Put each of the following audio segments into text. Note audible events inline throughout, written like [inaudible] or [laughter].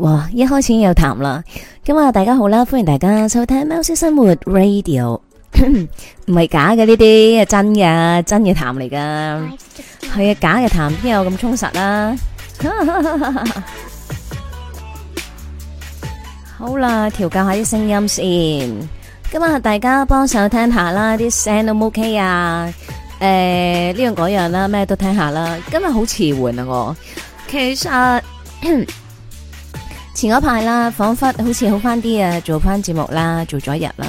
哇！一開始已經有痰啦，今日大家好啦，歡迎大家收聽喵式生活 Radio，唔係 [laughs] 假嘅呢啲，真嘅真嘅痰嚟噶，係啊，假嘅痰邊有咁充實啦？好啦，調教一下啲聲音先，今日大家幫手聽一下啦，啲聲都 OK 啊，誒、呃，呢樣嗰樣啦，咩都聽一下啦，今日好遲緩啊我，其實。前一排啦，仿佛好似好翻啲啊，做翻節目啦，做咗一日啦，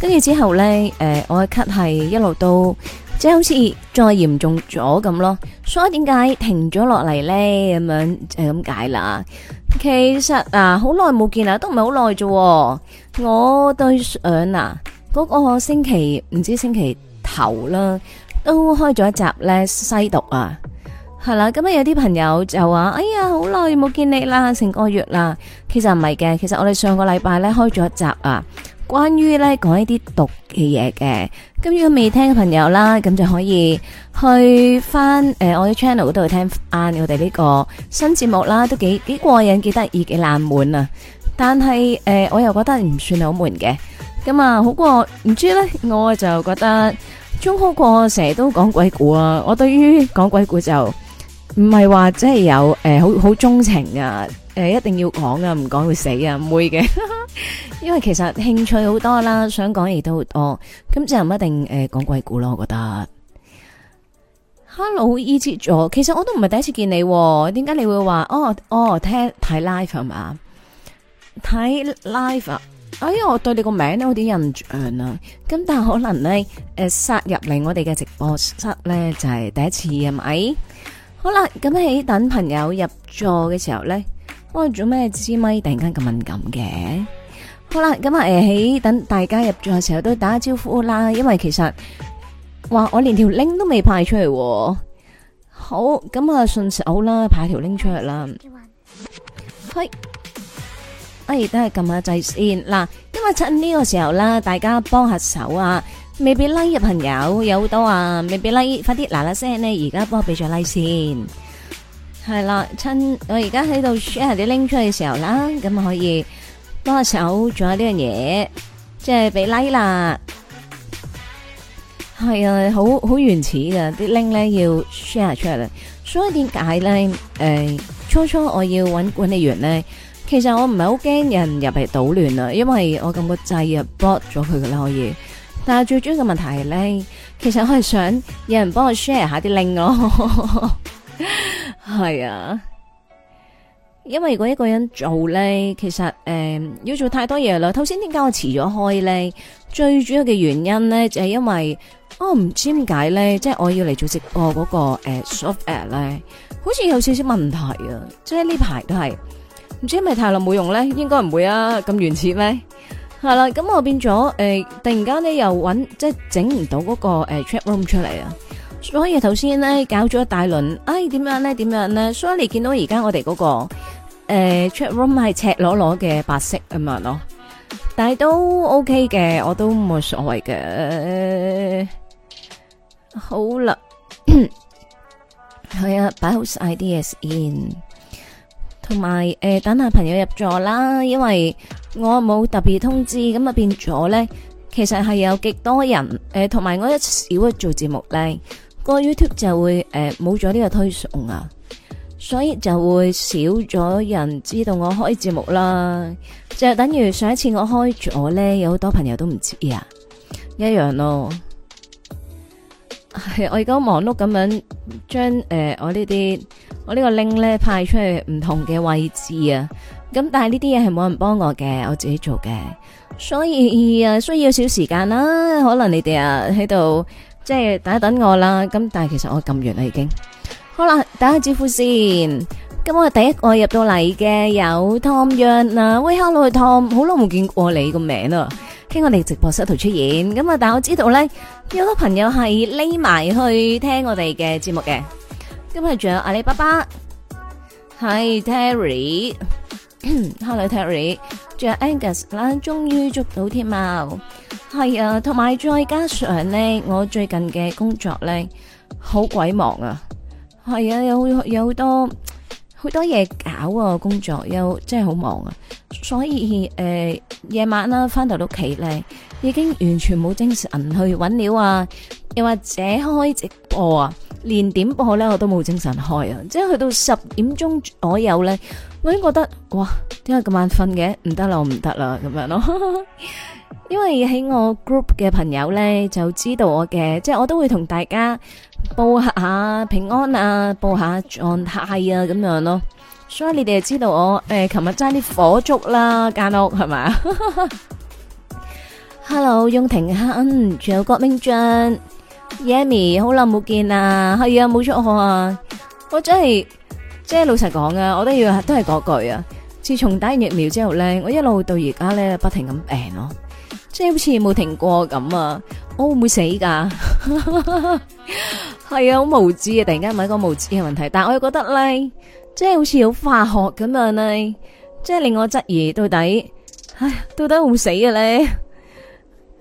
跟住之後呢，誒、呃，我嘅咳係一路都，即係好似再嚴重咗咁咯。所以點解停咗落嚟呢？咁樣就咁解啦。其實啊，好耐冇見啦，都唔係好耐啫。我對上嗱，嗰、那個星期唔知星期頭啦，都開咗一集呢，西毒啊！係啦，咁啊、嗯、有啲朋友就話，哎呀，好耐冇見你啦，成個月啦。其實唔係嘅，其實我哋上個禮拜咧開咗一集啊，關於咧講一啲毒嘅嘢嘅。咁、嗯、如果未聽嘅朋友啦，咁就可以去翻誒、呃、我嘅 channel 嗰度聽翻我哋呢個新節目啦，都幾幾過癮，幾得意，幾爛滿啊。但係誒、呃、我又覺得唔算好悶嘅，咁、嗯、啊好過，唔知咧我就覺得，總好過成日都講鬼故啊。我對於講鬼故就。唔係話即係有誒，好好鍾情啊！誒，一定要講啊，唔講會死啊，唔會嘅。因為其實興趣好多啦，想講亦都好多。咁就唔一定誒講鬼故咯，我覺得。Hello，E 節其實我都唔係第一次見你，點解你會話哦哦？聽睇 live 係嘛？睇 live 啊，哎呀我對你個名都有啲印象啊。咁但係可能咧，誒殺入嚟我哋嘅直播室咧，就係第一次係咪？好啦，咁喺等朋友入座嘅時候咧，我做咩支咪突然間咁敏感嘅？好啦，咁啊誒喺等大家入座嘅時候都打下招呼啦，因為其實話我連條拎都未派出嚟。好，咁啊順手啦派條拎出嚟啦。嘿哎亦都係撳下掣先。嗱，因為趁呢個時候啦，大家幫下手啊。未必 like、like、入、啊、朋友，有好多啊！未必 like、like，快啲嗱嗱聲咧，而家幫我俾咗 like 先，係啦，趁我而家喺度 share 啲 link 出去嘅時候啦，咁可以幫下手做，做有呢樣嘢，即係俾 like 啦，係啊，好好原始噶，啲 link 咧要 share 出嚟啦，所以點解咧？誒、呃，初初我要揾管理員咧，其實我唔係好驚人入嚟搗亂啊，因為我咁個掣啊，block 咗佢噶啦，可以。但係最主要嘅問題咧，其實我係想有人幫我 share 下啲 link 咯，係 [laughs] 啊，因為如果一個人做咧，其實誒、呃、要做太多嘢啦。頭先點解我遲咗開咧？最主要嘅原因咧就係、是、因為我唔、哦、知點解咧，即、就、係、是、我要嚟做直播嗰、那個誒、呃、soft air 咧，好似有少少問題啊！即係呢排都係唔知係咪太耐冇用咧？應該唔會啊，咁原始咩？係啦，咁、嗯、我變咗誒、呃，突然間咧又搵即係整唔到嗰、那個誒、呃、chat room 出嚟啊！所以頭先咧搞咗一大輪，哎點樣咧？點樣咧？所以你見到而家我哋嗰、那個誒、呃、chat room 係赤裸裸嘅白色咁樣咯，但係都 OK 嘅，我都冇所謂嘅、呃。好啦，係 [coughs] 啊，擺好晒啲嘢先，同埋誒等下朋友入座啦，因為。我冇特別通知，咁啊變咗呢？其實係有極多人誒，同、呃、埋我一少去做節目呢。個 YouTube 就會誒冇咗呢個推送啊，所以就會少咗人知道我開節目啦。就等於上一次我開咗呢，有好多朋友都唔知啊，一樣咯。係 [laughs] 我而家忙碌咁樣將誒、呃、我，我呢啲我呢個 link 呢派出去唔同嘅位置啊。咁但係呢啲嘢係冇人幫我嘅，我自己做嘅，所以啊需要少時間啦。可能你哋啊喺度即係等一等我啦。咁但係其實我咁遠啦已經。好啦，打個招呼先。咁我第一個入到嚟嘅有 Tom Young 啊，喂，Hello Tom，好耐冇見過你個名啦，喺我哋直播室度出現。咁啊，但我知道咧，有好多朋友係匿埋去聽我哋嘅節目嘅。咁啊，仲有阿里巴巴，係 Terry。 [coughs] Hello Terry，仲有 Angus 啦，終於捉到天喵啊。係啊，同埋再加上咧，我最近嘅工作咧好鬼忙啊，係啊，有有好多好多嘢搞啊，工作又真係好忙啊，所以誒夜、呃、晚啦翻、啊、到屋企咧，已經完全冇精神去揾料啊，又或者開直播啊，連點播咧我都冇精神開啊，即係去到十點鐘左右咧。我已經覺得，哇，點解咁晚瞓嘅？唔得啦，我唔得啦，咁樣咯。因為喺我 group 嘅朋友咧，就知道我嘅，即係我都會同大家報下平安啊，報下狀態啊，咁樣咯。所以你哋就知道我，誒，琴日爭啲火燭啦，間屋係咪？Hello，雍庭欣，仲有郭明俊，Yami，好耐冇見啊！係啊，冇錯啊，我真係。即係老實講啊，我都要都係嗰句啊。自從打完疫苗之後咧，我一路到而家咧不停咁病咯，即係好似冇停過咁啊。我會唔會死噶？係 [laughs] 啊，好無知啊！突然間問一個無知嘅問題，但係我又覺得咧，即係好似有化學咁樣咧，即係令我質疑到底，唉，到底會死啊咧？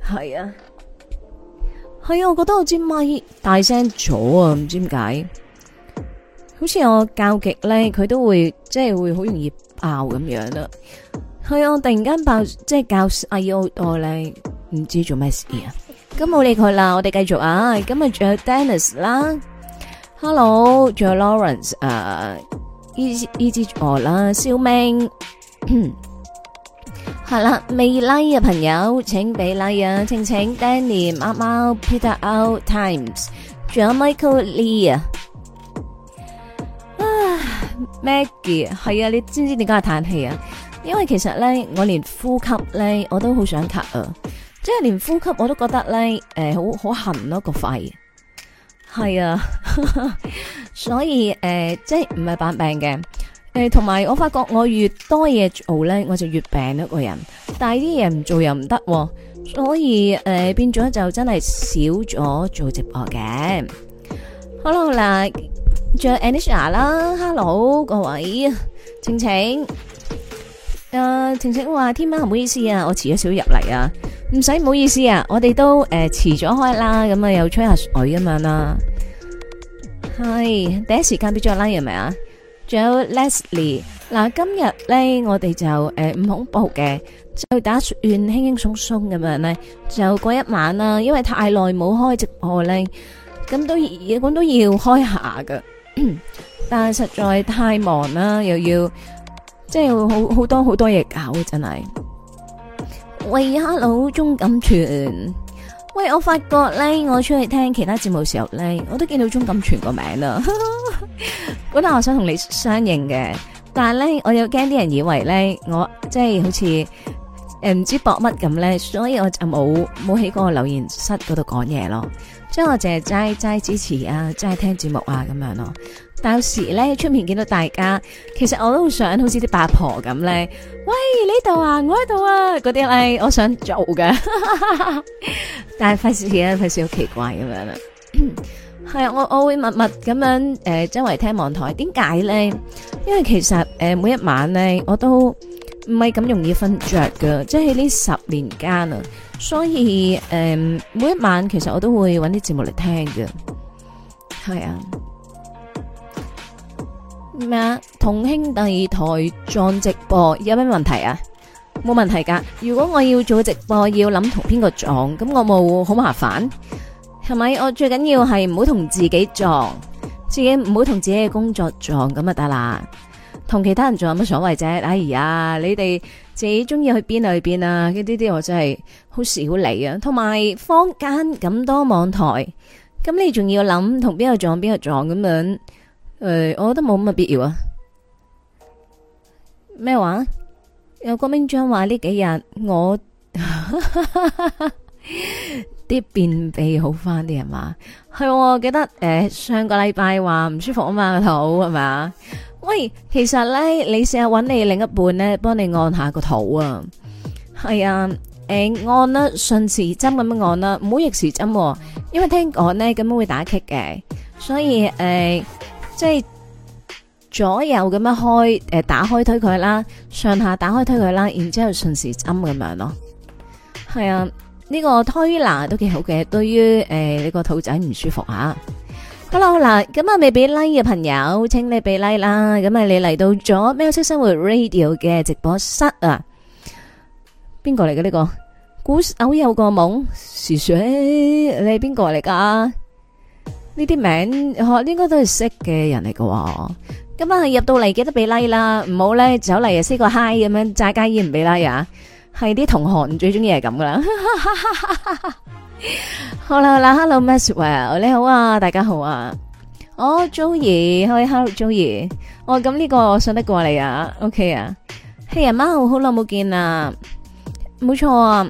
係啊，係啊，我覺得我支咪大聲咗啊，唔知點解。好似我教極咧，佢都會即係會好容易爆咁樣啦。係啊，我突然間爆，即係教 I O 多咧，唔知做咩事啊。咁冇理佢啦，我哋繼續啊。今日仲有 Dennis 啦，Hello，仲有 Lawrence 啊，依依支座啦，小明，係啦，未拉嘅朋友，請俾拉啊，請請 Danny、貓貓、Peter O Times，仲有 Michael Lee 啊。Maggie 係啊，你知唔知點解嘆氣啊？因為其實咧，我連呼吸咧，我都好想咳啊！即係連呼吸我都覺得咧，誒、呃，好好痕咯個肺。係啊， [laughs] 所以誒、呃，即係唔係扮病嘅。誒、呃，同埋我發覺我越多嘢做咧，我就越病咯個人。但係啲嘢唔做又唔得、啊，所以誒、呃、變咗就真係少咗做直播嘅。hello 啦仲有 Anisha 啦，Hello 各位，晴晴，誒、呃、晴晴，話天喵唔好意思啊，我遲咗少少入嚟啊。唔使唔好意思啊，我哋都誒遲咗開啦，咁啊又吹下水咁樣啦，係、哎、第一時間俾咗 like 係咪啊？仲有 Leslie，嗱今日咧我哋就誒唔、呃、恐怖嘅，就打算輕輕鬆鬆咁樣咧，就過一晚啦，因為太耐冇開直播咧，咁都一般都要開下噶。但係實在太忙啦，又要即係好好多好多嘢搞。真係，喂，Hello 鍾錦全，喂，我發覺咧，我出去聽其他節目時候咧，我都見到鍾錦全個名啦。 [laughs] 本來我想同你相認嘅，但係咧，我又驚啲人以為咧，我即係好似誒唔知博乜咁咧，所以我就冇冇喺個留言室嗰度講嘢咯。即我淨係齋齋支持啊，齋聽節目啊咁樣咯。但有時咧，出面見到大家，其實我都好想好似啲八婆咁咧，喂呢度啊，我喺度啊，嗰啲咧我想做嘅。 [laughs] 但係費事啊，費事好奇怪咁樣啦。係 [coughs] 我我會默默咁樣誒周圍聽網台，點解咧？因為其實誒、呃、每一晚咧，我都唔係咁容易瞓着嘅，即係呢十年間啊。所以誒、嗯，每一晚其實我都會揾啲節目嚟聽嘅，係啊。咩啊？同兄弟台撞直播有咩問題啊？冇問題噶。如果我要做直播，要諗同邊個撞，咁我冇好麻煩，係咪？我最緊要係唔好同自己撞，自己唔好同自己嘅工作撞，咁就得啦。同其他人仲有乜所謂啫？哎呀，你哋。自己中意去邊啊去邊啊，呢啲啲我真係好少理啊。同埋坊間咁多網台，咁你仲要諗同邊個撞邊個撞咁樣？誒、呃，我覺得冇咁嘅必要啊。咩話？有郭明章話呢幾日我啲 [laughs] 便秘好翻啲係嘛？係、啊、我記得誒、呃，上個禮拜話唔舒服啊嘛，個肚係嘛？是喂，其實咧，你試下揾你另一半咧，幫你按下個肚啊。係啊，誒、欸，按啦，順時針咁樣按啦，唔好逆時針、啊，因為聽講咧咁樣會打激嘅。所以誒，即、欸、係、就是、左右咁樣開，誒、欸，打開推佢啦，上下打開推佢啦，然之後順時針咁樣咯。係啊，呢、啊這個推拿都幾好嘅，對於誒、欸、你個肚仔唔舒服吓、啊。hello 嗱，咁啊未俾 like 嘅朋友，請你俾 like 啦。咁啊，你嚟到咗 m s u 喵式生活 radio 嘅直播室啊，邊個嚟嘅呢個？古偶有個夢是誰？你係邊個嚟噶？呢啲名嗬，應該都係識嘅人嚟嘅。咁啊，入到嚟記得俾 like 啦，唔好咧走嚟啊 say 個 hi 咁樣，齋家意唔俾 like 啊？係啲同學最中意係咁噶啦。哈哈哈哈哈哈 [laughs] 啦啦 Hello 啦，Hello Maxwell，你好啊，大家好啊，oh, Hello, oh, 我 Joey Hello Joey，哦咁呢個信得過嚟啊，OK 啊，係、hey, 啊，媽，好耐冇見啊，冇錯啊，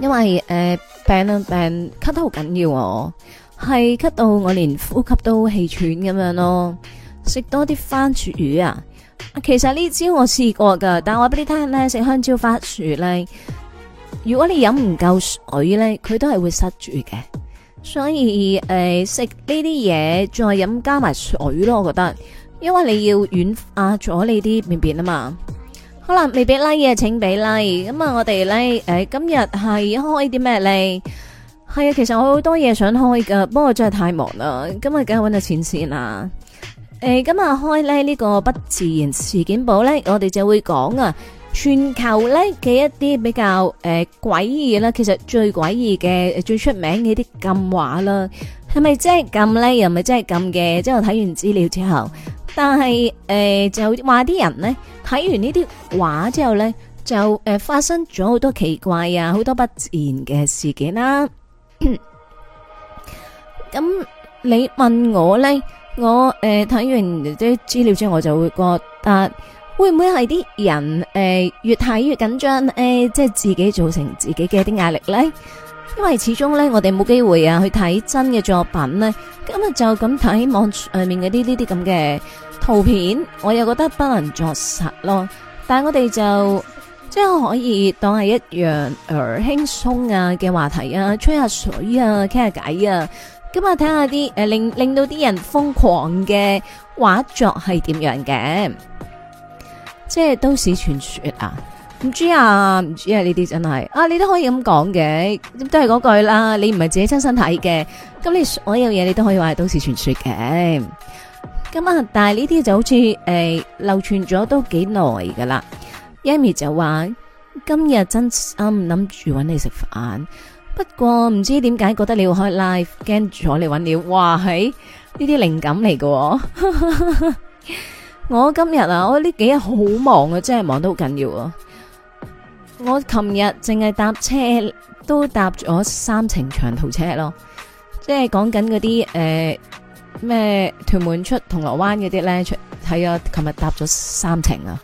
因為誒、呃、病啊病，咳得好緊要，啊，我係咳到我連呼吸都氣喘咁樣咯，食多啲番薯魚啊，其實呢招我試過噶，但我俾你聽咧，食香蕉番薯咧。如果你飲唔夠水咧，佢都係會塞住嘅。所以誒，食呢啲嘢再飲加埋水咯，我覺得，因為你要軟化咗你啲便便啊嘛。好啦，未俾拉嘢，請俾拉。咁啊，我哋咧誒，今日係開啲咩咧？係啊，其實我好多嘢想開噶，不過真係太忙啦。今日梗係搵到錢先啦，啊。誒、呃，今日開咧呢個不自然事件簿咧，我哋就會講啊。全球咧嘅一啲比較誒詭異啦，其實最詭異嘅最出名嘅一啲禁畫啦，係咪真係禁咧？又咪真係禁嘅？即係我睇完資料之後，但係誒就話啲人咧睇完呢啲畫之後咧，就誒發生咗好多奇怪啊，好多不自然嘅事件啦。咁你問我咧，我誒睇完啲資料之後，我就會覺得。會唔會係啲人誒、呃、越睇越緊張誒、呃，即係自己造成自己嘅啲壓力咧？因為始終咧，我哋冇機會啊去睇真嘅作品咧，今日就咁睇網上面嘅啲呢啲咁嘅圖片，我又覺得不能作實咯。但係我哋就即係可以當係一樣而輕鬆啊嘅話題啊，吹下水啊，傾下偈啊。今日睇下啲誒令令到啲人瘋狂嘅畫作係點樣嘅？即係都市傳說啊，唔知啊，唔知啊，呢啲真係啊，你都，你，你，你都可以咁講嘅，都係嗰句啦。你唔係自己親身睇嘅，咁你所有嘢你都可以話係都市傳說嘅。咁、嗯、啊，但係呢啲就好似誒、欸、流傳咗都幾耐噶啦。Amy 就話今日真心諗住揾你食飯，不過唔知點解覺得你要開 live 驚住坐嚟，揾你。哇」哇嘿、哦！呢啲靈感嚟嘅。我今日啊，我呢幾日好忙啊，真係忙得好緊要啊！我琴日淨係搭車都搭咗三程長途車咯，即係講緊嗰啲誒咩屯門出銅鑼灣嗰啲咧，出係啊！琴日搭咗三程啊，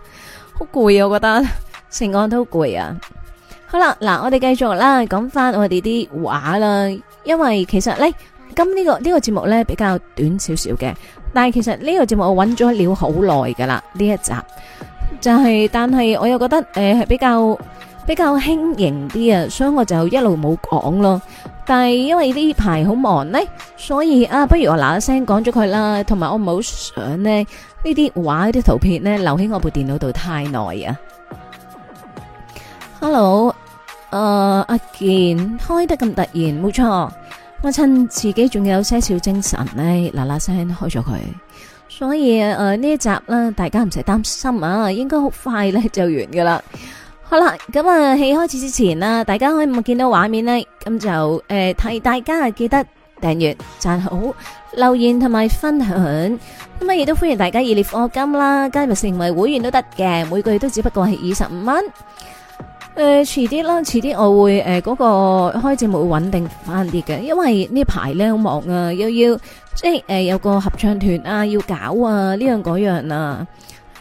好攰啊我覺得，成個人都攰啊！好啦，嗱我哋繼續啦，講翻我哋啲畫啦，因為其實咧今呢個呢個節目咧比較短少少嘅。但係其實呢個節目我揾咗了好耐㗎喇，呢一集就係、是，但係我又覺得誒係、呃、比較比較輕盈啲啊，所以我就一路冇講咯。但係因為呢排好忙呢，所以啊，不如我嗱嗱聲講咗佢啦。同埋我唔好想咧呢啲畫啲圖片呢留喺我部電腦度太耐啊。Hello，誒、呃，阿健開得咁突然，冇錯。我趁自己仲有些少精神呢，嗱嗱聲開咗佢。所以誒呢、呃、一集啦，大家唔使擔心啊，應該好快咧就完噶啦。好啦，咁啊喺開始之前啦，大家可以唔見到畫面呢？咁就誒、呃、提大家啊記得訂閱、贊好、留言同埋分享。亦都歡迎大家熱烈課金啦，今日成為會員都得嘅，每個月都只不過係二十五蚊。誒，遲啲啦，遲啲我會誒嗰、呃那個開節目會穩定翻啲嘅，因為呢排咧好忙啊，又要即係誒、呃、有個合唱團啊要搞啊，呢樣嗰樣啊，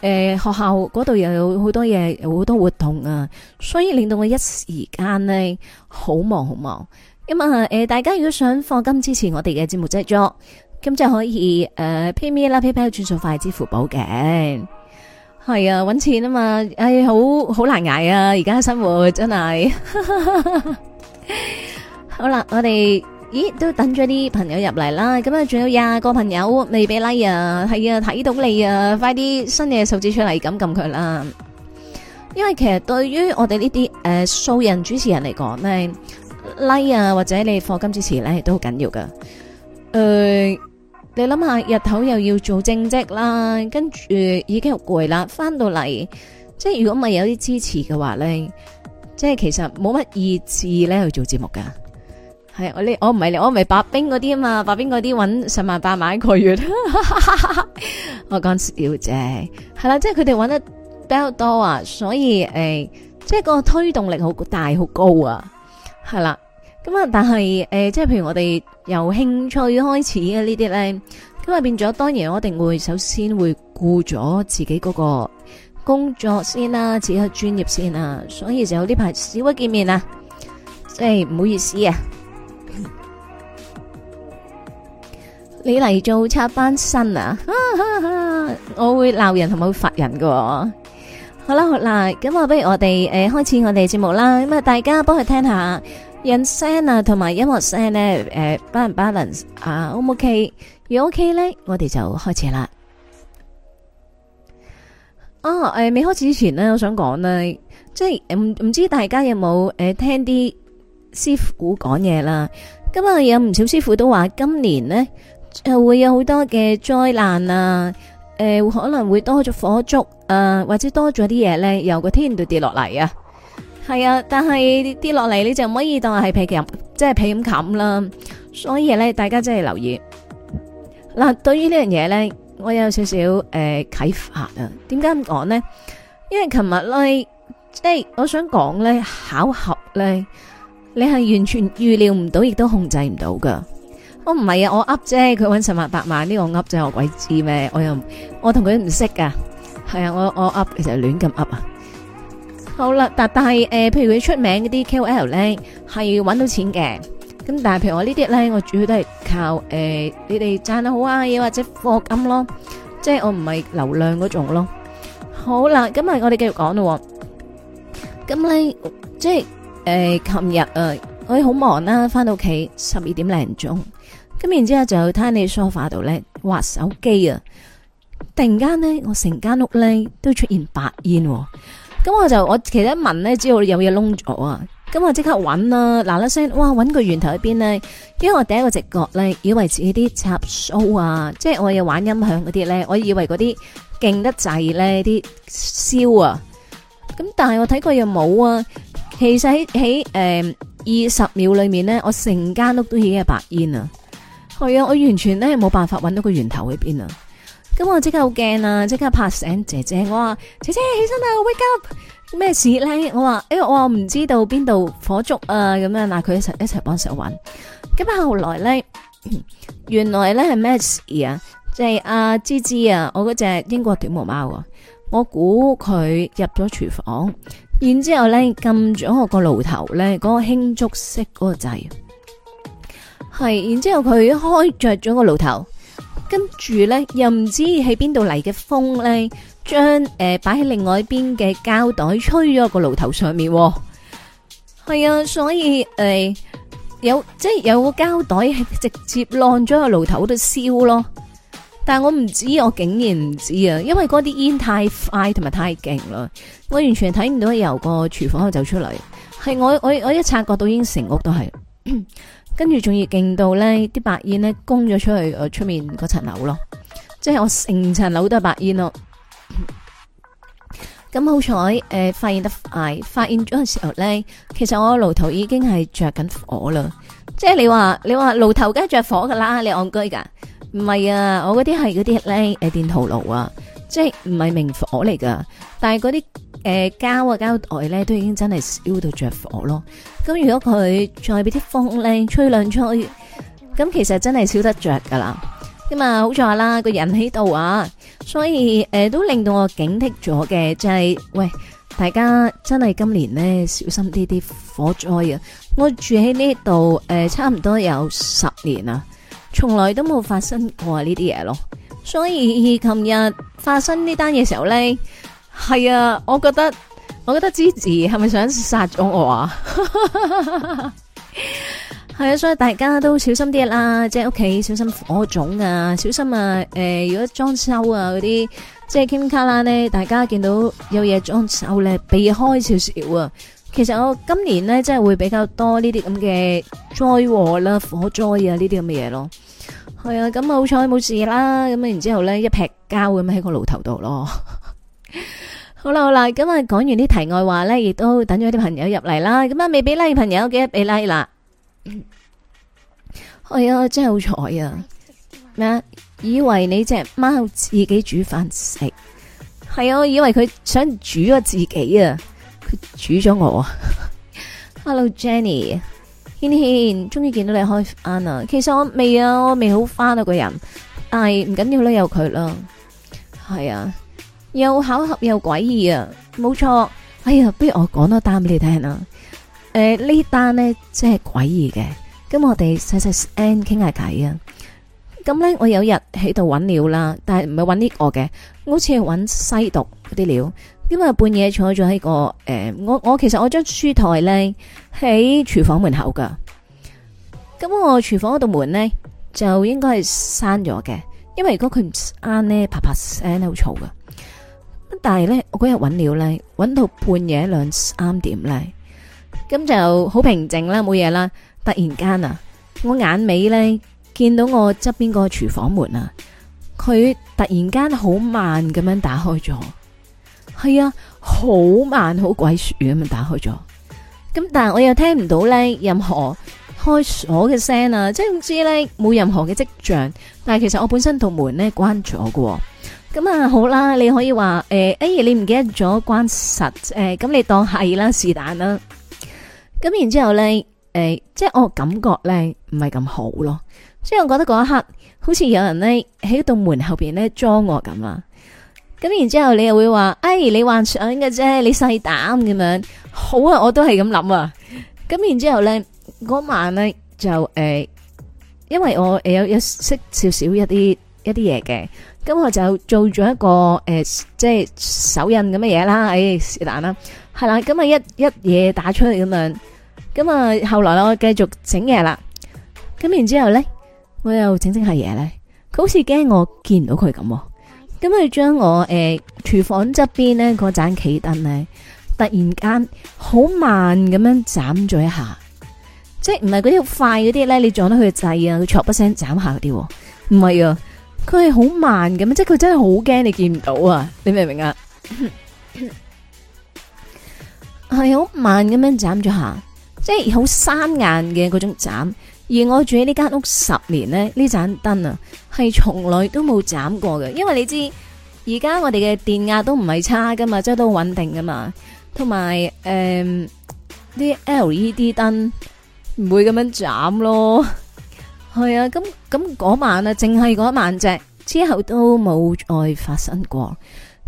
誒、呃、學校嗰度又有好多嘢，好多活動啊，所以令到我一時間咧好忙好忙。咁啊誒，大家如果想課金支持我哋嘅節目製作，咁就可以誒、呃、pay me 啦，pay me 轉數快支付寶嘅。係啊，搵錢啊嘛，哎，好好難捱啊！而家生活真係，好啦，我哋，咦，都等咗啲朋友入嚟啦，咁啊，仲有廿個朋友未俾 like 啊，係啊，睇到你啊，快啲新嘅數字出嚟，咁撳佢啦。因為其實對於我哋呢啲誒素人主持人嚟講咧，like 啊或者你課金支持咧都好緊要噶，誒。你諗下，日頭又要做正職啦，跟住已經好攰啦，翻到嚟，即係如果唔係有啲支持嘅話咧，即係其實冇乜意志咧去做節目噶。係啊我你我唔係我唔係白冰嗰啲啊嘛，白冰嗰啲揾十萬八萬一個月， [laughs] 我講笑啫。係啦，即係佢哋揾得比較多啊，所以誒、欸，即係個推動力好大好高啊，係啦。咁啊，但係誒、呃，即係譬如我哋由興趣開始嘅、啊、呢啲咧，咁啊變咗。當然我哋會首先會顧咗自己嗰個工作先啦、啊，自己專業先啦、啊。所以就呢排少咗見面啊，即係唔好意思啊。 [laughs] 你嚟做插班生啊？ [laughs] 我會鬧人同埋會罰人噶、啊。好啦，好啦，咁啊，不如我哋誒、呃、開始我哋節目啦。咁啊，大家幫佢聽下。人聲啊，同埋音樂聲呢誒，balance balance 啊，O 唔 OK？如果 OK 呢，我哋就開始啦。哦、啊，誒、呃，未開始之前呢，我想講呢，即係唔唔知大家有冇誒、呃、聽啲師傅講嘢啦。今、嗯、日、呃、有唔少師傅都話，今年呢會有好多嘅災難啊，誒、呃，可能會多咗火燭啊，或者多咗啲嘢呢，由個天都跌落嚟啊。係啊，但係跌落嚟你就唔可以當係被咁，即係被咁冚啦。所以咧，大家真係留意嗱。對於呢樣嘢咧，我有少少誒啟發啊。點解咁講呢？因為琴日咧，即係我想講咧，巧合咧，你係完全預料唔到，亦都控制唔到噶。我唔係啊，我 up 啫，佢揾十萬八萬呢個 up，就我鬼知咩？我又我同佢唔識噶，係啊，我我 up 其實亂咁 up 啊。好啦，但但係誒，譬如佢出名嗰啲 KOL 咧，係搵到錢嘅。咁但係譬如我呢啲咧，我主要都係靠誒你哋讚得好啊，又或者課金咯，即係我唔係流量嗰種咯。好啦，咁我哋繼續講咯。咁咧即係誒，琴日誒，我好忙啦，翻到屋企十二點零鐘，咁然之後就癱喺 sofa 度咧，滑手機啊。突然間咧，我成間屋咧都出現白煙。咁我就我其實一聞咧，知道有嘢燶咗啊！咁我即刻揾啦，嗱嗱聲，哇，揾個源頭喺邊咧？因為我第一個直覺咧，以為自己啲插蘇啊，即係我有玩音響嗰啲咧，我以為嗰啲勁得滯咧啲燒啊！咁但係我睇過又冇啊！其實喺喺誒二十秒裏面咧，我成間屋都已經係白煙啊！係啊，我完全咧冇辦法揾到個源頭喺邊啊！咁我即刻好驚啊，即刻拍醒姐姐，姐姐，我話姐姐起身啊，wake up，咩事咧？我話誒，我唔、欸、知道邊度火燭啊，咁樣嗱佢一齊一齊幫手搵。咁啊後來咧，原來咧係咩事啊？就係、是、阿、啊、芝芝啊，我嗰隻英國短毛貓啊，我估佢入咗廚房，然之後咧撳咗我爐、個爐頭咧，嗰個輕觸式嗰個掣，係，然之後佢開着咗個爐頭。跟住呢，又唔知喺邊度嚟嘅風呢，將誒擺喺另外一邊嘅膠袋吹咗個爐頭上面，哦。係啊，所以誒、呃、有即係有個膠袋直接晾咗個爐頭度燒咯。但係我唔知，我竟然唔知啊，因為嗰啲煙太快同埋太勁啦，我完全睇唔到佢由個廚房度走出嚟。係我我我一察覺到已經成屋都係。 [coughs] 跟住仲要勁到咧，啲白煙咧供咗出去誒出面嗰層樓咯，即係我成層樓都係白煙咯。咁 [coughs] 好彩誒、呃，發現得快，發現咗嘅時候咧，其實我爐頭已經係着緊火啦。即係你話你話爐頭梗係着火噶啦，你戇居噶？唔係啊，我嗰啲係嗰啲咧誒電陶爐啊，即係唔係明火嚟噶，但係嗰啲。誒，膠啊膠袋咧，都已經真係燒到着火咯。咁如果佢再俾啲風咧吹兩吹，咁其實真係燒得着噶啦。咁啊，好在啦，個人喺度啊，所以誒都令到我警惕咗嘅，就係喂，大家真係今年咧小心啲啲火災啊！我住喺呢度誒，差唔多有十年啦，從來都冇發生過呢啲嘢咯。所以琴日發生呢單嘢嘅時候咧。係啊，我覺得我覺得芝士係咪想殺咗我啊？係 [laughs] 啊，所以大家都小心啲啦，即係屋企小心火種啊，小心啊，誒、呃，如果裝修啊嗰啲，即係 KINKARA 咧，大家見到有嘢裝修咧，避開少少啊。其實我今年咧，即係會比較多呢啲咁嘅災禍啦，火災啊呢啲咁嘅嘢咯。係啊，咁好彩冇事啦，咁啊，然之後咧一劈膠咁喺個爐頭度咯。好啦好啦，咁啊講完啲題外話咧，亦都等咗啲朋友入嚟啦。咁啊未俾拉朋友嘅俾拉啦。係、嗯、啊、哎、真係好彩啊！咩？以為你隻貓自己煮飯食，係啊，我以為佢想煮個自己啊，佢煮咗我啊。 [laughs] Hello Jenny，軒軒，終於見到你開翻啦。其實我未啊，我未好翻啊個人，但係唔緊要啦，有佢啦，係啊。又巧合又詭異啊！冇錯，哎呀，不如我講多單俾你聽啊。誒、呃，呢單呢，真係詭異嘅。咁我哋細細 end 傾下偈啊。咁呢，我有日喺度搵料啦，但係唔係搵呢個嘅，好似係揾西毒嗰啲料。今日半夜坐咗喺個誒、呃，我我其實我張書台呢，喺廚房門口噶。咁我廚房嗰度門呢，就應該係閂咗嘅，因為如果佢唔閂呢，啪啪聲都好嘈噶。但係咧，我嗰日搵料咧，搵到半夜兩三點咧，咁就好平靜啦，冇嘢啦。突然間啊，我眼尾咧見到我側邊個廚房門啊，佢突然間好慢咁樣打開咗，係啊，好慢，好鬼鼠咁樣打開咗。咁但係我又聽唔到咧任何開鎖嘅聲啊，即係唔知咧冇任何嘅跡象。但係其實我本身度門咧關咗嘅。咁啊，好啦，你可以話誒、欸，哎，你唔記得咗關實誒，咁、欸、你當係啦，是但啦。咁然之後咧，誒、欸，即係我感覺咧唔係咁好咯，即係我覺得嗰一刻好似有人咧喺度門後邊咧裝我咁啊。咁然之後你又會話，哎、欸，你幻想嘅啫，你細膽咁樣。好啊，我都係咁諗啊。咁然之後咧，嗰晚呢，就誒、欸，因為我誒有有識少少一啲一啲嘢嘅。咁我就做咗一個誒、呃，即係手印咁嘅嘢啦。誒，是但啦，係啦。咁啊，一一嘢打出去咁樣。咁啊，後來我繼續整嘢啦。咁然之後咧，我又整整下嘢咧。佢好似驚我見唔到佢咁。咁佢將我誒、呃、廚房側邊咧嗰盞企燈咧，突然間好慢咁樣斬咗一下。即係唔係嗰啲好快嗰啲咧？你撞到佢嘅掣啊，佢嚓不聲斬下嗰啲，唔係啊。佢係好慢咁樣，即係佢真係好驚你見唔到啊！你明唔明啊？係好 [coughs] 慢咁樣斬咗下，即係好生硬嘅嗰種斬。而我住喺呢間屋十年咧，呢盞燈啊，係從來都冇斬過嘅。因為你知而家我哋嘅電壓都唔係差噶嘛，即係都穩定噶嘛。同埋誒，啲、嗯、LED 燈唔會咁樣斬咯。係啊，咁咁嗰晚啊，淨係嗰晚啫，之後都冇再發生過。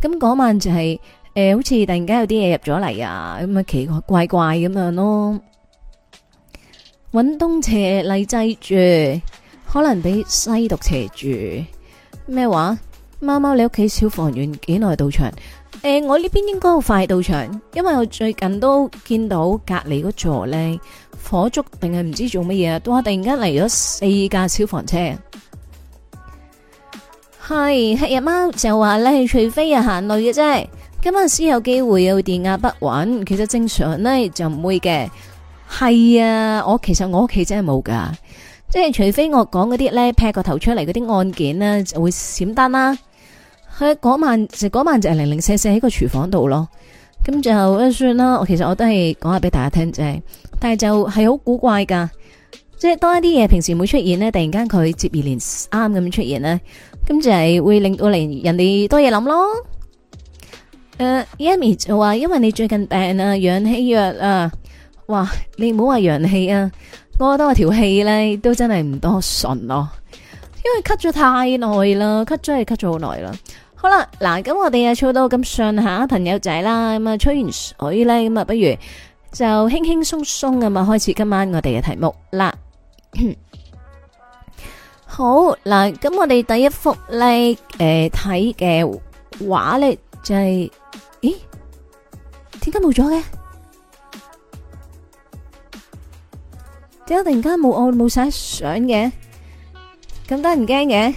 咁嗰晚就係誒，好似突然間有啲嘢入咗嚟啊，咁啊奇怪怪怪咁樣咯。揾東邪嚟制住，可能俾西毒邪住。咩話？貓貓你屋企消防員幾耐到場？誒，我呢邊應該快到場，因為我最近都見到隔籬嗰座咧。火燭定係唔知做乜嘢，都話突然間嚟咗四架消防車。係 [music] 黑夜貓就話咧，除非係行雷嘅啫。今日先有機會有電壓不穩，其實正常咧就唔會嘅。係啊，我其實我屋企真係冇噶，即係除非我講嗰啲咧，劈個頭出嚟嗰啲按鍵呢，就會閃燈啦。佢、那、嗰、個晚，那個、晚就嗰晚就零零四四喺個廚房度咯。咁就一算啦。我其實我都係講下俾大家聽啫。但係就係好古怪噶，即係多一啲嘢平時冇出現咧，突然間佢接二連三咁出現咧，咁就係會令到嚟人哋多嘢諗咯。誒、呃、，Yami 就話，因為你最近病啊，養氣藥啊，哇，你唔好話養氣啊，我覺得我條氣咧都真係唔多順咯，因為咳咗太耐啦，咳咗係咳咗好耐啦。好啦，嗱，咁我哋啊做到咁上下朋友仔啦，咁、嗯、啊吹完水咧，咁、嗯、啊不如。就輕輕鬆鬆咁啊，開始今晚我哋嘅題目啦。好嗱，咁我哋第一幅咧，誒睇嘅畫咧就係，咦？點解冇咗嘅？點解突然間冇我冇晒相嘅？咁得唔驚嘅？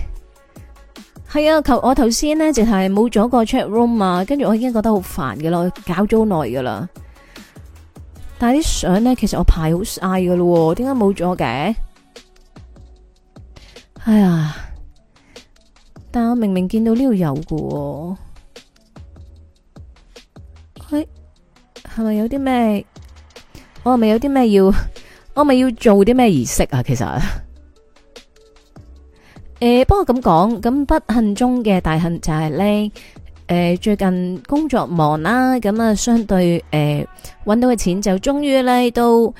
係啊，頭我頭先咧，就係冇咗個 chat room 啊，跟住我已經覺得好煩嘅咯，搞咗好耐噶啦。但係啲相呢，其實我排好晒噶啦，點解冇咗嘅？哎呀！但我明明見到呢度有嘅，佢係咪有啲咩？我係咪有啲咩要？我係咪要做啲咩儀式啊？其實、 [laughs] 呃，誒，不過咁講，咁不幸中嘅大幸就係呢。誒，最近工作忙啦，咁啊相對誒揾、呃、到嘅錢就終於咧都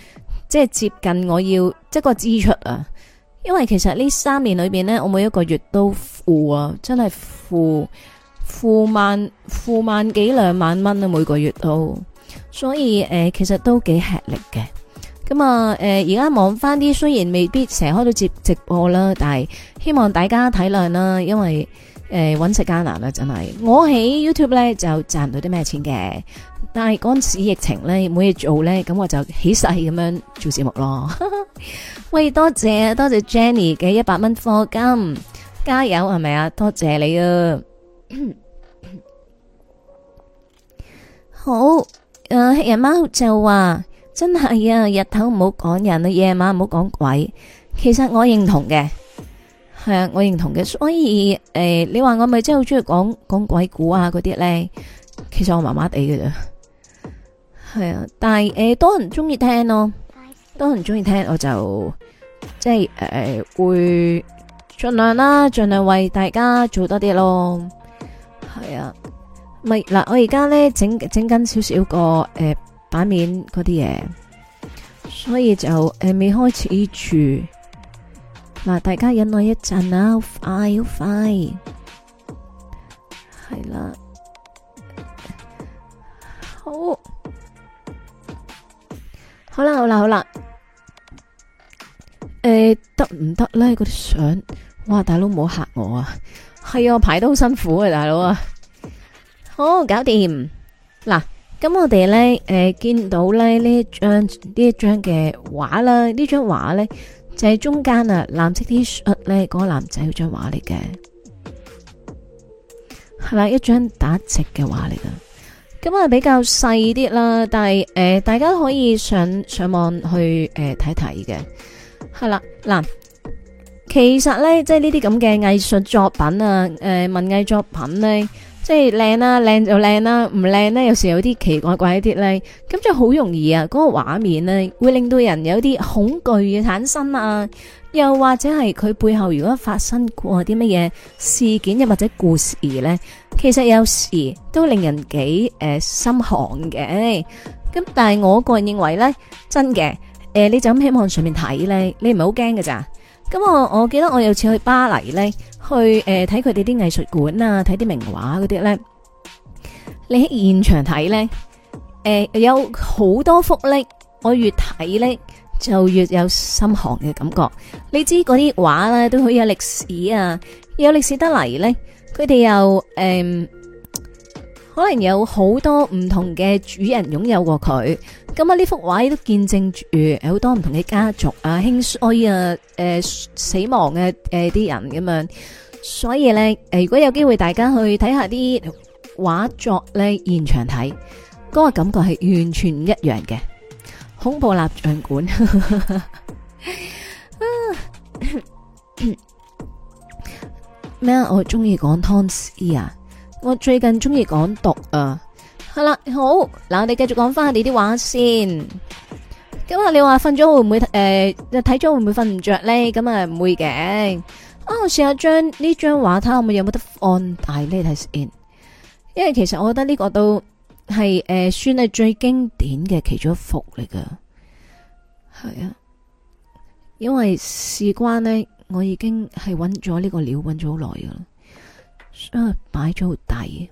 即係接近我要即係個支出啊，因為其實呢三年裏邊咧，我每一個月都負啊，真係負負萬負萬幾兩萬蚊啊，每個月都，所以誒、呃、其實都幾吃力嘅，咁啊誒而家忙翻啲，雖然未必成日開到接直播啦，但係希望大家體諒啦，因為。誒，搵食艱難啦，真係。我喺 YouTube 咧就賺唔到啲咩錢嘅，但係嗰陣時疫情咧冇嘢做咧，咁我就起勢咁樣做節目咯。 [laughs] 喂，多謝多謝 Jenny 嘅一百蚊課金，加油係咪啊？多謝你啊！ [coughs] 好，誒、呃，人貓就話真係啊，日頭唔好講人啊，夜晚唔好講鬼。其實我認同嘅。係啊，我認同嘅，所以誒、呃，你話我咪真係好中意講講鬼故啊嗰啲咧，其實我麻麻地嘅啫。係啊，但係誒、呃，多人中意聽咯，多人中意聽，我就即係誒、呃、會盡量啦，盡量為大家做多啲咯。係啊，咪，嗱，我而家咧整整緊少少個誒、呃、版面嗰啲嘢，所以就誒、呃、未開始住。嗱，大家忍耐一陣啊，好快好快，係啦，好，好啦，好啦，好啦，誒、欸，得唔得咧？嗰啲相，哇，大佬唔好吓我啊！係啊，排得好辛苦啊，大佬啊，好，搞掂。嗱，咁我哋咧，誒、呃，見到咧呢一張呢一張嘅畫啦，張畫呢張畫咧。就係中間啊，藍色 T-shirt 咧，嗰、那個男仔有張畫嚟嘅，係咪，一張打直嘅畫嚟嘅，咁啊比較細啲啦，但係誒、呃，大家都可以上上網去誒睇睇嘅，係、呃、啦，嗱，其實咧即係呢啲咁嘅藝術作品啊，誒、呃，文藝作品咧。即係靚啦，靚就靚啦，啊，唔靚咧，有時有啲奇怪怪一啲咧，咁就好容易啊，嗰、那個畫面咧，會令到人有啲恐懼嘅產生啊，又或者係佢背後如果發生過啲乜嘢事件又或者故事咧，其實有時都令人幾誒、呃、心寒嘅。咁但係我個人認為咧，真嘅，誒、呃、你就咁係網上面睇咧，你唔係好驚噶咋？咁我我記得我有次去巴黎咧，去誒睇佢哋啲藝術館啊，睇啲名畫嗰啲咧，你喺現場睇咧，誒、呃、有好多幅咧。我越睇咧就越有心寒嘅感覺。你知嗰啲畫咧都好有歷史啊，有歷史得嚟咧，佢哋又誒。呃可能有好多唔同嘅主人擁有過佢，咁啊呢幅畫都見證住好多唔同嘅家族啊、興衰啊、誒、呃、死亡嘅誒啲人咁樣，所以呢，誒、呃，如果有機會大家去睇下啲畫作呢，現場睇，嗰、那個感覺係完全唔一樣嘅恐怖蠟像館、 [laughs] 啊。 [coughs] 咩？我中意講 Tom's Ear 啊！我最近中意講讀啊，係啦，好嗱，我哋繼續講翻我啲話先。咁、嗯、啊你話瞓咗會唔會誒，睇、呃、咗會唔會瞓唔着呢？咁啊唔會嘅。啊、哦，我試下將呢張畫，睇下我有冇得放大呢一睇先。因為其實我覺得呢個都係誒算係最經典嘅其中一幅嚟噶。係啊，因為事關呢，我已經係揾咗呢個料揾咗好耐噶啦。啊，擺咗底，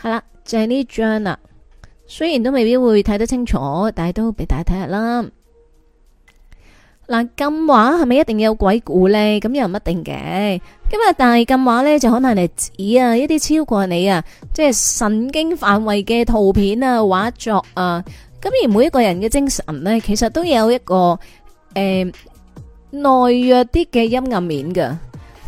係啦，就係呢張啦。雖然都未必會睇得清楚，但係都俾大家睇下啦。嗱，禁畫，係咪一定要有鬼故呢？咁又唔一定嘅。今日大禁畫呢，就可能係指啊一啲超過你啊，即係神經範圍嘅圖片啊、畫作啊。咁而每一個人嘅精神呢，其實都有一個誒內、呃、弱啲嘅陰暗面嘅。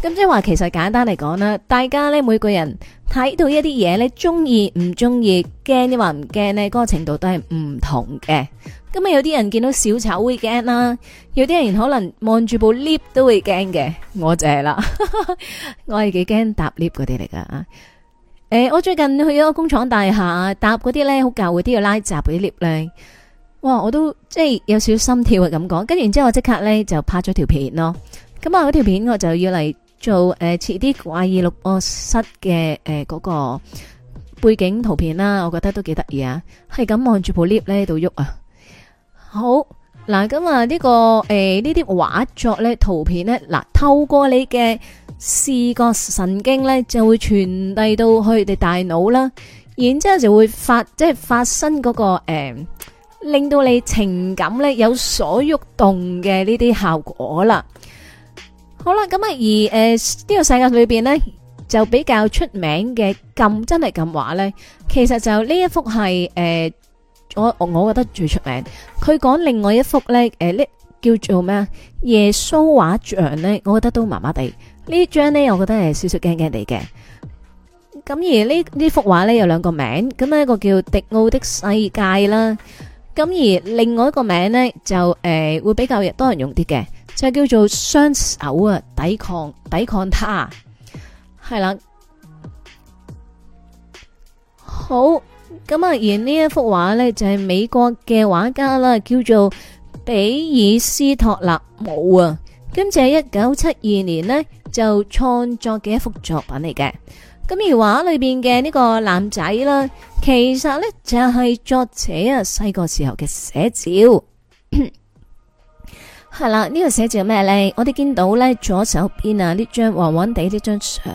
咁即係話，其實簡單嚟講啦，大家咧每個人，睇到一啲嘢咧，中意唔中意，驚抑或唔驚咧，嗰個程度都係唔同嘅。咁啊，有啲人見到小丑會驚啦，有啲人可能望住部 lift 都會驚嘅，我就係啦， [laughs] 我係幾驚搭 lift 嗰啲嚟噶。誒，我最近去咗個工廠大廈搭嗰啲咧，好舊嗰啲要拉閘嗰啲 lift 咧，哇！我都即係有少心跳嘅咁講，跟住之後我即刻咧就拍咗條片咯。咁啊，嗰條片我就要嚟。做誒，設啲怪異錄播室嘅誒，嗰個背景圖片啦，我覺得都幾得意啊！係咁望住部 lift 咧，喺度喐啊！好嗱，咁啊呢個誒呢啲畫作咧圖片咧，嗱，透過你嘅視覺神經咧，就會傳遞到去你大腦啦，然之後就會發即係發生嗰個誒，令到你情感咧有所喐動嘅呢啲效果啦。好啦，咁啊，而、呃、誒，呢、這個世界裏邊呢，就比較出名嘅禁真係禁畫呢，其實就呢一幅係誒、呃，我我覺得最出名。佢講另外一幅呢誒呢、呃、叫做咩啊？耶穌畫像呢，我覺得都麻麻地。呢張呢，我覺得係少少驚驚地嘅。咁、嗯、而呢呢幅畫呢，有兩個名，咁一個叫迪奧的世界啦。咁、嗯、而另外一個名呢，就誒、呃、會比較多人用啲嘅。就叫做雙手啊，抵抗抵抗他，係啦，好咁啊！而呢一幅畫呢，就係美國嘅畫家啦，叫做比爾斯托納姆啊，咁就係一九七二年呢，就創作嘅一幅作品嚟嘅。咁而畫裏邊嘅呢個男仔啦，其實呢，就係作者啊細個時候嘅寫照。 [coughs] 係啦，呢個寫住咩呢？我哋見到呢，左手邊啊呢張黃黃地呢張相，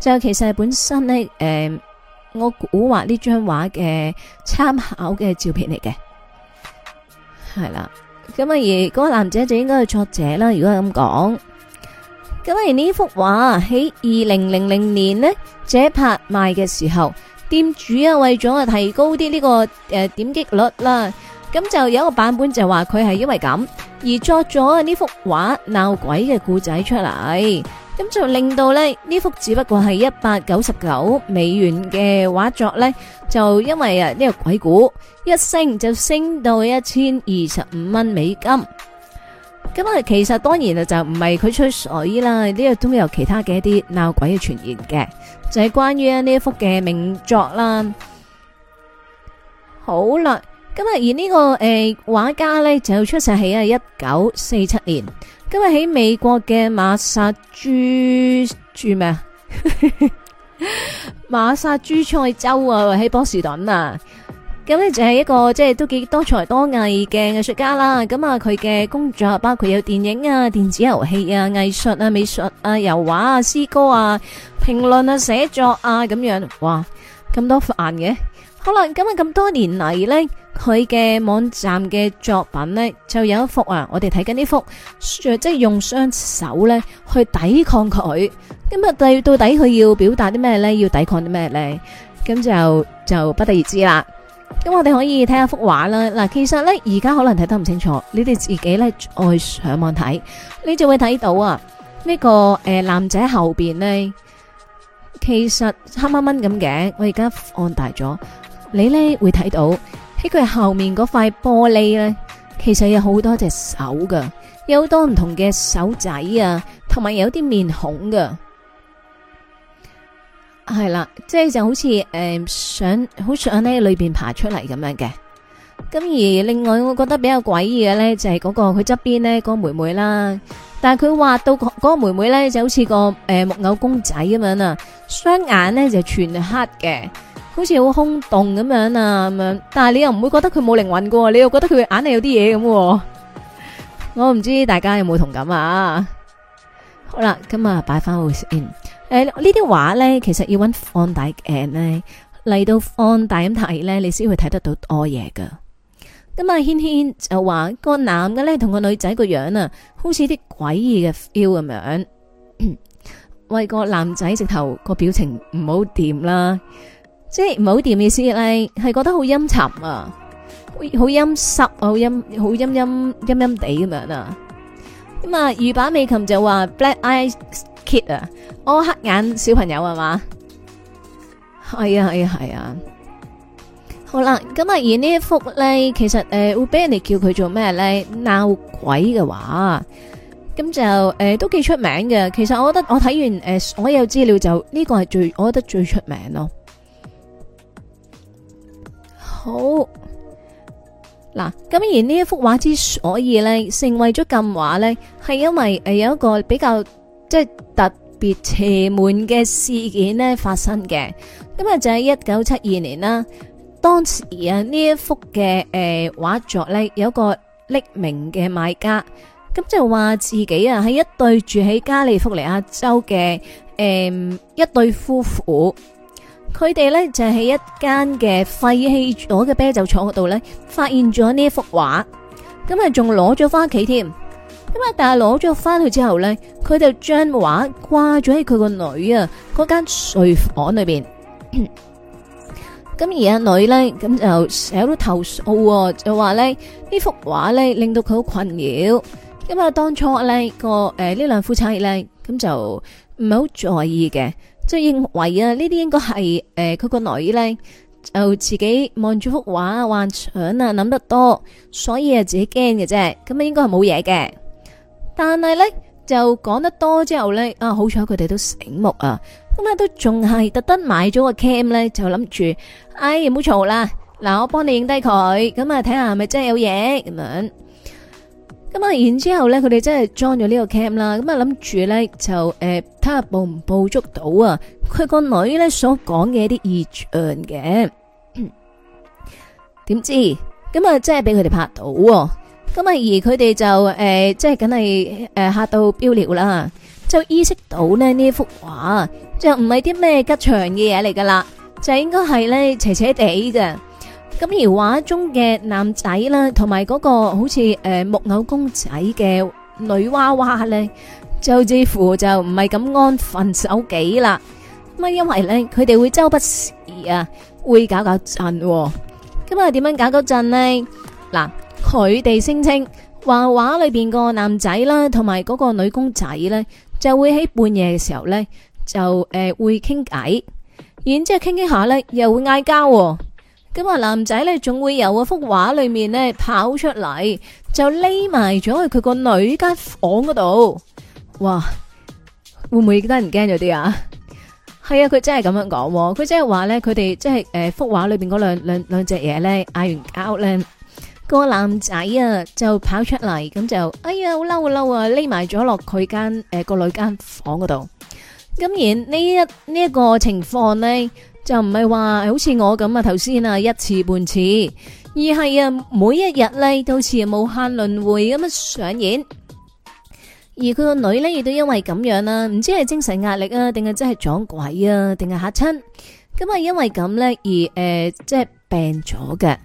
就其實係本身呢誒、呃，我估畫呢張畫嘅參考嘅照片嚟嘅。係啦，咁啊而嗰個男仔就應該係作者啦，如果係咁講。咁而呢幅畫喺二零零零年呢這拍賣嘅時候，店主啊為咗提高啲呢個誒點擊率啦。咁就有一個版本就話佢係因為咁而作咗呢幅畫鬧鬼嘅故仔出嚟，咁就令到咧呢幅只不過係一百九十九美元嘅畫作咧，就因為啊呢個鬼故一升就升到一千二十五蚊美金。咁啊，其實當然啊就唔係佢吹水啦，呢個都有其他嘅一啲鬧鬼嘅傳言嘅，就係關於呢一幅嘅名作啦。好啦。今日而、這個欸、畫呢個誒畫家咧就出世喺啊一九四七年，今日喺美國嘅馬薩諸諸咩啊馬薩諸塞州啊喺波士頓啊，咁、嗯、咧就係、是、一個即係都幾多才多藝嘅藝術家啦。咁啊佢嘅工作包括有電影啊、電子遊戲啊、藝術啊、美術啊、油畫啊、詩歌啊、評論啊、寫作啊咁樣，哇咁多範嘅。好啦，咁啊咁多年嚟咧，佢嘅網站嘅作品咧，就有一幅啊，我哋睇緊呢幅，即係用雙手咧去抵抗佢。咁啊，到到底佢要表達啲咩咧？要抵抗啲咩咧？咁就就不得而知啦。咁我哋可以睇下幅畫啦。嗱，其實咧，而家可能睇得唔清楚，你哋自己咧再上網睇，你就會睇到啊。呢、這個誒、呃、男仔後邊呢，其實黑掹掹咁嘅。我而家放大咗。你咧會睇到喺佢後面嗰塊玻璃咧，其實有好多隻手噶，有好多唔同嘅手仔啊，同埋有啲面孔噶，係啦，即係就好似誒想，好想喺裏邊爬出嚟咁樣嘅。咁而另外，我覺得比較詭異嘅咧，就係嗰個佢側邊咧個妹妹啦。但係佢畫到個嗰個妹妹咧，就好似個誒木偶公仔咁樣啊，雙眼咧就全黑嘅。好似好空洞咁樣啊，咁樣，但係你又唔會覺得佢冇靈魂噶？你又覺得佢眼係有啲嘢咁？我唔知大家有冇同感啊？好啦，今日啊，擺翻好先。誒，呢啲畫呢，其實要揾放大鏡呢，嚟到放大咁睇呢，你先會睇得到多嘢噶。咁、嗯、啊，軒軒就話個男嘅呢，同個女仔個樣啊，好似啲詭異嘅 feel 咁樣。喂， [coughs] 個男仔直頭個表情唔好掂啦。即係唔好掂嘅意思咧，係覺得好陰沉啊，好陰濕啊，好陰好陰陰陰陰地咁樣啊。咁啊，魚把尾琴就話 Black Eyed Kid 啊，我黑眼小朋友係嘛？係啊，係啊，係啊。好啦，咁啊，而呢一幅咧，其實誒、呃、會俾人哋叫佢做咩咧？鬧鬼嘅話，咁就誒、呃、都幾出名嘅。其實我覺得我睇完誒、呃，所有資料就呢、這個係最我覺得最出名咯。好嗱，咁而呢一幅畫之所以咧成為咗禁畫咧，係因為誒有一個比較即係、就是、特別邪門嘅事件咧發生嘅。咁啊就喺一九七二年啦，當時啊呢一幅嘅誒畫作咧，有一個匿名嘅買家，咁就話、是、自己啊喺一對住喺加利福尼亞州嘅誒、呃、一對夫婦。佢哋咧就喺一間嘅廢棄咗嘅啤酒廠度咧，發現咗呢一幅畫，咁啊仲攞咗翻屋企添。咁啊但係攞咗翻去之後咧，佢就將畫掛咗喺佢個女啊嗰間睡房裏邊。咁 [coughs] 而阿女咧咁就成日都投訴，就話咧呢幅畫咧令到佢好困擾。咁啊當初咧個誒呢兩夫妻咧咁就唔係好在意嘅。即係認為啊，呢啲應該係誒，佢個女呢，就自己望住幅畫幻想啊，諗得多，所以啊自己驚嘅啫。咁啊應該係冇嘢嘅，但係呢，就講得多之後呢，啊，好彩佢哋都醒目啊，咁啊都仲係特登買咗個 cam 呢，就諗住，哎唔好嘈啦，嗱我幫你影低佢，咁啊睇下係咪真係有嘢咁樣。咁啊，然之後咧，佢哋真係裝咗呢個 cam 啦，咁啊諗住咧就誒睇下捕唔捕捉到啊，佢個女咧所講嘅一啲意象嘅，點知咁啊，呃、真係俾佢哋拍到，咁啊而佢哋就誒，即係梗係誒嚇到標尿啦，就意識到咧呢幅畫就唔係啲咩吉祥嘅嘢嚟噶啦，就應該係咧邪邪地嘅。斜斜的的咁而畫中嘅男仔啦，同埋嗰個好似誒木偶公仔嘅女娃娃咧，就似乎就唔係咁安分守己啦。咁啊，因為咧佢哋會周不時啊，會搞搞震。咁啊，點樣搞搞震咧？嗱，佢哋聲稱畫畫裏邊個男仔啦，同埋嗰個女公仔咧，就會喺半夜嘅時候咧，就誒會傾偈，然之後傾傾下咧，又會嗌交。咁啊、就是呃，男仔咧，仲會有嗰幅畫裏面咧跑出嚟，就匿埋咗去佢個女間房嗰度。哇，會唔會得人驚咗啲啊？係啊，佢真係咁樣講，佢真係話咧，佢哋即係誒，幅畫裏邊嗰兩兩兩隻嘢咧嗌完交咧，個男仔啊就跑出嚟，咁就哎呀好嬲啊嬲啊，匿埋咗落佢間誒個女間房嗰度。咁然呢一呢一、這個情況咧。就唔係話好似我咁啊，頭先啊一次半次，而係啊每一日咧都似無限輪回咁樣上演。而佢個女咧亦都因為咁樣啦，唔知係精神壓力啊，定係真係撞鬼啊，定係吓親，咁係因為咁咧而誒即係病咗嘅。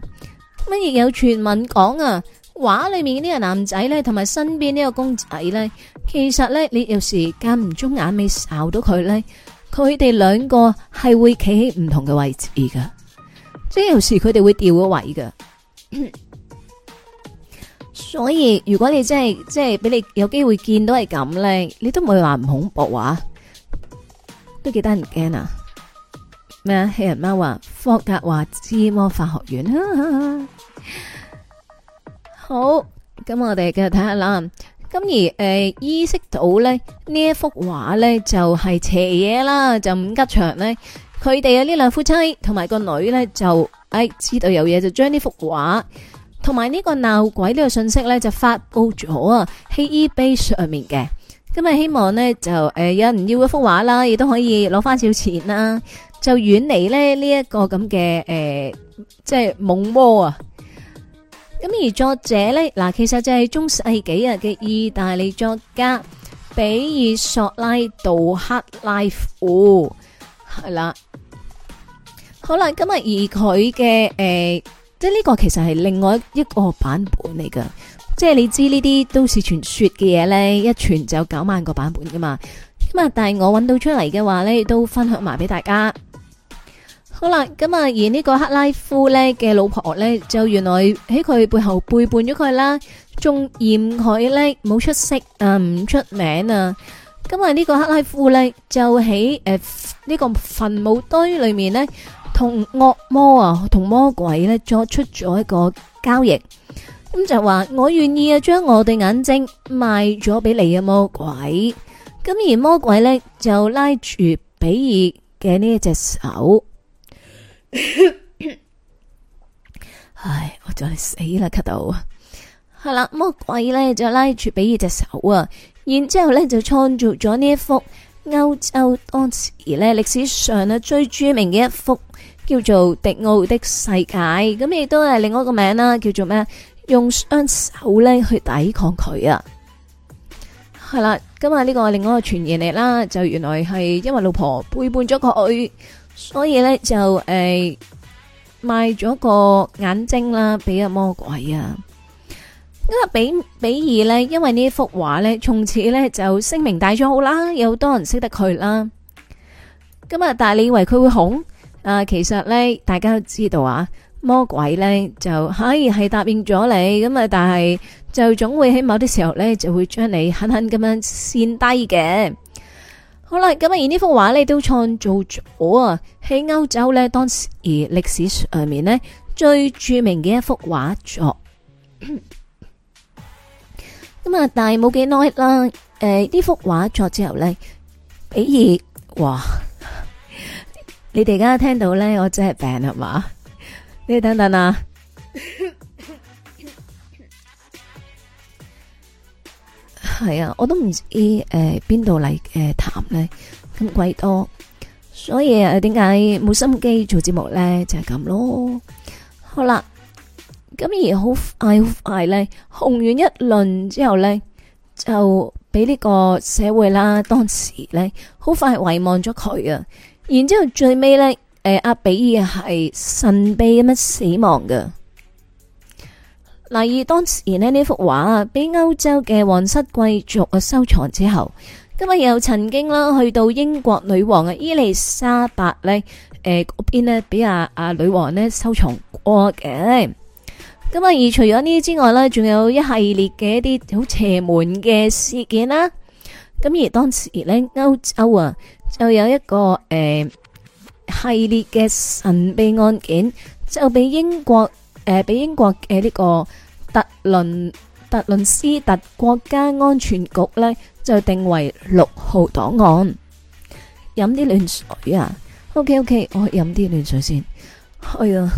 乜亦有傳聞講啊，畫裡面呢個男仔咧，同埋身邊呢個公仔咧，其實咧你有時間唔中眼尾瞄到佢咧。佢哋兩個係會企喺唔同嘅位置噶，即係有時佢哋會掉個位噶。所以如果你真係即係俾你有機會見到係咁咧，你都唔會話唔恐怖啊，都幾得人驚啊！咩啊？黑人貓話霍格華茲魔法學院，好，咁我哋繼續睇下啦。咁而誒、呃、意識到咧呢一幅畫咧就係、是、邪嘢啦，就唔吉祥咧，佢哋啊呢兩夫妻同埋個女咧就誒、哎、知道有嘢，就將呢幅畫同埋呢個鬧鬼呢個信息咧就發佈咗啊，喺 eBay 上面嘅，咁啊希望咧就誒有、呃、人要一幅畫啦，亦都可以攞翻少錢啦，就遠離咧呢一、這個咁嘅誒即係夢魔啊！咁而作者咧，嗱其實就係中世紀日嘅意大利作家 [music] 比爾索拉杜克拉夫，係、哦、啦，好啦，今日而佢嘅誒，即係呢個其實係另外一個版本嚟噶，即係你知呢啲都市傳說嘅嘢咧，一傳就有九萬個版本噶嘛，咁啊，但係我揾到出嚟嘅話咧，都分享埋俾大家。好啦，咁啊，而呢個克拉夫咧嘅老婆咧，就原來喺佢背後背叛咗佢啦，仲嫌佢咧冇出息啊，唔出名啊。咁啊，呢個克拉夫咧就喺誒呢個墳墓堆裏面咧，同惡魔啊，同魔鬼咧作出咗一個交易。咁就話我願意啊，將我對眼睛賣咗俾你魔鬼。咁而魔鬼咧就拉住比爾嘅呢一隻手。 [laughs] 唉，我真係死啦！咳到係啦，魔鬼呢就拉住俾佢隻手啊，然之後呢就創造咗呢一幅歐洲當時呢歷史上呢最著名嘅一幅，叫做《迪奧的世界》，咁亦都係另外一個名啦，叫做咩？用雙手呢去抵抗佢啊！係啦，咁呢個另外一個傳言嚟啦，就原來係因為老婆背叛咗佢。所以咧就誒賣咗個眼睛啦俾個魔鬼啊！咁啊比比爾咧，因為呢一幅畫咧，從此咧就聲名大咗好啦，有好多人識得佢啦。咁啊，但係你以為佢會紅？啊，其實咧大家都知道啊，魔鬼咧就可以係答應咗你，咁啊，但係就總會喺某啲時候咧就會將你狠狠咁樣扇低嘅。好啦，咁啊，而呢幅畫咧都創造咗啊，喺歐洲咧當時而歷史上面咧最著名嘅一幅畫作。咁啊，但係冇幾耐啦，誒，呢幅畫作之後咧，比如哇，你哋而家聽到咧，我真係病係嘛？你等等啊。 [laughs] 係啊，我都唔知誒邊度嚟誒談咧咁鬼多，所以誒點解冇心機做節目咧就係咁咯。好啦，咁而好快好快咧紅完一輪之後咧就俾呢個社會啦，當時咧好快遺忘咗佢啊。然之後最尾咧誒阿比爾係神秘咁樣死亡㗎。嗱，而當時咧呢幅畫啊，俾歐洲嘅王室貴族啊收藏之後，今日又曾經啦去到英國女王啊伊麗莎白咧，誒嗰邊咧俾阿阿女王咧收藏過嘅。咁啊，而除咗呢啲之外咧，仲有一系列嘅一啲好邪門嘅事件啦。咁而當時咧，歐洲啊就有一個誒系列嘅神秘案件，就俾英國誒俾英國嘅呢個。特倫特倫斯特國家安全局呢，就定為六號檔案，飲啲暖水啊！OK OK，我去飲啲暖水先。哎呀，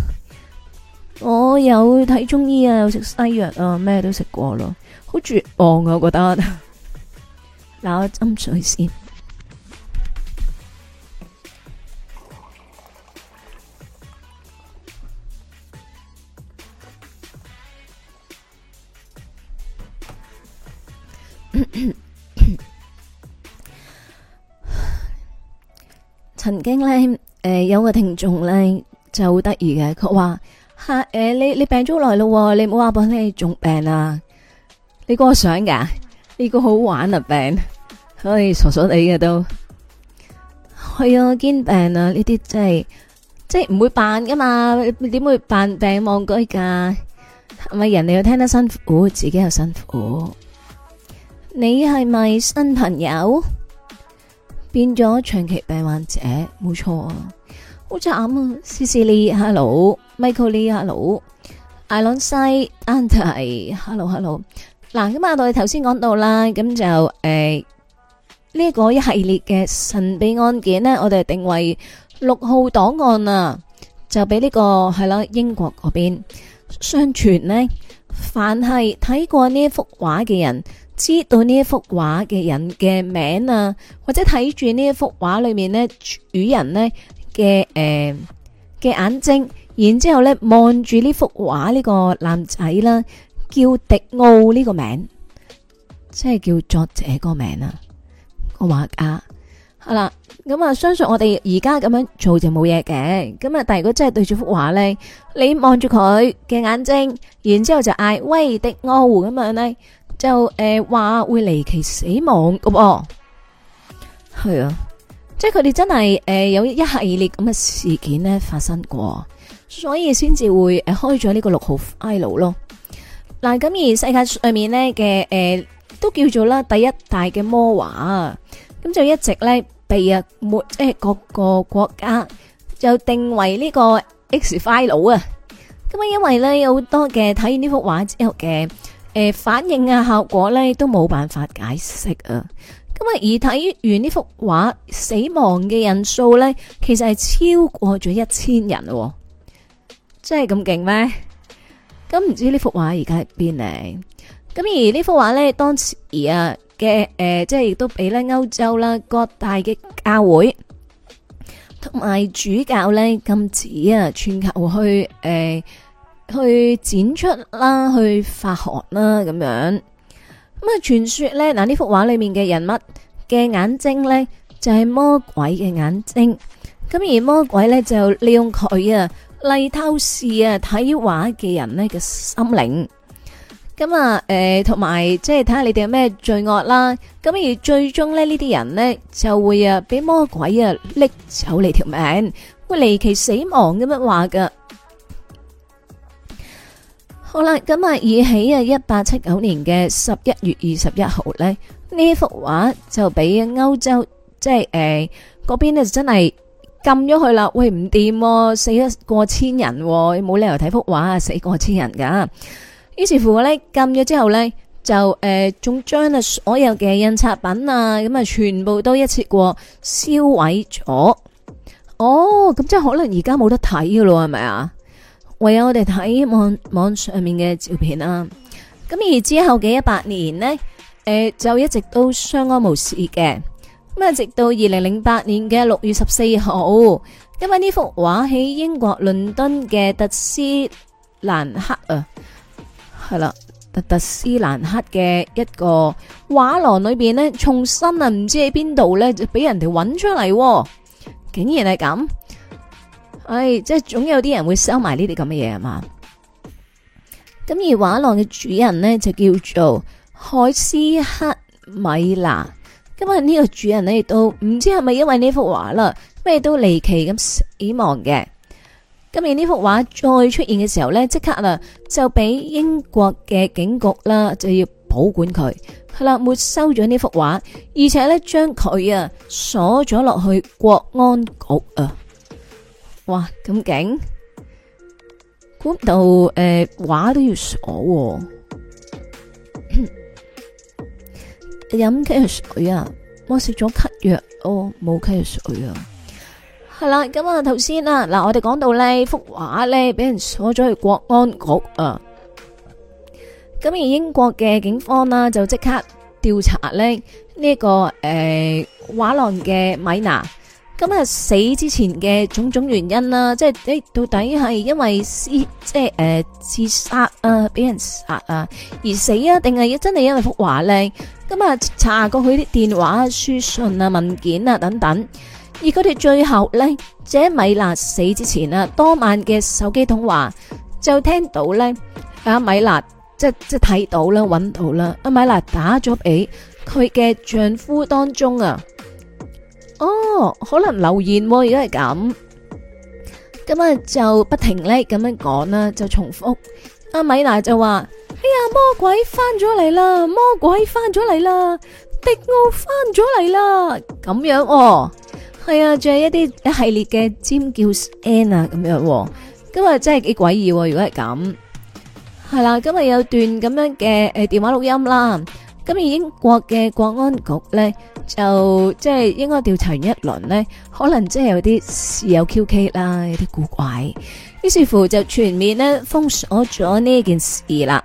我有睇中醫啊，有食西藥啊，咩都食過咯，好絕望啊！我覺得，嗱，斟水先。 [coughs] 曾經呢，誒、呃、有個聽眾呢就好得意嘅，佢話：吓、啊，誒、呃、你你病咗好耐咯，你唔好話我你仲病啊！你嗰個相嘅，呢個好玩啊病，可、哎、以傻傻哋嘅都係啊堅病啊呢啲真係，即係唔會扮噶嘛，點會扮病望居噶？係咪人哋又聽得辛苦、哦，自己又辛苦？你係咪新朋友變咗長期病患者？冇錯啊，好慘啊。Cecilia hello，Michaelie hello，Ironsie，Andy hello hello 嗱。咁啊，我哋頭先講到啦，咁就誒呢個一系列嘅神秘案件呢，我哋定為六號檔案啊，就俾呢個係啦英國嗰邊相傳呢。凡係睇過呢一幅畫嘅人，知道呢一幅畫嘅人嘅名啊，或者睇住呢一幅畫裏面呢主人呢嘅誒嘅眼睛，然之後呢望住呢幅畫呢個男仔啦，叫迪奧呢個名，即係叫作者個名啊。個畫家係啦，咁、嗯、啊，相、嗯、信我哋而家咁樣做就冇嘢嘅。咁啊，但係如果真係對住幅畫呢，你望住佢嘅眼睛，然之後就嗌喂迪奧咁樣呢。就誒話、呃、會離奇死亡噶噃，係、哦、啊，即係佢哋真係誒有一系列咁嘅事件咧發生過，所以先至會誒開咗呢個六號 file 咯。嗱、啊，咁而世界上面咧嘅誒都叫做啦第一大嘅魔畫，咁就一直咧被啊沒即係各個國家就定為呢個 X file 啊。咁啊，因為咧有好多嘅睇完呢幅畫之後嘅。誒、呃，反應啊，效果咧都冇辦法解釋啊！咁啊，而睇完呢幅畫，死亡嘅人數咧，其實係超過咗一千人、啊，真係咁勁咩？咁唔知呢幅畫而家喺邊呢？咁而幅畫呢幅畫咧，當時啊嘅誒，即係亦都俾咧歐洲啦各大嘅教會同埋主教咧禁止啊，全球去誒。呃去展出啦，去發學啦，咁樣咁啊！傳說咧，嗱呢幅畫裏面嘅人物嘅眼睛咧，就係魔鬼嘅眼睛。咁而魔鬼咧就利用佢啊嚟偷視啊睇畫嘅人呢嘅心靈。咁啊，誒、呃，同埋即係睇下你哋有咩罪惡啦。咁而最終咧呢啲人呢，就會啊俾魔鬼啊拎走你條命，會離奇死亡咁樣話噶。好啦，咁啊、嗯，以起啊一八七九年嘅十一月二十一號呢，呢幅畫就俾歐洲即係誒嗰邊就真係禁咗佢啦。喂，唔掂、哦，死咗過千人、哦，喎，冇理由睇幅畫啊，死過千人噶。於是乎呢禁咗之後呢，就誒仲、呃、將啊所有嘅印刷品啊咁啊全部都一次過銷毀咗。哦，咁、嗯、即係可能而家冇得睇噶咯，係咪啊？唯有我哋睇網網上面嘅照片啦，啊，咁而之後嘅一百年呢，誒、呃、就一直都相安無事嘅。咁啊，直到二零零八年嘅六月十四號，因為呢幅畫喺英國倫敦嘅特斯蘭克啊，係、呃、啦，特特斯蘭克嘅一個畫廊裏邊呢，重新啊，唔知喺邊度呢，就俾人哋搵出嚟，啊，竟然係咁。唉、哎，即係總有啲人會收埋呢啲咁嘅嘢啊嘛，咁而畫廊嘅主人呢，就叫做海斯克米娜，咁、這、呢個主人呢，亦都唔知係咪因為呢幅畫啦，咩都離奇咁死亡嘅。咁而呢幅畫再出現嘅時候呢，即刻啦就俾英國嘅警局啦就要保管佢，係啦沒收咗呢幅畫，而且呢，將佢啊鎖咗落去國安局啊。呃哇，咁勁，估唔到誒，畫、呃、都要鎖喎、哦。飲吸水啊，我食咗咳藥哦，冇吸水啊。係啦，咁啊頭先啊，嗱，我哋講到呢幅畫咧，俾人鎖咗去國安局啊。咁而英國嘅警方啦，就即刻調查咧呢、這個誒畫廊嘅米娜。今日死之前嘅種種原因啦，即係誒，到底係因為刺，即係誒，自殺啊，俾人殺啊，而死啊，定係真係因為幅畫咧？咁啊，查過去啲電話、書信啊、文件啊等等。而佢哋最後咧，就係米娜死之前啊，當晚嘅手機通話就聽到咧，阿米娜即即係睇到啦，揾到啦，阿米娜打咗俾佢嘅丈夫當中啊。哦，可能留言如果係咁，咁啊就不停咧咁樣講啦，就重複。阿米娜就話：哎呀，魔鬼翻咗嚟啦，魔鬼翻咗嚟啦，迪奧翻咗嚟啦，咁樣哦，係啊，仲有一啲一系列嘅尖叫 N 啊，咁樣。今日真係幾詭異，如果係咁，係啦，今日有段咁樣嘅誒電話錄音啦。咁而英國嘅國安局呢，就即係、就是、應該調查完一輪呢，可能真係有啲事有蹊蹺啦，有啲古怪，於是乎就全面呢封鎖咗呢件事啦。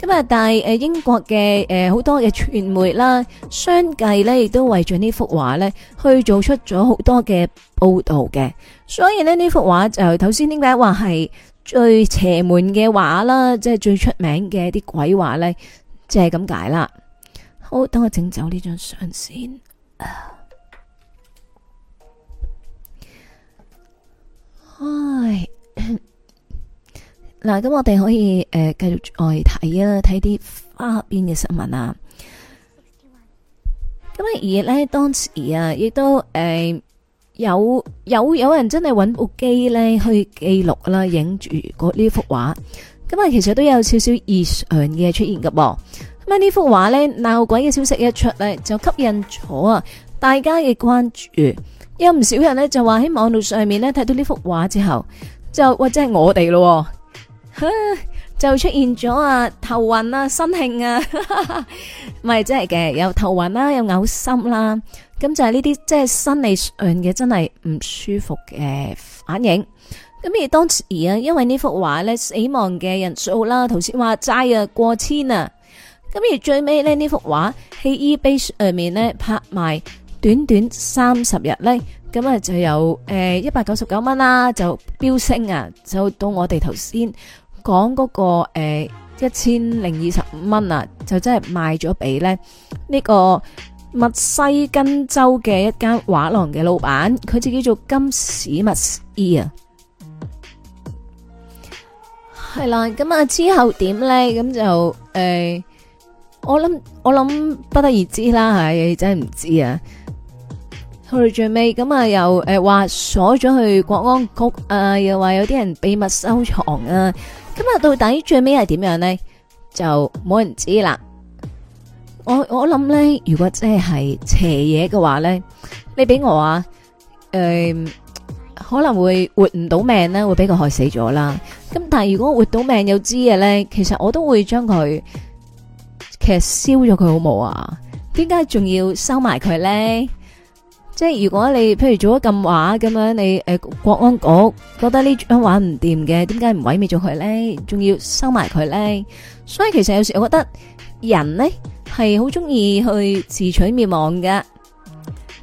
咁啊，但係英國嘅誒好多嘅傳媒啦，相繼呢，亦都為咗呢幅畫呢去做出咗好多嘅報道嘅，所以呢呢幅畫就頭先點解話係最邪門嘅畫啦，即係最出名嘅啲鬼畫呢。即係咁解啦。好，等我整走呢張相先。唉，嗱，咁我哋可以誒繼續再睇啊，睇啲花邊嘅新聞啊。咁啊而呢，當時啊，亦都誒、呃、有有有人真係搵部機呢去記錄啦，影住嗰呢幅畫。咁啊，其實都有少少異常嘅出現噶噃。咁啊，呢幅畫咧鬧鬼嘅消息一出咧，就吸引咗啊大家嘅關注。有唔少人咧就話喺網絡上面咧睇到呢幅畫之後，就或者係我哋咯，就出現咗啊頭暈啊、身興啊，咪真係嘅，有頭暈啦，有嘔心啦，咁就係呢啲即係心理上嘅真係唔舒服嘅反應。咁而當時啊，因為呢幅畫咧死亡嘅人數啦，頭先話齋啊過千啊。咁而最尾咧，呢幅畫喺 eBay 上面咧拍賣，短短三十日咧，咁啊就有誒一百九十九蚊啦，就飆升啊，就到我哋頭先講嗰個誒一千零二十五蚊啊，就真係賣咗俾咧呢個密西根州嘅一間畫廊嘅老闆，佢就叫做金史密斯 E 啊。係啦，咁啊之後點咧？咁就誒、欸，我諗我諗不得而知啦，係真係唔知啊。去到最尾咁啊，又誒話鎖咗去國安局啊，又話有啲人秘密收藏啊。咁啊到底最尾係點樣咧？就冇人知啦。我我諗咧，如果真係係邪嘢嘅話咧，你俾我話誒。欸可能會活唔到命咧，會俾佢害死咗啦。咁但係如果活到命又知嘅咧，其實我都會將佢其實燒咗佢好冇啊？點解仲要收埋佢咧？即係如果你譬如做咗禁畫咁樣，你誒、呃、國安局覺得呢張畫唔掂嘅，點解唔毀滅咗佢咧？仲要收埋佢咧？所以其實有時我覺得人咧係好中意去自取滅亡嘅，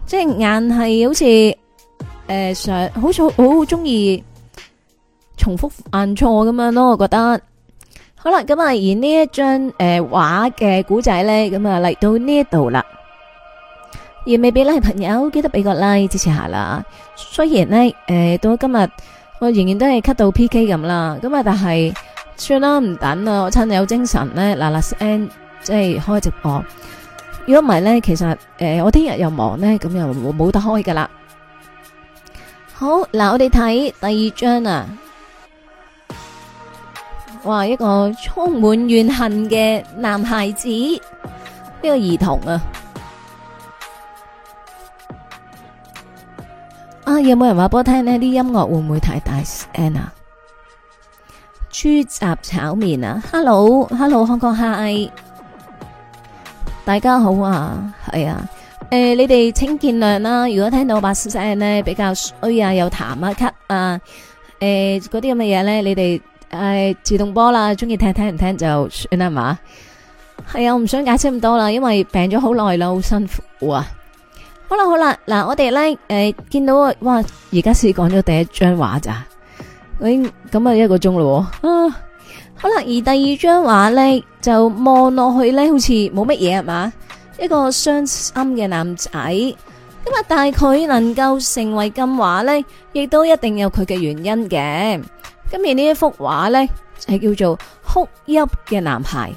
即係硬係好似。誒，上、啊、好，錯，好中意重複犯錯咁樣咯，我覺得好啦。咁啊，而這、呃、的呢一張誒畫嘅古仔咧，咁啊嚟到呢度啦。而未俾 like 朋友，記得俾個 like 支持下啦。雖然咧，誒、呃，到今日我仍然都係 cut 到 PK 咁啦。咁啊，但係算啦，唔等啦，我趁有精神咧，嗱嗱聲即係開直播。如果唔係咧，其實誒、呃，我聽日又忙咧，咁又冇得開噶啦。好，嗱我哋睇第二張啊！哇，一個充滿怨恨嘅男孩子，呢個兒童啊！啊，有冇人話俾我聽呢啲音樂會唔會太大聲啊？n a 豬雜炒麵啊！Hello，Hello，Hello, Hello, 韓國 Hi，大家好啊，係啊。誒、呃，你哋請見諒啦。如果聽到我把聲咧，比較衰啊，有痰啊、咳啊，誒、呃，嗰啲咁嘅嘢咧，你哋誒自動波啦。中意聽聽唔聽就算啦係嘛。係啊，我唔想解釋咁多啦，因為病咗好耐啦，好辛苦啊。好啦，好啦，嗱，我哋咧誒見到啊，哇，而家先講咗第一張畫咋？喂，咁啊一個鐘咯，啊，啊，好啦，而第二張畫咧就望落去咧，好似冇乜嘢係嘛。一個傷心嘅男仔，咁啊，但係佢能夠成為金畫咧，亦都一定有佢嘅原因嘅。今日呢一幅畫咧，係叫做哭泣嘅男孩。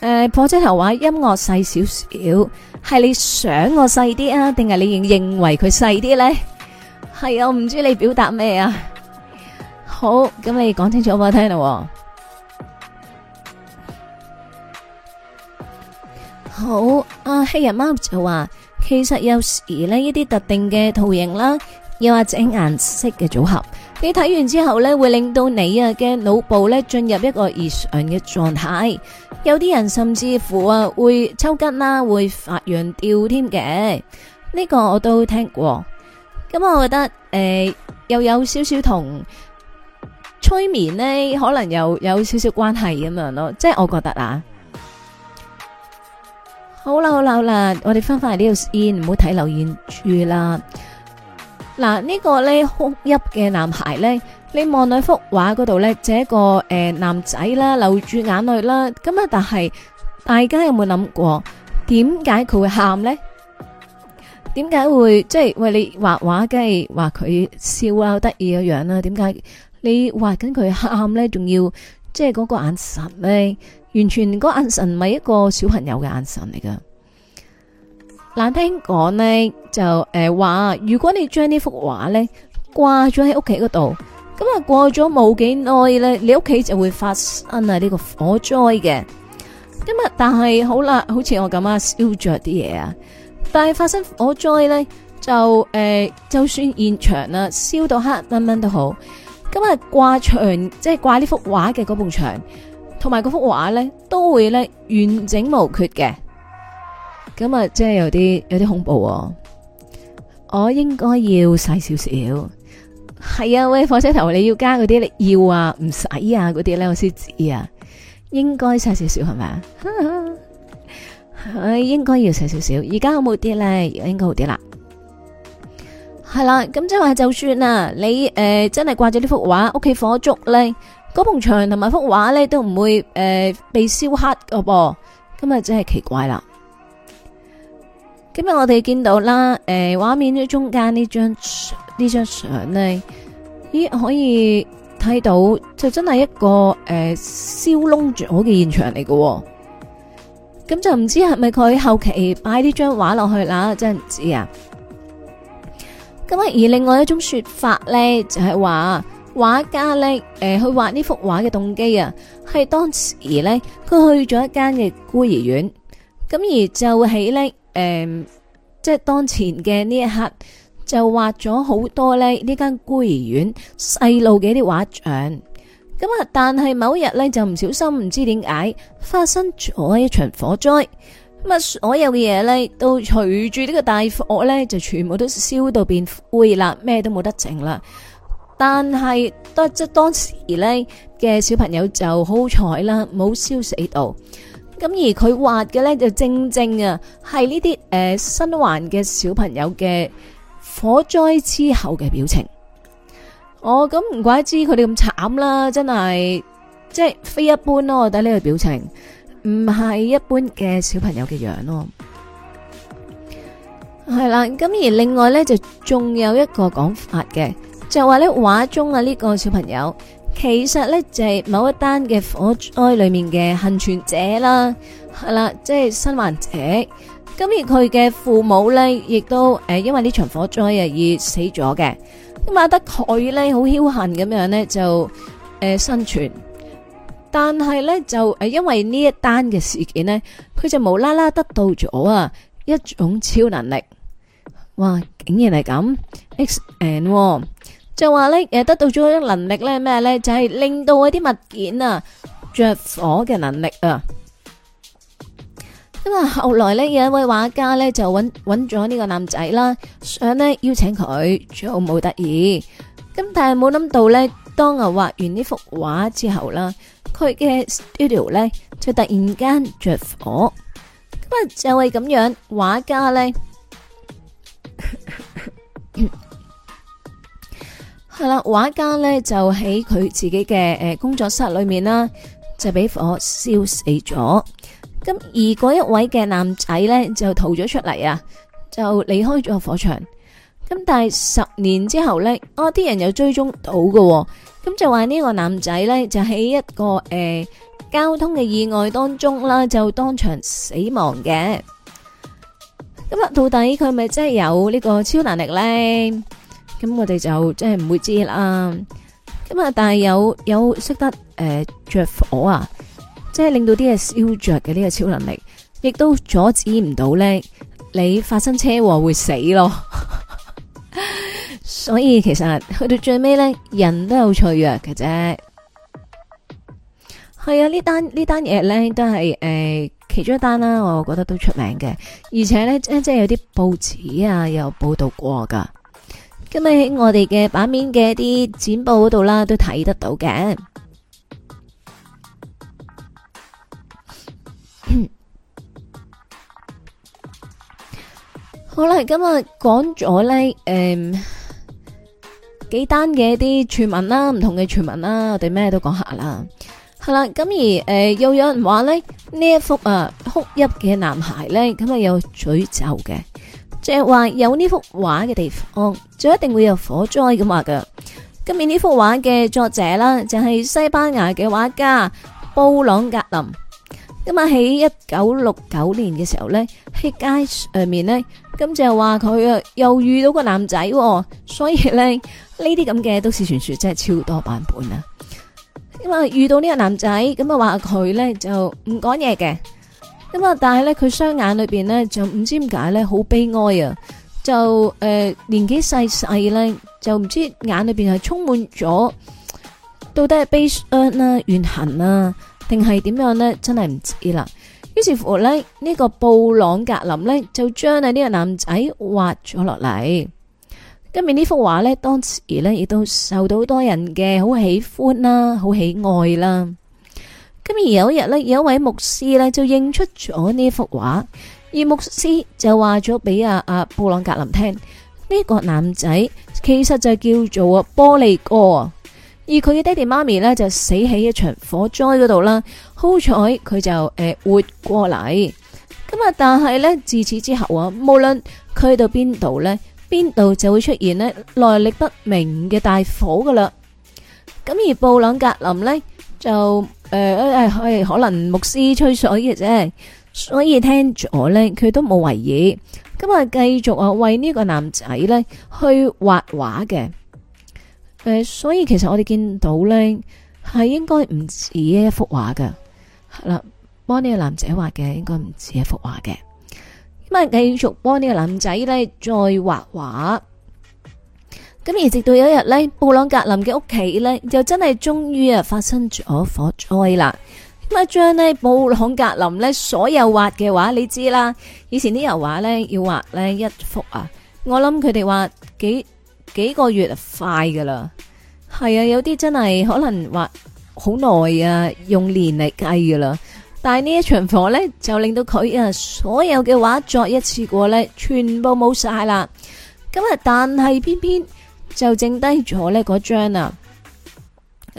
誒，破車頭話音樂細少少，係你想我細啲啊，定係你認認為佢細啲咧？係啊，我唔知你表達咩啊？好，咁你講清楚俾我聽啦。好啊！黑人貓就話，其實有時呢一啲特定嘅圖形啦，又或者顏色嘅組合，你睇完之後呢，會令到你啊嘅腦部呢進入一個異常嘅狀態。有啲人甚至乎啊會抽筋啦，會發羊吊添嘅。呢、這個我都聽過。咁我覺得誒、呃，又有少少同催眠呢，可能又有少少關係咁樣咯。即係我覺得啊。好啦好啦好啦，我哋翻返嚟呢度先，唔好睇留言處啦。嗱，呢個咧哭泣嘅男孩咧，你望到幅畫嗰度咧，即係一個誒男仔啦，流住眼淚啦。咁啊，但係大家有冇諗過，點解佢會喊咧？點解會即係喂？你畫畫梗係畫佢笑啊，得意嘅樣啦。點解你畫緊佢喊咧？仲要即係嗰個眼神咧？完全個眼神唔係一個小朋友嘅眼神嚟噶難聽講咧就誒話，如果你將呢幅畫咧掛咗喺屋企嗰度，咁啊過咗冇幾耐咧，你屋企就會發生啊呢個火災嘅。咁啊，但係好啦，好似我咁啊燒着啲嘢啊，但係發生火災咧就誒，就算現場啊燒到黑蚊蚊都好，咁就掛牆即係掛呢幅畫嘅嗰埲牆。同埋嗰幅畫咧，都會咧完整無缺嘅，咁啊，即係有啲有啲恐怖喎、哦。我應該要細少少，係啊，喂，火車頭，你要加嗰啲，你要啊，唔使啊，嗰啲咧，我先知啊。應該細少少係咪啊？ [laughs] 我應該要細少少，而家有冇啲咧？而家應該好啲啦。係啦，咁即係話，就算啊，你誒、呃、真係掛住呢幅畫，屋企火燭咧。嗰埲牆同埋幅畫咧都唔會誒被燒黑㗎噃，今日真係奇怪啦！今日我哋見到啦，誒畫面呢中間張張呢張呢張相咧，咦可以睇到就真係一個誒、呃、燒窿咗嘅現場嚟嘅，咁就唔知係咪佢後期擺呢張畫落去啦，真係唔知啊！咁而另外一種說法咧就係、是、話。畫家呢，誒、呃，去畫呢幅畫嘅動機啊，係當時呢，佢去咗一間嘅孤兒院，咁而就喺呢，誒、呃，即係當前嘅呢一刻，就畫咗好多呢呢間孤兒院細路嘅啲畫像，咁啊，但係某日呢，就唔小心唔知點解發生咗一場火災，咁啊，所有嘅嘢呢，都隨住呢個大火呢，就全部都燒到變灰啦，咩都冇得整啦。但係，得當時咧嘅小朋友就好彩啦，冇燒死到。咁而佢畫嘅咧就正正啊，係呢啲誒，生還嘅小朋友嘅火災之後嘅表情。哦，咁唔怪之佢哋咁慘啦，真係即係非一般咯。我睇呢個表情，唔係一般嘅小朋友嘅樣咯。係啦，咁而另外咧就仲有一個講法嘅。就說話咧畫中啊呢個小朋友，其實咧就係某一單嘅火災裏面嘅幸存者啦，係啦，即係生還者。咁而佢嘅父母咧，亦都誒因為呢場火災啊而死咗嘅。咁啊得佢咧好僥幸咁樣咧就誒生存，但係咧就誒因為呢一單嘅事件咧，佢就無啦啦得到咗啊一種超能力。哇，竟然係咁 X N。就話咧，誒，得到咗一種能力咧，咩咧？就係令到一啲物件啊着火嘅能力啊。咁啊，後來咧有一位畫家咧就揾揾咗呢個男仔啦，想咧邀請佢，最後冇得意。咁但係冇諗到咧，當我畫完呢幅畫之後啦，佢嘅 studio 咧就突然間着火。咁啊，就係咁樣，畫家咧。係啦，畫家咧就喺佢自己嘅誒工作室裏面啦，就俾火燒死咗。咁而嗰一位嘅男仔咧就逃咗出嚟啊，就離開咗火場。咁但係十年之後咧，啊啲人又追蹤到嘅，咁就話呢個男仔咧就喺一個誒、呃、交通嘅意外當中啦，就當場死亡嘅。咁啊，到底佢咪真係有呢個超能力咧？咁我哋就即係唔會知啦。咁啊，但係有有識得誒、呃、着火啊，即係令到啲嘢燒着嘅呢、這個超能力，亦都阻止唔到咧。你發生車禍會死咯， [laughs] 所以其實去到最尾咧，人都好脆弱嘅啫。係啊，呢單呢單嘢咧都係誒、呃、其中一單啦。我覺得都出名嘅，而且咧即係有啲報紙啊有報道過噶。今日喺我哋嘅版面嘅一啲剪報嗰度啦，都睇得到嘅。好啦，今日講咗呢誒，幾單嘅一啲傳聞啦，唔同嘅傳聞啦，我哋咩都講下啦。係、嗯、啦，咁而誒，又有人話呢，呢一幅啊哭泣嘅男孩呢，咁啊有詛咒嘅。即係話有呢幅畫嘅地方，就一定會有火災咁話㗎，今面呢幅畫嘅作者啦，就係西班牙嘅畫家布朗格林。咁啊喺一九六九年嘅時候咧，喺街上面咧，咁就話佢啊又遇到個男仔，所以咧呢啲咁嘅都市傳說真係超多版本啊。咁啊遇到呢個男仔，咁啊話佢咧就唔講嘢嘅。咁啊！但係咧，佢雙眼裏邊咧就唔知點解咧，好悲哀啊！就誒年紀細細咧，就唔知眼裏邊係充滿咗到底係悲傷啊、怨恨啊，定係點樣咧？真係唔知啦。於是乎咧，呢個布朗格林咧就將啊呢個男仔畫咗落嚟。今日呢幅畫咧，當時咧亦都受到好多人嘅好喜歡啦、好喜愛啦。咁而有一日呢，有一位牧師呢就認出咗呢一幅畫，而牧師就話咗俾阿阿布朗格林聽呢，這個男仔其實就叫做啊玻璃哥，而佢嘅爹哋媽咪呢就死喺一場火災嗰度啦。好彩佢就誒、呃、活過嚟，咁啊，但係呢，自此之後啊，無論佢去到邊度呢，邊度就會出現呢來歷不明嘅大火噶啦。咁而布朗格林呢，就。誒，誒、呃，可可能牧師吹水嘅啫，所以聽咗咧，佢都冇為意。咁啊繼續啊，為呢個男仔咧去畫畫嘅。誒、呃，所以其實我哋見到咧係應該唔似一幅畫嘅，係啦，幫呢個男仔畫嘅應該唔似一幅畫嘅。咁啊，繼續幫呢個男仔咧再畫畫。咁而直到有一日咧，布朗格林嘅屋企咧就真係終於啊發生咗火災啦。咁啊將咧布朗格林咧所有畫嘅畫，你知啦，以前啲油畫咧要畫咧一幅啊，我諗佢哋畫幾幾個月快噶啦，係啊，有啲真係可能畫好耐啊，用年嚟計噶啦。但係呢一場火咧就令到佢啊所有嘅畫作一次過咧全部冇晒啦。咁啊，但係偏偏。就剩低咗呢嗰張啊，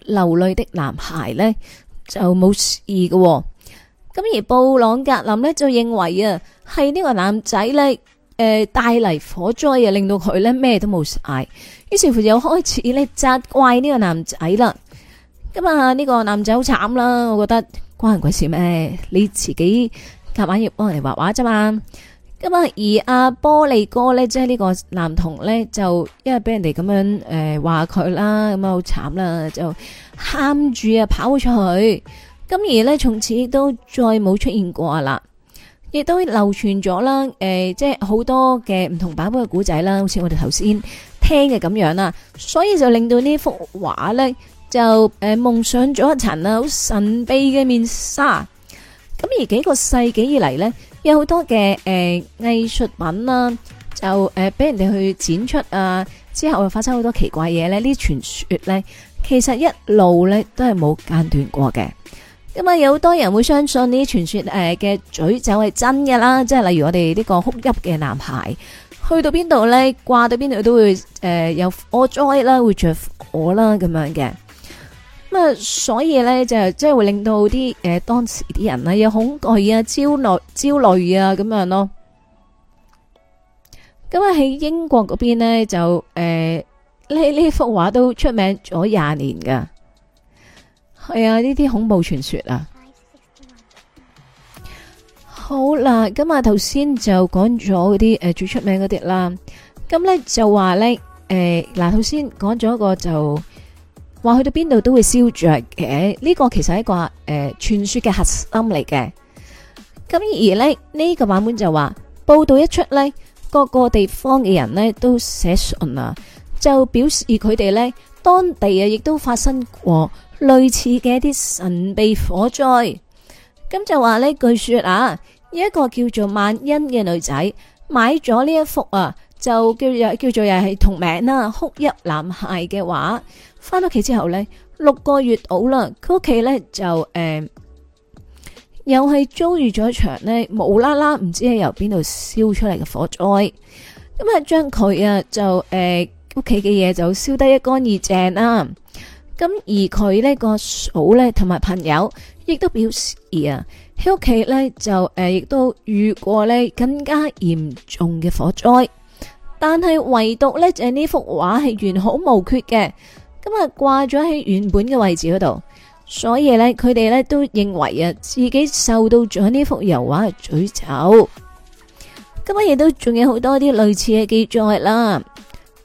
流淚的男孩呢就冇事嘅。哦，咁而布朗格林呢，就認為啊，係呢個男仔呢誒帶嚟火災啊，令到佢呢咩都冇晒，於是乎又開始呢責怪呢個男仔啦。咁啊呢、呢個男仔好慘啦，我覺得關人鬼事咩？你自己夾硬要幫人畫畫咋嘛？咁啊，而阿玻璃哥咧，即係呢個男童咧，就因為俾人哋咁樣誒話佢啦，咁啊好慘啦，就喊住啊跑出去。咁而咧，從此都再冇出現過啦，亦都流傳咗啦。誒、呃，即係好多嘅唔同版本嘅古仔啦，好似我哋頭先聽嘅咁樣啦。所以就令到幅畫呢幅畫咧，就誒蒙上咗一層啊好神秘嘅面紗。咁而幾個世紀以嚟咧，有好多嘅誒藝術品啦，就誒俾、呃、人哋去展出啊，之後又發生好多奇怪嘢咧。呢啲傳說咧，其實一路咧都係冇間斷過嘅。咁、嗯、啊，有好多人會相信呢啲傳說誒嘅、呃、詛咒係真嘅啦，即係例如我哋呢個哭泣嘅男孩去到邊度咧，掛到邊度都會誒有火災啦，會着火啦咁樣嘅。咁啊，所以咧就即係會令到啲誒、呃、當時啲人咧有恐懼啊、焦慮、焦慮啊咁樣咯。咁啊喺英國嗰邊呢就誒呢呢幅畫都出名咗廿年噶，係啊呢啲恐怖傳說啊。嗯、好啦，咁啊頭先就講咗嗰啲誒最出名嗰啲啦。咁咧就話咧誒嗱頭先講咗一個就。話去到邊度都會燒着的。嘅，呢個其實係一個誒、呃、傳說嘅核心嚟嘅。咁而咧呢、呢個版本就話報道一出呢，各個地方嘅人呢都寫信啊，就表示佢哋呢，當地啊亦都發生過類似嘅一啲神秘火災。咁就話呢，據說啊，有一個叫做萬恩嘅女仔買咗呢一幅啊，就叫又叫做又係同名啦，哭泣男孩嘅畫。翻屋企之後呢，六個月到啦，佢屋企呢，就、呃、誒，又係遭遇咗一場呢無啦啦，唔知係由邊度燒出嚟嘅火災，咁、呃、啊，將佢啊就誒屋企嘅嘢就燒得一乾二淨啦。咁而佢呢個嫂呢，同埋朋友亦都表示啊，喺屋企呢，就誒亦都遇過呢更加嚴重嘅火災，但係唯獨呢，就係呢幅畫係完好無缺嘅。咁啊掛咗喺原本嘅位置嗰度，所以咧佢哋咧都認為啊自己受到咗呢幅油畫嘅詛咒。咁啊，亦都仲有好多啲類似嘅記載啦。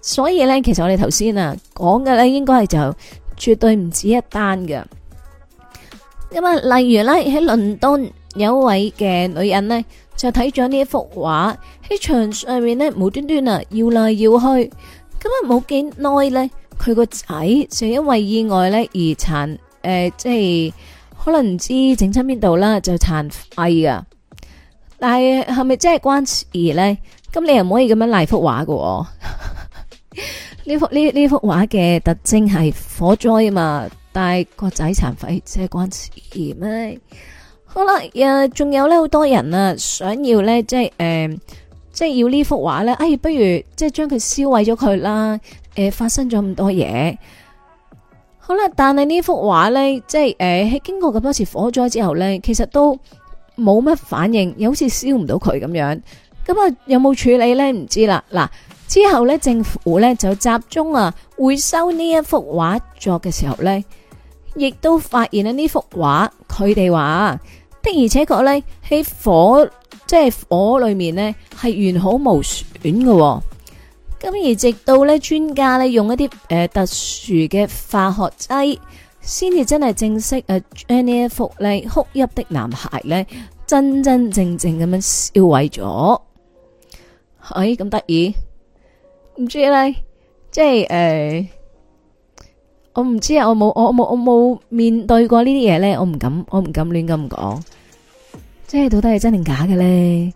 所以咧，其實我哋頭先啊講嘅咧，應該係就絕對唔止一單嘅。咁啊，例如咧喺倫敦有一位嘅女人咧，就睇咗呢一幅畫喺牆上面咧無端端啊搖來搖去，咁啊冇幾耐咧。佢個仔就因為意外咧而殘誒、呃，即係可能唔知整親邊度啦，就殘廢啊！但係係咪真係關事咧？咁你又唔可以咁樣賴幅畫噶、哦？呢 [laughs] 幅呢呢幅畫嘅特徵係火災嘛，但係個仔殘廢，即係關事咩？好啦，誒，仲有咧，好多人啊，想要咧，即係誒、呃，即係要呢幅畫咧，哎，不如即係將佢燒毀咗佢啦。誒、呃，發生咗咁多嘢，好啦，但係呢幅畫呢，即係誒，喺、呃、經過咁多次火災之後呢，其實都冇乜反應，又好似燒唔到佢咁樣，咁啊有冇處理呢？唔知啦。嗱，之後呢，政府呢就集中啊，回收呢一幅畫作嘅時候呢，亦都發現呢幅畫，佢哋話的而且確呢，喺火，即係火裏面呢，係完好無損嘅、哦。咁而直到呢專家呢，用一啲誒、呃、特殊嘅化學劑，先至真係正，正式誒將、啊、呢一幅呢哭泣的男孩呢，真真正正咁樣銷毀咗。唉、哎，咁得意，唔知咧，即係誒、呃，我唔知啊，我冇我冇我冇面對過呢啲嘢呢。我唔敢我唔敢亂咁講。即係到底係真定假嘅呢？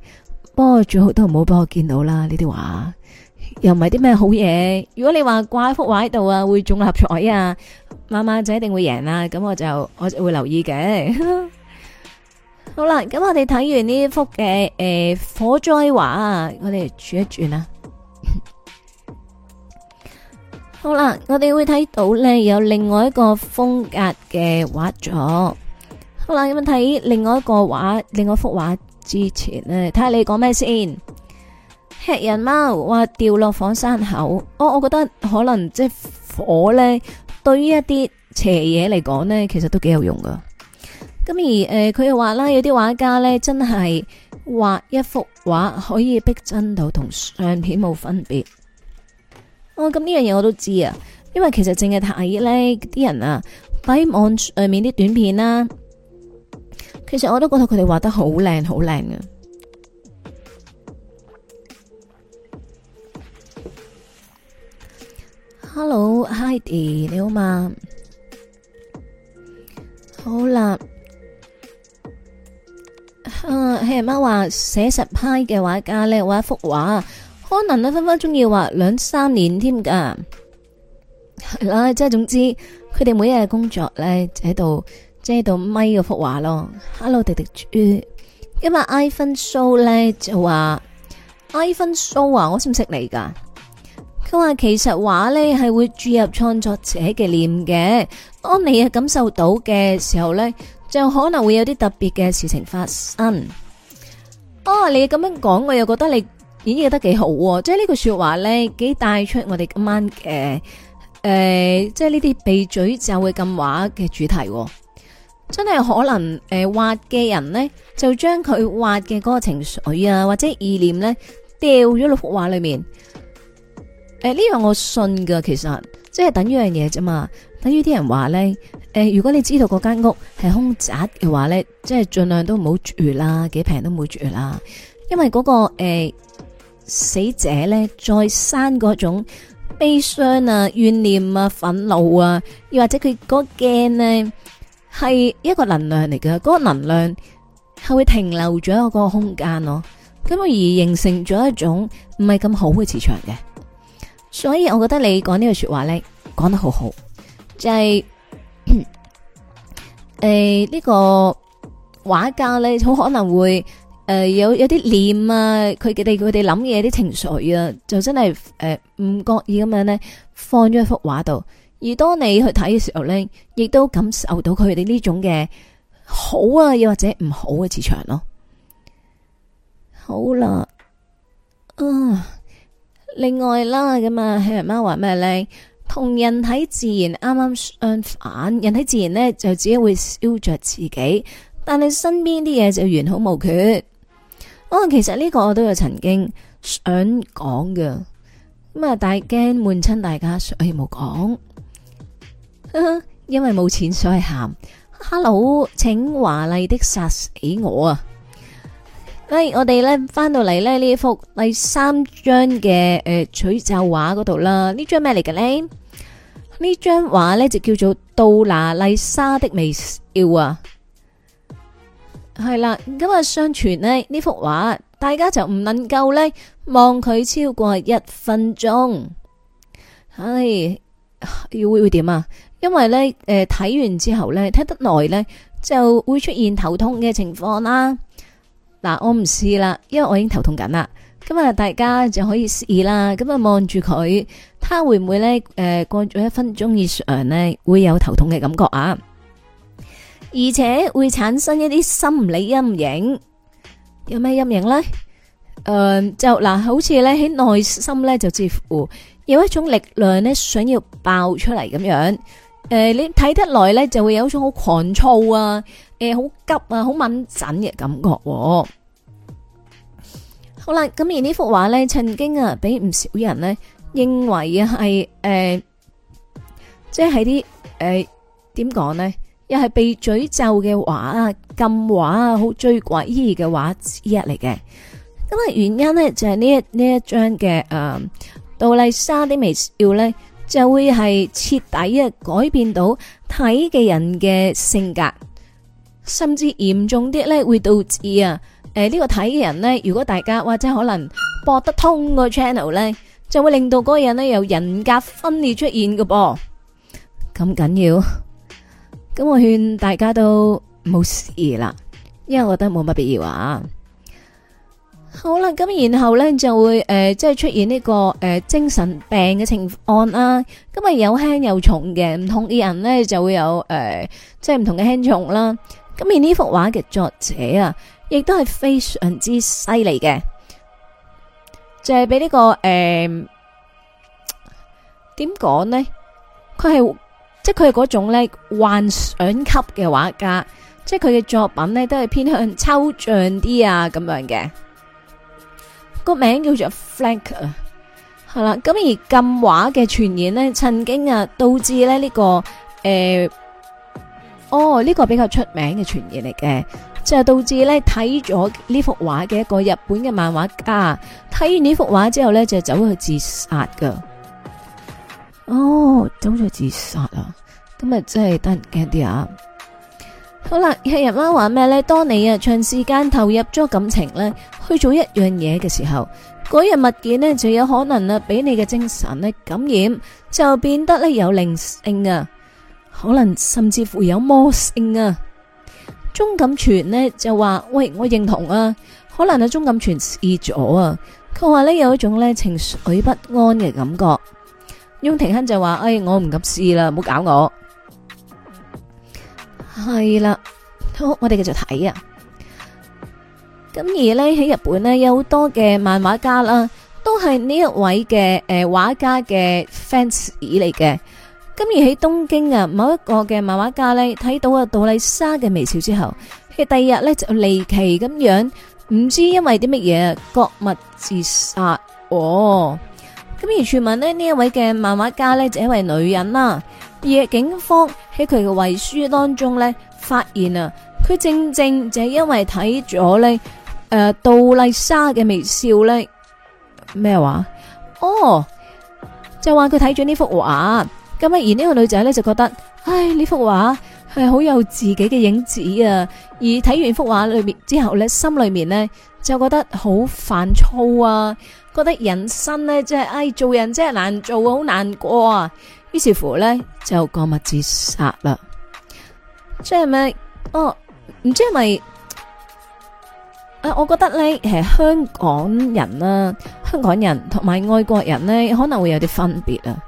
不過最好都唔好幫我見到啦呢啲話。又唔係啲咩好嘢。如果你話掛幅畫喺度啊，會中六合彩啊，晚晚就一定會贏啦。咁我就我就會留意嘅。 [laughs] 好啦，咁我哋睇完呢一幅嘅誒、欸、火災畫啊，我哋轉一轉啦。好啦，我哋會睇到咧有另外一個風格嘅畫作。好啦，咁啊睇另外一個畫，另外一幅畫之前咧，睇下你講咩先。劇人貓話掉落火山口，我、哦、我覺得可能即係火咧，對於一啲邪嘢嚟講呢，其實都幾有用噶。咁、嗯、而誒，佢又話啦，有啲畫家呢，真係畫一幅畫可以逼真到同相片冇分別。哦，咁呢樣嘢我都知啊，因為其實淨係睇呢啲人啊，擺網上面啲短片啦，其實我都覺得佢哋畫得好靚，好靚啊。Hello Heidi，你好嗎？好啦，吓、啊，聽人講話，寫實派嘅畫家咧，畫一幅畫，可能咧分分鐘要畫兩三年添噶誒、啊，即係總之，佢哋每日工作咧就喺度，即係度咪嗰幅畫咯。Hello 迪迪豬，今日 iPhone show 咧就話 iPhone show 啊，我識唔識你噶？佢話其實畫咧係會注入創作者嘅念嘅，當你係感受到嘅時候咧，就可能會有啲特別嘅事情發生。哦，你咁樣講，我又覺得你演繹得幾好，即係呢句說話咧，幾帶出我哋今晚嘅，誒、呃，即係呢啲鼻嘴就會咁畫嘅主題，哦。真係可能誒畫嘅人呢，就將佢畫嘅嗰個情緒啊，或者意念呢，掉咗落幅畫裏面。誒，呢樣我信噶，其實即係等於樣嘢啫嘛。等於啲人話咧，誒、呃，如果你知道嗰間屋係空宅嘅話咧，即係盡量都唔好住啦，幾平都唔好住啦，因為嗰、個誒、呃、死者咧再生嗰種悲傷啊、怨念啊、憤怒啊，又或者佢嗰驚呢，係一個能量嚟嘅。嗰、個能量係會停留咗喺嗰個空間咯，咁而形成咗一種唔係咁好嘅磁場嘅。所以我覺得你講呢句說話咧，講得好好，就係、是、誒、欸這個、呢個畫家咧，好可能會誒、呃、有有啲念啊，佢佢哋佢哋諗嘢啲情緒啊，就真係誒唔覺意咁樣呢，放咗一幅畫度，而當你去睇嘅時候咧，亦都感受到佢哋呢種嘅好啊，又或者唔好嘅磁場咯。好啦，啊。另外啦，咁啊，喜人媽話咩咧？同人體自然啱啱相反，人體自然咧就只會燒着自己，但係身邊啲嘢就完好無缺。我、哦、其實呢個我都有曾經想講㗎。咁啊，但係驚悶親大家，所以冇講。 [laughs] 因為冇錢，所以喊。Hello，請華麗的殺死我啊！喂，我哋咧翻到嚟咧呢一幅第三張嘅誒詛咒畫嗰度啦，呃、呢張咩嚟嘅咧？呢張畫咧就叫做杜娜麗莎的微笑啊，係啦。今日相傳呢，呢幅畫，大家就唔能夠咧望佢超過一分鐘。唉，要會會點啊？因為咧誒睇完之後咧睇得耐咧就會出現頭痛嘅情況啦。嗱，我唔試啦，因為我已經頭痛緊啦。咁啊，大家就可以試啦。咁啊，望住佢，睇下會唔會呢？誒，過咗一分鐘以上呢，會有頭痛嘅感覺啊，而且會產生一啲心理陰影。有咩陰影呢？誒、嗯，就嗱，好似咧喺內心咧，就似乎有一種力量咧，想要爆出嚟咁樣。誒、呃，你睇得來咧，就會有一種好狂躁啊，誒、呃，好急啊，好敏感嘅感覺、哦。好啦，咁而幅畫呢幅畫咧，曾經啊，俾唔少人呢，認為係誒、呃，即係啲誒，點、呃、講呢又係被詛咒嘅畫啊，禁畫啊，好最詭異嘅畫之一嚟嘅。咁啊，原因呢，就係、是、呢一呢一張嘅誒，杜麗莎啲微笑咧。就會係徹底啊改變到睇嘅人嘅性格，甚至嚴重啲咧會導致啊誒、呃這個、呢個睇嘅人咧。如果大家或者可能博得通個 channel 咧，就會令到嗰個人咧有人格分裂出現嘅噃，咁緊要。咁我勸大家都冇事啦，因為我覺得冇乜必要啊。好啦，咁然後咧就會誒、呃，即係出現呢、呢個誒、呃、精神病嘅情況啦。咁咪有輕有重嘅唔同嘅人咧，就會有誒、呃，即係唔同嘅輕重啦。咁、啊、而呢幅畫嘅作者啊，亦都係非常之犀利嘅，就係俾呢個誒點講呢？佢係即係佢係嗰種咧幻想級嘅畫家，即係佢嘅作品咧都係偏向抽象啲啊，咁樣嘅。個名叫做 Franker，係啦，咁、嗯、而禁畫嘅傳言呢曾經啊導致咧、這、呢個誒、呃，哦呢、這個比較出名嘅傳言嚟嘅，就是、導致呢睇咗呢幅畫嘅一個日本嘅漫畫家睇完呢幅畫之後呢，就走去自殺噶，哦，走咗自殺啊，咁啊真係得人驚啲啊！好啦，日日話咩呢？當你啊，長時間投入咗感情呢去做一樣嘢嘅時候，嗰樣物件呢，就有可能啊，俾你嘅精神呢感染，就變得呢有靈性啊，可能甚至乎有魔性啊。鍾錦全呢，就話，喂，我認同啊，可能啊，鍾錦全試咗啊。佢話呢，有一種呢情緒不安嘅感覺。翁庭欣就話，哎，我唔敢試啦，唔好搞我。係啦，好，我哋繼續睇啊。咁而呢喺日本呢有好多嘅漫畫家啦，都係呢一位嘅誒畫家嘅 fans 嚟嘅。咁而喺東京啊，某一個嘅漫畫家呢睇到啊杜麗莎嘅微笑之後，佢第二日呢就離奇咁樣，唔知因為啲乜嘢，割脈自殺哦。咁而傳聞呢呢一位嘅漫畫家呢就係一位女人啦。而警方喺佢嘅遺書當中呢，發現啊，佢正正就係因為睇咗呢誒杜麗莎嘅微笑呢咩話？哦，就話佢睇咗呢幅畫，咁啊而呢個女仔呢，就覺得，唉呢幅畫係好有自己嘅影子啊！而睇完幅畫裏面之後呢，心裏面呢，就覺得好煩躁啊，覺得人生呢，就是，即係唉做人真係難做啊，好難過啊！於是乎咧，就割脈自殺啦。即係咪？哦，唔知係咪？誒，我覺得咧，係香港人啦，香港人同埋外國人咧，可能會有啲分別啊。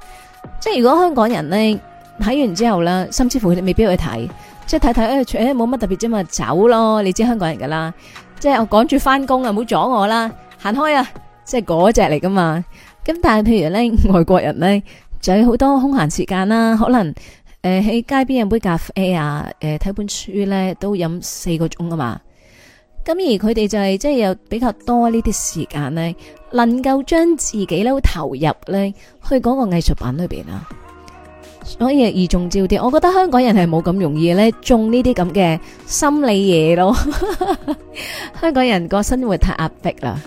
即係如果香港人咧睇完之後啦，甚至乎佢哋未必去睇，即係睇睇誒，誒，冇乜特別啫嘛，走咯。你知香港人噶啦，即係我趕住翻工啊，唔好阻我啦，行開啊。即係嗰隻嚟噶嘛。咁但係譬如咧，外國人咧。就係好多空閒時間啦，可能誒喺街邊飲杯咖啡啊，誒、呃、睇本書咧都飲四個鐘㗎嘛。咁而佢哋就係即係有比較多呢啲時間咧，能夠將自己咧投入咧去嗰個藝術品裏邊啊。所以易中招啲，我覺得香港人係冇咁容易咧中呢啲咁嘅心理嘢咯。 [laughs] 香港人個生活太壓迫啦。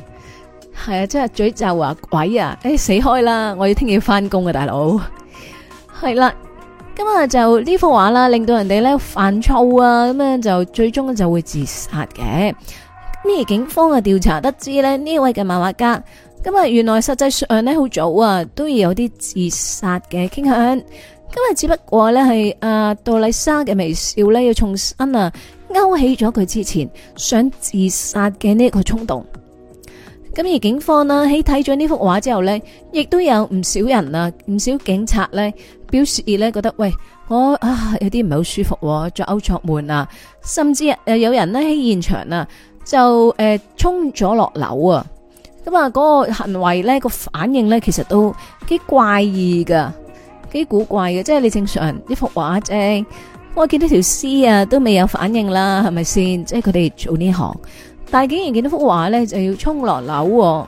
係啊，即係詛咒啊！鬼啊！誒、哎，死開啦！我要聽日翻工啊，大佬。係 [laughs] 啦，咁啊就呢幅畫啦，令到人哋咧犯錯啊，咁樣就最終就會自殺嘅。咩警方嘅調查得知咧，呢位嘅漫畫家，咁啊原來實際上咧好早啊都要有啲自殺嘅傾向。今日只不過咧係啊杜麗莎嘅微笑咧，要重新啊勾起咗佢之前想自殺嘅呢個衝動。咁而警方啦喺睇咗呢幅畫之後咧，亦都有唔少人啊，唔少警察咧表示咧覺得喂，我啊有啲唔係好舒服，作嘔作悶啊，甚至誒，有人咧喺現場啊就誒、呃、衝咗落樓啊，咁啊嗰個行為咧個反應咧其實都幾怪異噶，幾古怪嘅，即係你正常一幅畫啫，我見到條屍啊都未有反應啦，係咪先？即係佢哋做呢行。但係竟然見到幅畫咧，就要衝落樓。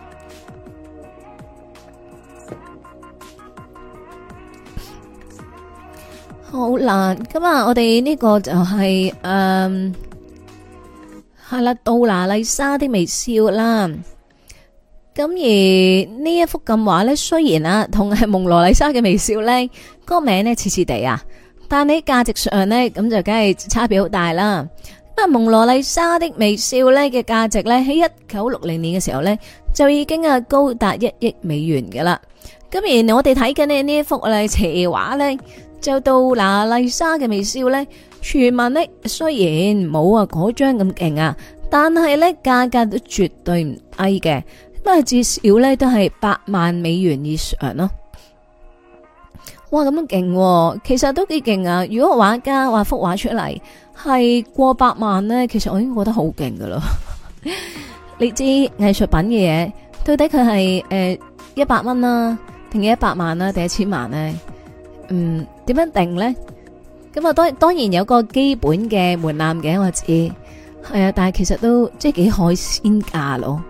好難咁啊！我哋呢個就係誒，係啦，杜娜麗莎的微笑啦。咁而呢一幅咁畫咧，雖然啦同係蒙娜麗莎嘅微笑咧，個名咧似似地啊，但係價值上咧咁就梗係差別好大啦。啊！蒙羅麗莎的微笑呢嘅價值呢，喺一九六零年嘅時候呢，就已經係高達一億美元嘅啦。咁而我哋睇緊呢一幅邪畫呢，就到娜麗莎嘅微笑呢，全文呢，雖然冇啊嗰張咁勁啊，但係呢價格都絕對唔低嘅，咁啊至少呢都係八萬美元以上咯。哇！咁勁，哦，其實都幾勁啊！如果畫家畫幅畫出嚟，係過百萬咧，其實我已經覺得好勁噶啦。你知藝術品嘅嘢到底佢係誒一百蚊啦，定係一百萬啦，定一千萬咧？嗯，點樣定咧？咁啊，當然當然有個基本嘅門檻嘅我知道，係啊，但係其實都即係幾海鮮價咯。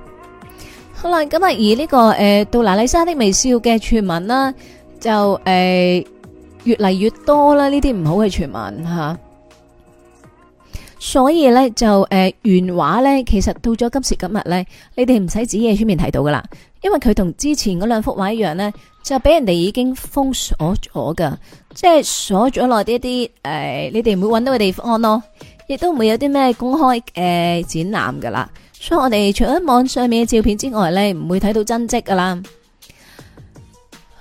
好啦，咁啊、這個。而呢個誒杜娜麗莎的微笑嘅傳聞啦，就誒、呃、越嚟越多啦，呢啲唔好嘅傳聞吓。所以咧就誒、呃、原畫咧，其實到咗今時今日咧，你哋唔使指意出面睇到噶啦，因為佢同之前嗰兩幅畫一樣咧，就俾人哋已經封鎖咗噶，即係鎖咗內啲一啲誒，你哋唔會搵到嘅地方咯，亦都唔會有啲咩公開誒、呃、展覽噶啦。所以我哋除咗網上面嘅照片之外咧，唔會睇到真迹噶啦。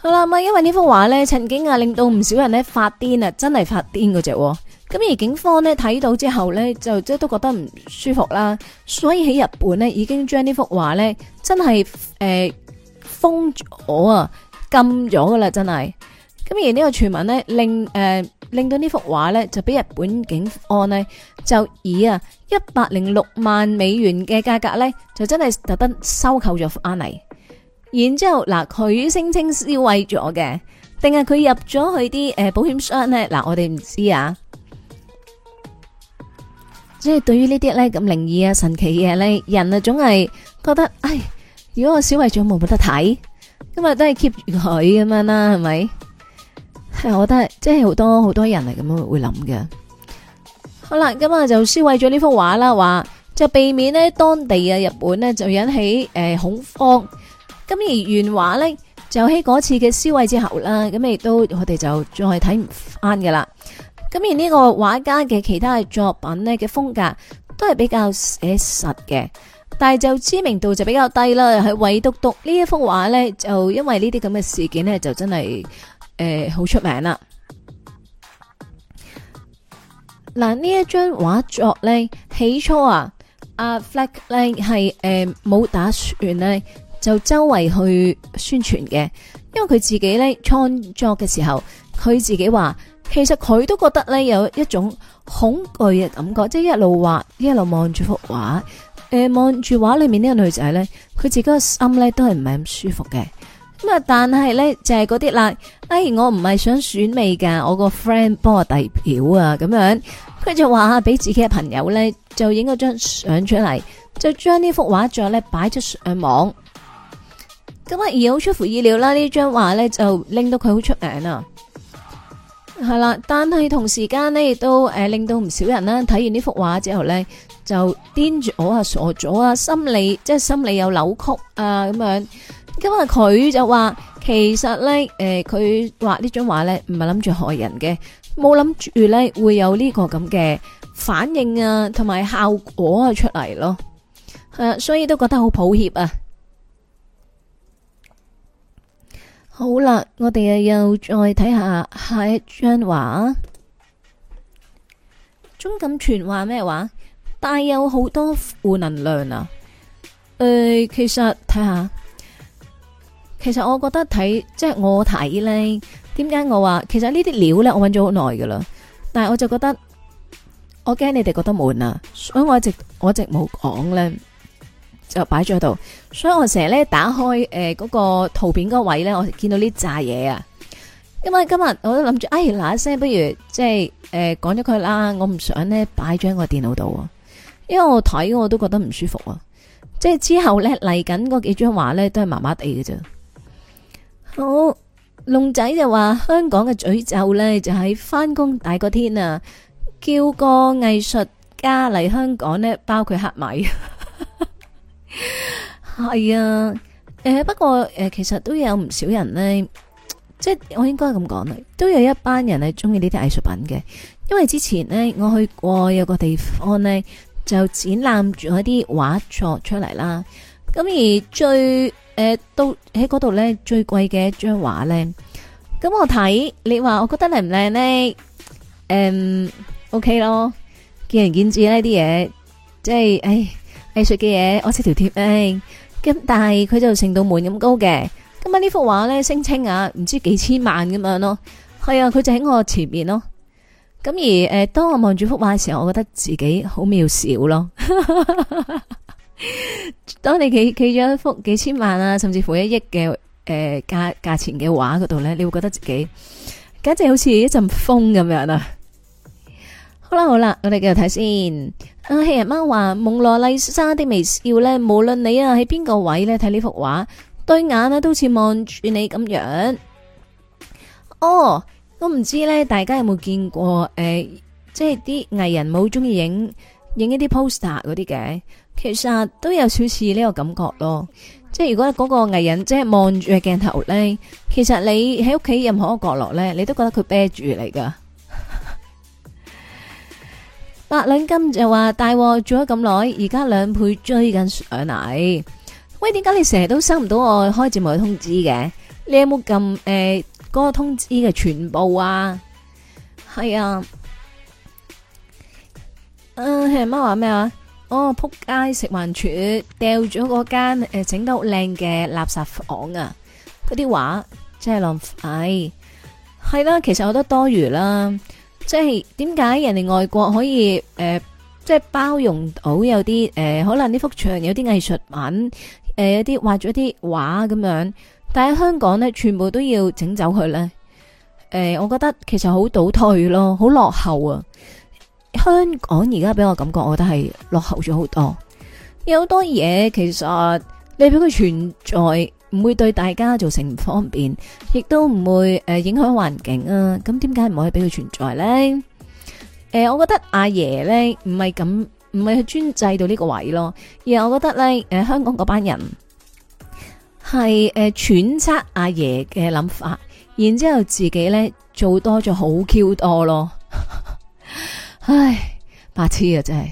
好啦，因為幅畫呢幅畫咧，曾經啊令到唔少人咧發癲啊，真係發癲嗰隻。咁而警方咧睇到之後咧，就即係都覺得唔舒服啦。所以喺日本咧，已經將呢幅畫咧真係誒、呃、封咗啊，禁咗噶啦，真係。咁而呢個傳聞咧令誒、呃、令到呢幅畫咧就俾日本警方咧就以啊一百零六萬美元嘅價格咧就真係特登收購咗安妮。然之後嗱，佢、呃、聲稱銷毀咗嘅，定係佢入咗去啲誒保險箱咧？嗱、呃，我哋唔知啊。即係對於呢啲咧咁靈異啊、神奇嘅嘢咧，人啊總係覺得，哎，如果我銷毀咗冇冇得睇，今日都係 keep 住佢咁樣啦，係咪？係，我覺得即係好多好多人係咁樣會諗嘅。好啦，今日就銷毀咗呢幅畫啦，話就避免呢當地啊日本呢就引起誒、呃、恐慌。咁而原畫呢，就喺嗰次嘅銷毀之後啦，咁亦都我哋就再係睇唔翻㗎啦。咁而呢個畫家嘅其他嘅作品呢，嘅風格都係比較寫實嘅，但係就知名度就比較低啦。又係唯獨讀呢一幅畫呢，就因為呢啲咁嘅事件呢，就真係誒好出名啦。嗱，呢一張畫作呢，起初啊，阿 Flack 係誒冇打算呢，就周圍去宣傳嘅，因為佢自己呢，創作嘅時候。佢自己話，其實佢都覺得咧有一種恐懼嘅感覺，即係一路畫一路望住幅畫，誒、呃，望住畫裏面呢個女仔咧，佢自己個心咧都係唔係咁舒服嘅。咁啊，但係咧就係嗰啲啦，哎，我唔係想選美噶，我個 friend 幫我遞票啊，咁樣，佢就話俾自己嘅朋友咧，就影咗張相出嚟，就將呢幅畫作咧擺出上網。咁啊，而好出乎意料啦，畫呢張畫咧就拎到佢好出名啊！係啦，但係同時間呢，亦都誒令到唔少人咧睇完呢幅畫之後呢，就癲住，我啊傻咗啊，心理即係心理有扭曲啊咁樣。咁啊，佢就話其實呢，誒、呃，佢畫呢張畫呢唔係諗住害人嘅，冇諗住呢會有呢個咁嘅反應啊，同埋效果啊出嚟咯。係啊，所以都覺得好抱歉啊。好啦，我哋又再睇下下一張畫，鍾錦全話咩話？帶有好多負能量啊！誒、呃，其實睇下，其實我覺得睇，即係我睇咧。點解我話？其實呢啲料咧，我搵咗好耐噶啦。但係我就覺得，我驚你哋覺得悶啊，所以我一直我一直冇講咧。就擺咗喺度，所以我成日咧打開誒嗰、呃那個圖片嗰位咧，我見到呢扎嘢啊！因為今日我都諗住，哎嗱聲，不如即係誒講咗佢啦，我唔想咧擺張個電腦度啊，因為我睇我都覺得唔舒服啊！即係之後咧，嚟緊嗰幾張畫咧都係麻麻地嘅啫。好龍仔就話香港嘅詛咒咧，就喺翻工大過天啊！叫個藝術家嚟香港咧，包佢黑米。係啊，誒、呃，不過誒，其實都有唔少人呢，即係我應該咁講啦，都有一班人係中意呢啲藝術品嘅，因為之前呢，我去過有個地方呢，就展覽住一啲畫作出嚟啦。咁而最誒、呃，到喺嗰度呢，最貴嘅一張畫呢。咁我睇你話，我覺得靚唔靚呢？誒，O K 咯，見仁見智呢啲嘢即係誒。藝術嘅嘢，我識條貼，咁、哎、但係佢就成道門咁高嘅。今晚幅畫呢幅畫咧聲稱啊，唔知幾千萬咁樣咯。係、嗯、啊，佢就喺我前面咯。咁而誒、呃，當我望住幅畫嘅時候，我覺得自己好渺小咯。 [laughs] 當你企企咗一幅幾千萬啊，甚至乎一億嘅誒價價錢嘅畫嗰度咧，你會覺得自己簡直好似一陣風咁樣啊！好啦好啦，我哋繼續睇先。啊，黑人貓話蒙羅麗莎的微笑呢，無論你啊喺邊個位呢睇呢幅畫，對眼呢都似望住你咁樣。哦，都唔知呢，大家有冇見過誒、呃，即係啲藝人好中意影影一啲 poster 嗰啲嘅，其實都有少似呢個感覺咯。即係如果嗰個藝人即係望住個鏡頭呢，其實你喺屋企任何一個角落呢，你都覺得佢啤住嚟㗎。百兩金就話大鑊做咗咁耐，而家兩倍追緊上嚟。喂，點解你成日都收唔到我開節目嘅通知嘅？你有冇撳誒嗰個通知嘅全部啊？係啊，誒，阿媽話咩話？哦，撲街食環署掉咗嗰間誒整得好靚嘅垃圾房啊！嗰啲畫真係浪費，係啦，其實我覺得多餘啦。即係點解人哋外國可以誒、呃，即係包容到有啲誒、呃，可能呢幅牆有啲藝術品，誒、呃、有啲畫咗啲畫咁樣，但係香港呢，全部都要整走佢呢。誒、呃，我覺得其實好倒退咯，好落後啊！香港而家俾我感覺，我覺得係落後咗好多，有好多嘢其實你俾佢存在。唔會對大家造成唔方便，亦都唔會誒影響環境啊！咁點解唔可以俾佢存在呢？誒、呃，我覺得阿爺呢，唔係咁，唔係去專制到呢個位咯。而我覺得呢，誒、呃、香港嗰班人係誒、呃、揣測阿爺嘅諗法，然之後自己呢做多咗好 Q 多咯。 [laughs] 唉，白痴啊真係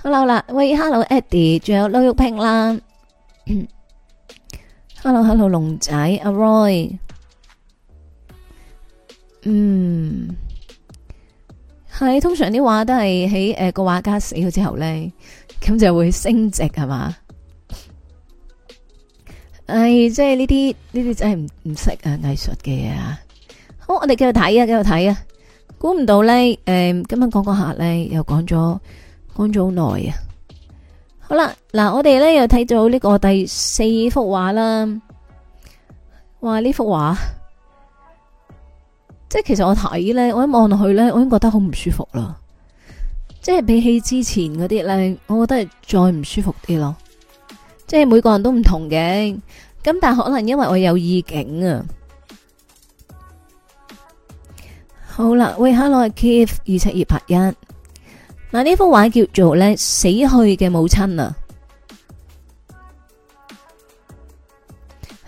！Hello 啦，喂，Hello Eddie，仲有劉玉平啦。 [coughs] hello hello 龍仔阿 Roy，嗯，係通常啲畫都係喺誒個畫家死咗之後咧，咁就會升值係嘛？誒，即係呢啲呢啲真係唔唔識啊藝術嘅嘢啊！好，我哋繼續睇啊，繼續睇啊，估唔到咧，誒，今日講講下咧，又講咗講咗好耐啊！好啦，嗱，我哋咧又睇到呢個第四幅畫啦。哇，呢幅畫，即係其實我睇咧，我一望落去咧，我已經覺得好唔舒服啦。即係比起之前嗰啲咧，我覺得係再唔舒服啲咯。即係每個人都唔同嘅，咁但係可能因為我有意境啊。好啦，喂，Hello KF 二七二八一。嗱，呢幅畫叫做咧死去嘅母親啊，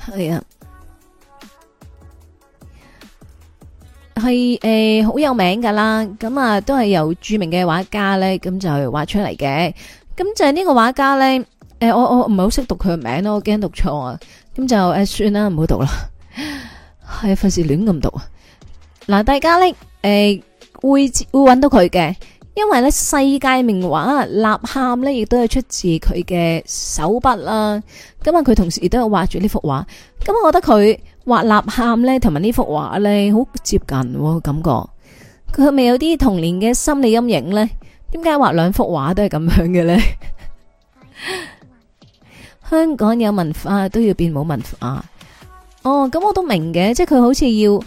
係啊，係、呃、誒，好有名噶啦。咁啊，都係由著名嘅畫家咧，咁就畫出嚟嘅。咁就係呢個畫家咧，誒，我我唔係好識讀佢嘅名咯，我驚讀，讀錯啊。咁就誒，算啦，唔好讀啦，係費事亂咁讀。嗱，大家咧誒、呃、會會搵到佢嘅。因為咧世界名畫《吶喊》咧，亦都係出自佢嘅手筆啦。咁啊，佢同時亦都有畫住呢幅畫。咁我覺得佢畫《吶喊》咧，同埋呢幅畫咧，好接近喎感覺。佢係咪有啲童年嘅心理陰影呢？點解畫兩幅畫都係咁樣嘅呢？香港有文化都要變冇文化。哦，咁我都明嘅，即係佢好似要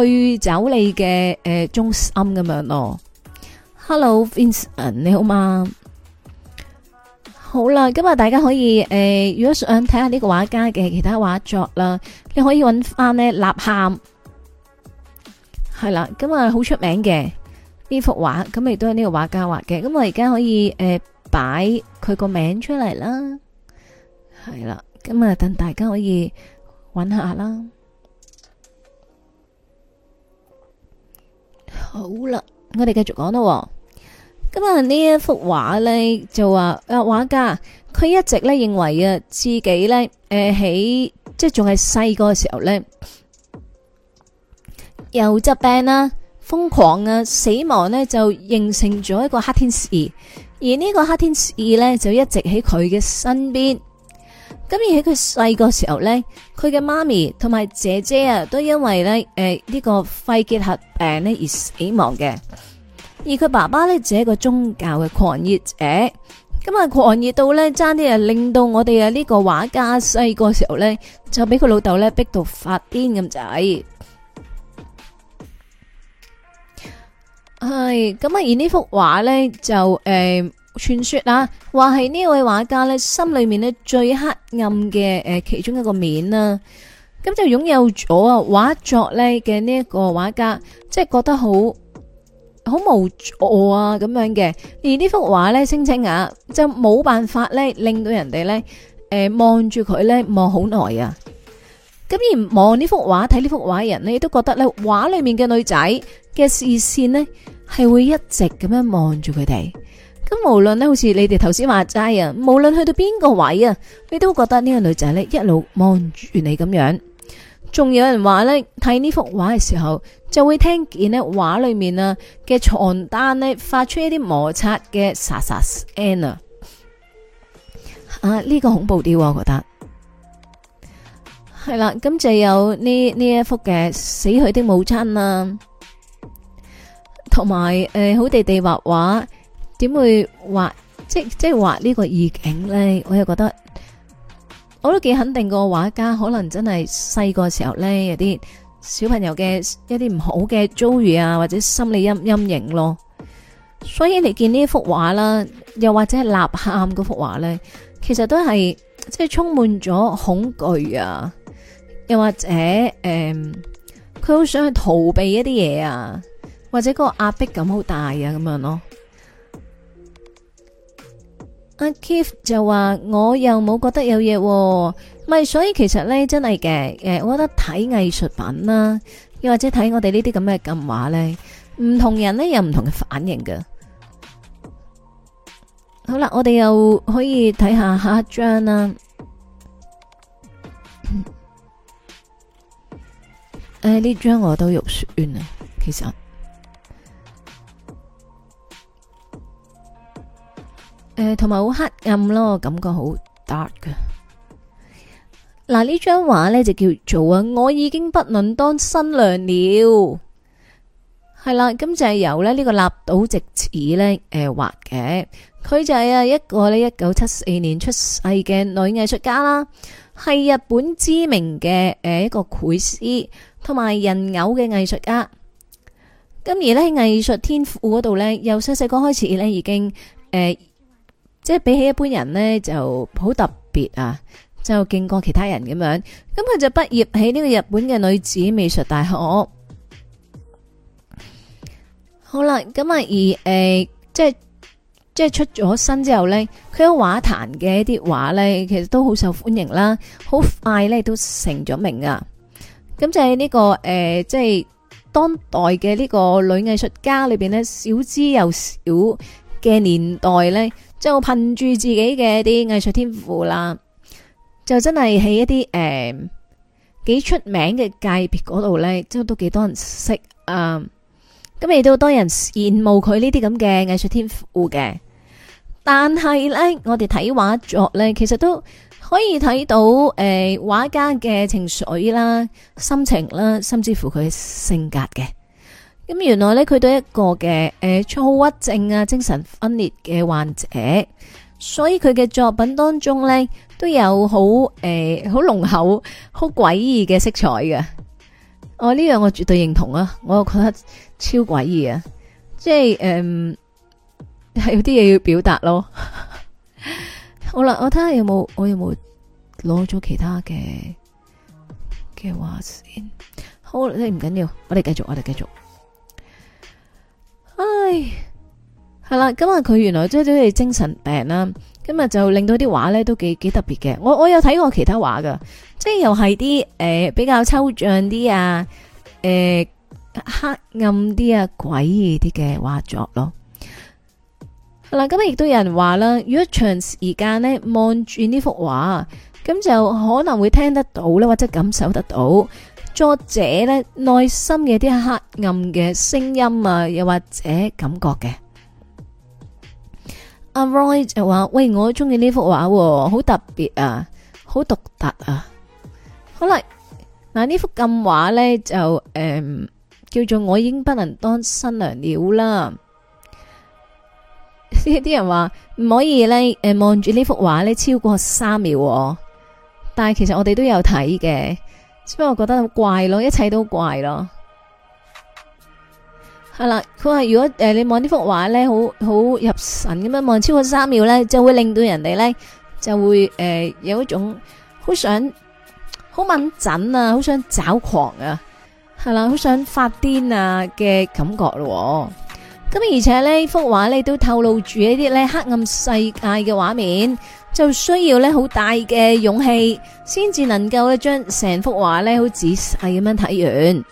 去走你嘅誒中心咁樣咯。Hello，Vinson，你好嗎？好啦，今日大家可以誒、呃，如果想睇下呢個畫家嘅其他畫作啦，你可以揾翻呢《吶喊》，係啦，咁啊好出名嘅呢幅畫，咁、嗯、亦都係呢個畫家畫嘅。咁、嗯、我而家可以誒，擺佢個名出嚟啦，係啦，咁啊等大家可以揾下啦。好啦，我哋繼續講咯。咁啊，呢一幅畫咧就話，誒、啊，畫家佢一直咧認為啊，自己咧，誒、呃，喺即係仲係細個嘅時候咧，又疾病啦、啊，瘋狂啊、死亡呢，就形成咗一個黑天使。而呢個黑天使呢，就一直喺佢嘅身邊。咁而喺佢細個時候呢，佢嘅媽咪同埋姐姐啊，都因為咧，誒、呃，呢、這個肺結核病呢而死亡嘅。而佢爸爸咧，就係一個宗教嘅狂熱者，咁啊狂熱到咧，爭啲啊令到我哋啊呢個畫家細個時候咧，就俾佢老豆咧逼到發癲咁仔。係咁啊，而呢幅畫咧就誒，傳說啊話係呢位畫家咧心裏面咧最黑暗嘅誒其中一個面啊，咁就擁有咗啊畫作咧嘅呢一個畫家，即係覺得好。好無助啊咁樣嘅，而呢幅畫咧，聲稱啊，就冇辦法咧令到人哋咧，誒望住佢咧望好耐啊。咁而望呢幅畫睇呢幅畫嘅人，你都覺得咧畫裏面嘅女仔嘅視線呢，係會一直咁樣望住佢哋。咁無論咧，好似你哋頭先話齋啊，無論去到邊個位啊，你都覺得呢個女仔咧一路望住你咁樣。仲有人話呢，睇呢幅畫嘅時候，就會聽見呢畫裏面啊嘅床單呢，發出一啲摩擦嘅沙沙聲啊！啊，呢個恐怖啲，我覺得係啦。咁就有呢呢一幅嘅死去的母親啊，同埋誒好地地畫畫點會畫，即即係畫呢個意境呢，我又覺得。我都幾肯定個畫家，可能真係細個時候呢，有啲小朋友嘅一啲唔好嘅遭遇啊，或者心理陰陰影咯。所以你見呢一幅畫啦，又或者係吶喊嗰幅畫呢，其實都係即係充滿咗恐懼啊，又或者誒，佢、嗯、好想去逃避一啲嘢啊，或者個壓迫感好大啊，咁樣咯。阿 Keith 就話，我又冇覺得有嘢，咪所以其實呢真係嘅，誒，我覺得睇藝術品啦，又或者睇我哋呢啲咁嘅咁話呢，唔同人呢有唔同嘅反應㗎。好啦，我哋又可以睇下下一張啦。誒，呢 [coughs] 張、呃、我都肉酸啊，其實。誒，同埋好黑暗咯，感覺好 dark 嘅。嗱，呢張畫呢就叫做啊，我已經不能當新娘了，係啦。咁就係由呢、這個立島直子呢誒、呃、畫嘅。佢就係啊一個呢一九七四年出世嘅女藝術家啦，係日本知名嘅誒、呃、一個繪師同埋人偶嘅藝術家。咁、呃、而呢藝術天賦嗰度呢，由細細個開始呢已經誒。呃即係比起一般人呢，就好特別啊，就勁過其他人咁樣，咁佢就畢業喺呢個日本嘅女子美術大學。好啦，咁啊，而、呃、誒，即係即係出咗身之後呢，佢喺畫壇嘅一啲畫呢，其實都好受歡迎啦，好快呢都成咗名啊。咁就喺呢、這個誒、呃，即係當代嘅呢個女藝術家裏邊呢，少之又少嘅年代呢。即係我憑住自己嘅啲藝術天賦啦，就真係喺一啲誒幾出名嘅界別嗰度咧，即係都幾多人識啊，咁亦都好多人羨慕佢呢啲咁嘅藝術天賦嘅。但係咧，我哋睇畫作咧，其實都可以睇到誒畫家嘅情緒啦、心情啦，甚至乎佢性格嘅。咁原來咧，佢都係一個嘅誒、呃、躁鬱症啊，精神分裂嘅患者，所以佢嘅作品當中咧都有好誒好濃厚、好詭異嘅色彩嘅。哦，呢樣我絕對認同啊！我又覺得超詭異啊，即係誒係有啲嘢要表達咯。 [laughs] 好啦，我睇下有冇我有冇攞咗其他嘅嘅話先。好，你唔緊要，我哋繼續，我哋繼續。唉，係啦，咁啊佢原來即係都係精神病啦，今日就令到啲畫咧都幾幾特別嘅。我我有睇過其他畫噶，即係又係啲誒比較抽象啲啊，誒、呃、黑暗啲啊，詭異啲嘅畫作咯。嗱，咁啊亦都有人話啦，如果長時間咧望住呢幅畫，咁就可能會聽得到咧，或者感受得到，作者呢內心嘅啲黑暗嘅聲音啊，又或者感覺嘅，阿 Roy 就話，喂，我都中意呢幅畫，哦，好特別啊，好獨特啊。好啦，嗱呢幅禁畫呢，就誒、呃、叫做我已經不能當新娘了啦。呢 [laughs] 啲人話唔可以呢，誒望住呢幅畫呢，超過三秒，哦，但係其實我哋都有睇嘅。只不過覺得好怪咯，一切都好怪咯。係啦，佢話如果誒、呃、你望呢幅畫咧，好好入神咁樣望超過三秒咧，就會令到人哋咧就會誒、呃、有一種好想好敏感啊，好想找狂啊，係啦，好想發癲啊嘅感覺咯。咁而且呢幅畫咧都透露住一啲咧黑暗世界嘅畫面。就需要咧好大嘅勇氣，先至能夠咧將成幅畫咧好仔細咁樣睇完。誒、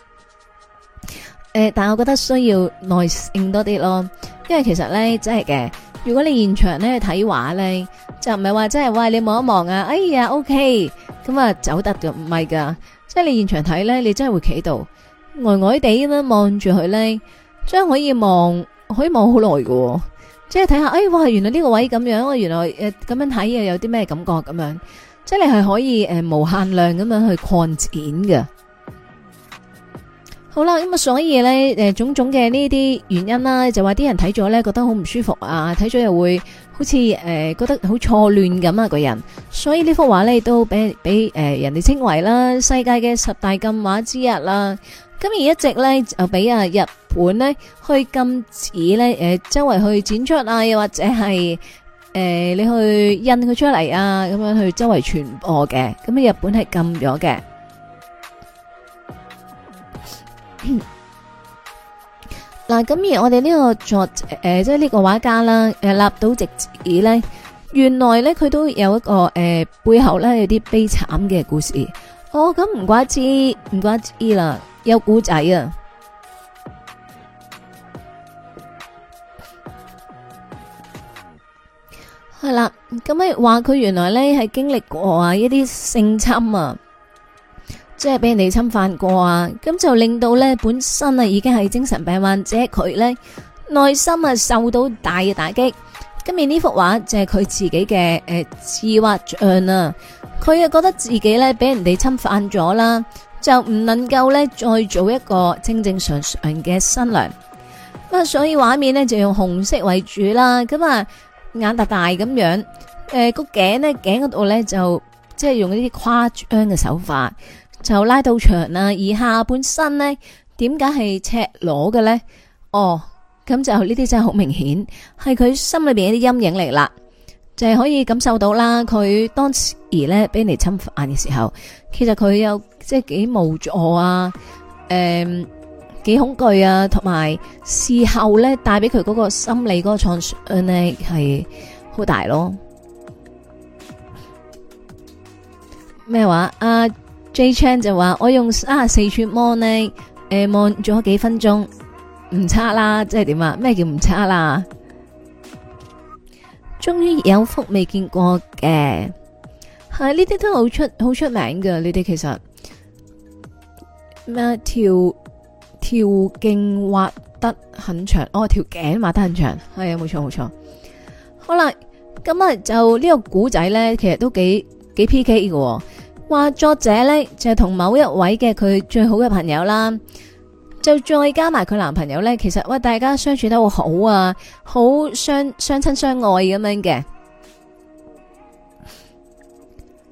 呃，但我覺得需要耐性多啲咯，因為其實咧真係嘅，如果你現場咧睇畫咧，就唔係話真係喂你望一望啊，哎呀 OK，咁啊走得就唔係噶。即係你現場睇咧，你真係會企度呆呆地咁樣望住佢咧，將可以望可以望好耐噶。即係睇下，誒、哎，哇！原來呢個位咁樣，原來誒咁樣睇又有啲咩感覺咁樣？即係你係可以誒、呃、無限量咁樣去擴展嘅。好啦，咁啊，所以咧誒、呃、種種嘅呢啲原因啦，就話啲人睇咗咧覺得好唔舒服啊，睇咗又會。好似誒覺得好錯亂咁啊，個人，所以呢幅畫咧都俾俾誒人哋稱為啦世界嘅十大禁畫之一啦。咁而一直咧就俾啊日本咧去禁止咧誒周圍去展出啊，又或者係誒你去印佢出嚟啊，咁樣去周圍傳播嘅，咁啊日本係禁咗嘅。嗱，咁而我哋呢個作誒，即係呢個畫家啦，誒，立到直耳咧，原來咧佢都有一個誒背後咧有啲悲慘嘅故事。哦，咁唔怪之，唔怪之啦，有故仔啊。係啦，咁咪話佢原來咧係經歷過啊一啲性侵啊。即係俾人哋侵犯過啊，咁就令到呢本身啊已經係精神病患者，佢呢內心啊受到大嘅打擊。今面呢幅畫就係佢自己嘅誒自畫像啊。佢，呃，啊覺得自己呢俾人哋侵犯咗啦，就唔能夠呢再做一個正正常常嘅新娘。咁啊，所以畫面呢就用紅色為主啦。咁啊，眼大大咁樣，誒、呃，個頸呢頸嗰度呢就即係用一啲誇張嘅手法。就拉到牆啦，而下半身呢，點解係赤裸嘅咧？哦，咁就呢啲真係好明顯，係佢心裏邊一啲陰影嚟啦，就係、是、可以感受到啦。佢當時咧俾人侵犯嘅時候，其實佢又即係幾無助啊，誒、嗯，幾恐懼啊，同埋事後咧帶俾佢嗰個心理嗰個創傷咧係好大咯。咩話啊？啊 J Chan 就話我用三十四寸 mon 呢，呃，望咗幾分鐘，唔差啦，即係點啊？咩叫唔差啦？終於有幅未見過嘅，係呢啲都好出好出名噶。呢啲其實咩條條頸畫得很長哦，條頸畫得很長，係、哦、啊，冇錯冇錯。好啦，咁啊就這個呢個古仔咧，其實都幾幾 P K 嘅、哦。話作者呢，就係同某一位嘅佢最好嘅朋友啦，就再加埋佢男朋友呢，其實喂大家相處得好啊，好相相親相愛咁樣嘅。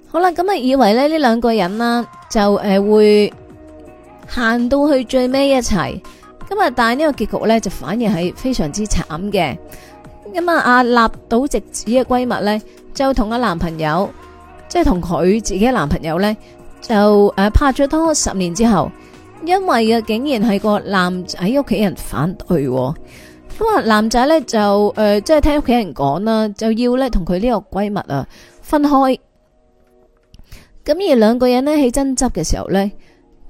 好啦，咁啊以為呢呢兩個人啦就誒會行到去最尾一齊，咁啊但係呢個結局呢，就反而係非常之慘嘅。咁啊阿立島直子嘅閨蜜呢，就同阿男朋友。即係同佢自己嘅男朋友呢，就誒拍咗拖了十年之後，因為啊竟然係個男仔屋企人反對，咁啊男仔呢，就誒、呃、即係聽屋企人講啦，就要呢同佢呢個閨蜜啊分開，咁而兩個人呢，起爭執嘅時候呢，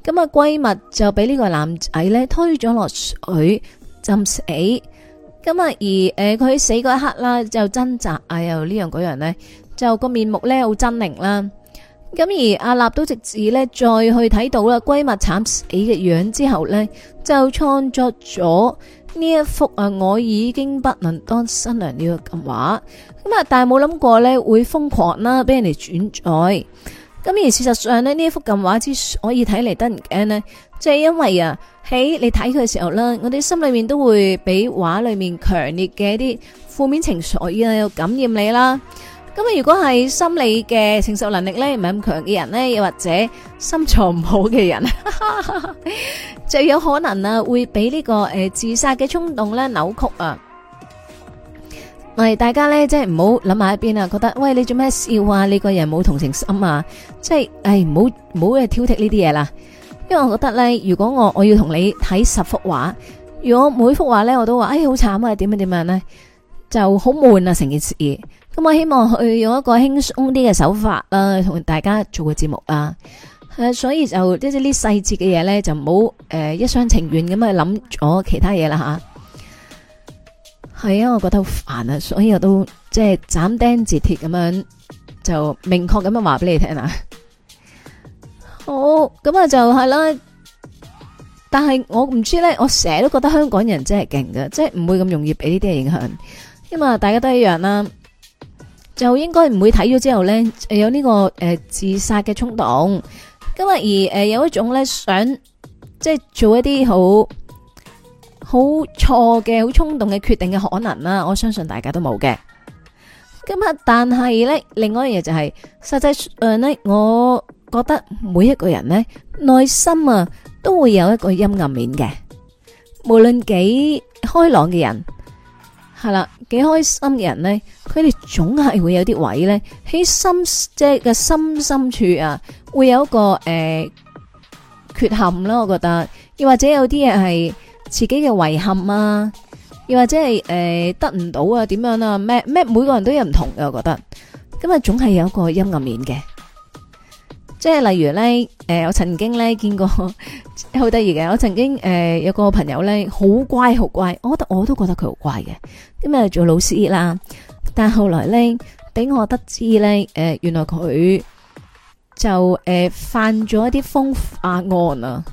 咁啊閨蜜就俾呢個男仔呢推咗落水浸死，咁啊而誒佢、呃、死嗰一刻啦就掙扎啊又呢樣嗰樣呢。就個面目咧好猙獰啦。咁而阿立都直至咧再去睇到啦閨蜜慘死嘅樣之後咧，就創作咗呢一幅啊我已經不能當新娘呢個禁畫，咁啊。但係冇諗過咧會瘋狂啦，俾人哋轉載。咁而事實上咧，呢一幅禁畫之所以睇嚟，得人驚咧，就係因為啊喺你睇佢嘅時候啦，我哋心裏面都會俾畫裏面強烈嘅一啲負面情緒而嚟到感染你啦。咁啊！如果係心理嘅承受能力咧唔係咁強嘅人咧，又或者心臟唔好嘅人哈哈，最有可能啊，會俾呢個誒自殺嘅衝動咧扭曲啊。唔係大家咧，即係唔好諗埋一邊啊。覺得喂，你做咩笑啊？你個人冇同情心啊？即係誒，唔好唔好去挑剔呢啲嘢啦。因為我覺得咧，如果我我要同你睇十幅畫，如果每幅畫咧我都話誒好慘啊，點樣點樣咧，就好悶啊，成件事。咁我希望去用一個輕鬆啲嘅手法啦，同大家做個節目啦。誒，所以就即係呢細節嘅嘢咧，就唔好誒一廂情願咁去諗咗其他嘢啦。吓係啊，我覺得好煩啊，所以我都即係斬釘截鐵咁樣就明確咁樣話俾你聽啦。好，咁啊就係啦。但係我唔知咧，我成日都覺得香港人真係勁㗎，即係唔會咁容易俾呢啲嘢影響，因為大家都一樣啦。就應該唔會睇咗之後咧，有呢個誒自殺嘅衝動。今日而誒有一種咧想，即係做一啲好好錯嘅、好衝動嘅決定嘅可能啦。我相信大家都冇嘅。今日但係咧，另外一樣嘢就係，實際上咧，我覺得每一個人咧，內心啊都會有一個陰暗面嘅，無論幾開朗嘅人。係啦，幾開心嘅人咧，佢哋總係會有啲位咧，喺心即係個心深處啊，會有一個誒、呃、缺陷，咯，我覺得，又或者有啲嘢係自己嘅遺憾啊，又或者係誒、呃、得唔到啊，點樣啊，咩咩，每個人都有唔同嘅，我覺得，咁啊，總係有一個陰暗面嘅。即係例如咧，誒、呃，我曾經咧見過好得意嘅，我曾經誒、呃、有個朋友咧好乖好乖，我覺得我都覺得佢好乖嘅，咁啊做老師啦，但係後來咧俾我得知咧，誒、呃，原來佢就誒、呃、犯咗一啲風化案啊，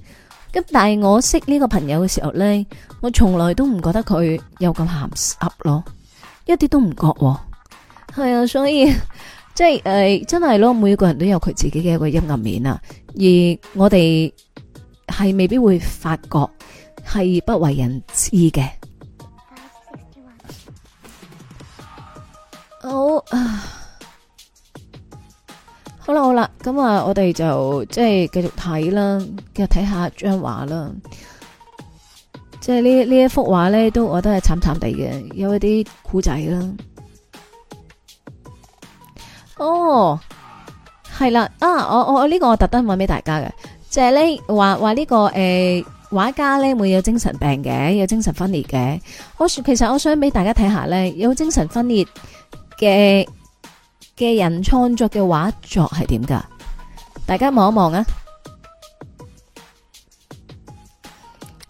咁但係我識呢個朋友嘅時候咧，我從來都唔覺得佢有咁咸濕咯，一啲都唔覺，係啊，所以。即係誒、呃，真係咯，每一個人都有佢自己嘅一個陰暗面啊，而我哋係未必會發覺，係不為人知嘅。 [music] 好啊，好啦好啦，咁啊，我哋就即係繼續睇啦，繼續睇下張畫啦。即係呢呢一幅畫咧，都我覺得係慘慘地嘅，有一啲古仔啦。哦，係啦啊！我我呢、這個我特登問俾大家嘅，就係、是、呢話話呢個誒畫、呃、家呢會有精神病嘅，有精神分裂嘅。我其實我想俾大家睇下呢有精神分裂嘅嘅人創作嘅畫作係點噶？大家望一望啊！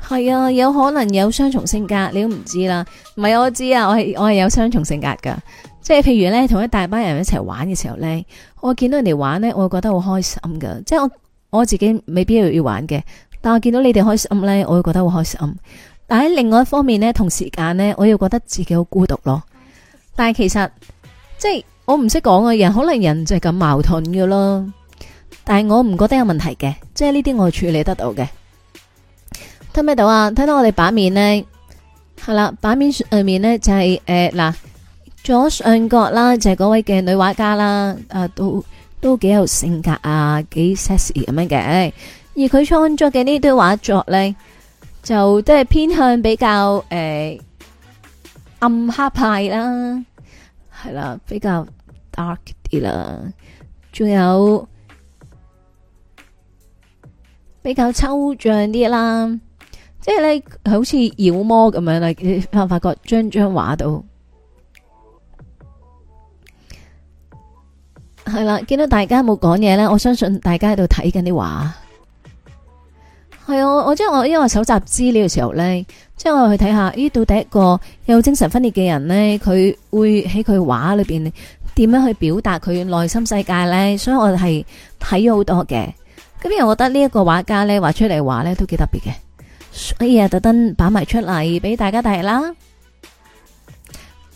係啊，有可能有雙重性格，你都唔知啦。唔係我知啊，我係我係有雙重性格噶。即係譬如咧，同一大班人一齊玩嘅時候咧，我見到人哋玩咧，我會覺得好開心噶。即係我我自己未必要玩嘅，但我見到你哋開心咧，我會覺得好開心。但喺另外一方面咧，同時間咧，我又覺得自己好孤獨咯。但係其實即係我唔識講嘅人，可能人就係咁矛盾㗎咯。但係我唔覺得有問題嘅，即係呢啲我處理得到嘅。聽唔聽到啊？睇到我哋版面咧，係、就是呃、啦，版面上面咧就係誒嗱。左上角啦，就係、是、嗰位嘅女畫家啦、啊，都都幾有性格啊，幾 sexy 咁樣嘅。而佢創作嘅呢堆畫作咧，就都係偏向比較誒、欸、暗黑派啦，係啦，比較 dark 啲啦，仲有比較抽象啲啦，即係咧好似妖魔咁樣啦，你發唔發覺張張畫都？係啦，見到大家冇講嘢呢，我相信大家喺度睇緊啲畫。係啊，我我即係我因為我搜集資料嘅時候呢，即係我去睇下咦，到底一個有精神分裂嘅人呢，佢會喺佢畫裏邊點樣去表達佢內心世界呢？所以我係睇咗好多嘅。咁因為我覺得呢一個畫家呢，畫出嚟嘅畫呢都幾特別嘅。所以呀，特登擺埋出嚟俾大家睇啦。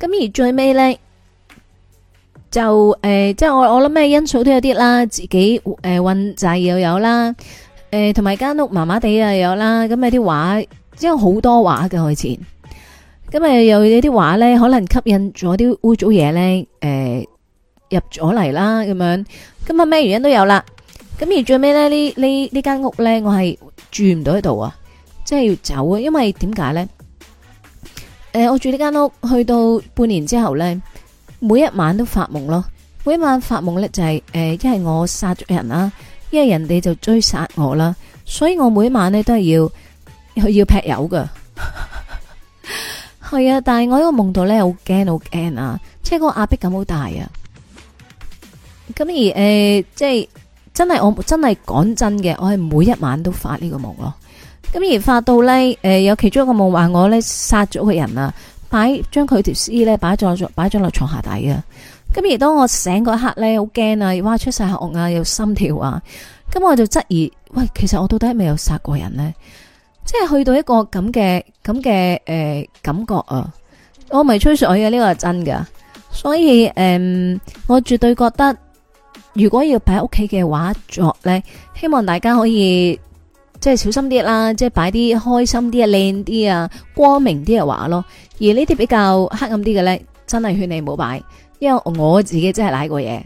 咁而最尾咧，就誒、呃，即係我我諗咩因素都有啲啦，自己誒運滯又有啦，誒同埋間屋麻麻地啊，有啦，咁啊啲畫，即係好多畫嘅開始，咁啊又有啲畫咧，可能吸引咗啲污糟嘢咧，誒入咗嚟啦咁樣，咁啊咩原因都有啦，咁而最尾咧，呢間屋呢，呢間屋咧，我係住唔到喺度啊，即係要走啊，因為點解咧？誒、呃，我住呢間屋，去到半年之後呢，每一晚都發夢咯。每一晚發夢呢，就係、是、誒，一、呃、係我殺咗人啦、啊，一係人哋就追殺我啦，所以我每一晚呢，都係要要，要劈友㗎。係 [laughs] 啊，但係我喺個夢度呢，好驚好驚啊，即係個壓迫感好大啊。咁而誒、呃，即係真係我真係講真嘅，我係每一晚都發呢個夢咯。咁而發到咧，誒、呃，有其中一個夢話我咧殺咗個人啊，擺將佢條屍咧擺咗床，擺咗落床下底啊。咁而當我醒嗰一刻咧，好驚啊，又哇出晒汗啊，又心跳啊。咁我就質疑，喂，其實我到底係咪有殺過人咧？即係去到一個咁嘅咁嘅誒感覺啊，我唔係吹水嘅，呢個係真噶，所以誒、呃，我絕對覺得如果要擺喺屋企嘅畫作咧，希望大家可以。即係小心啲啦，即係擺啲開心啲啊，靚啲啊，光明啲嘅畫咯。而呢啲比較黑暗啲嘅咧，真係勸你唔好擺，因為我自己真係賴過嘢。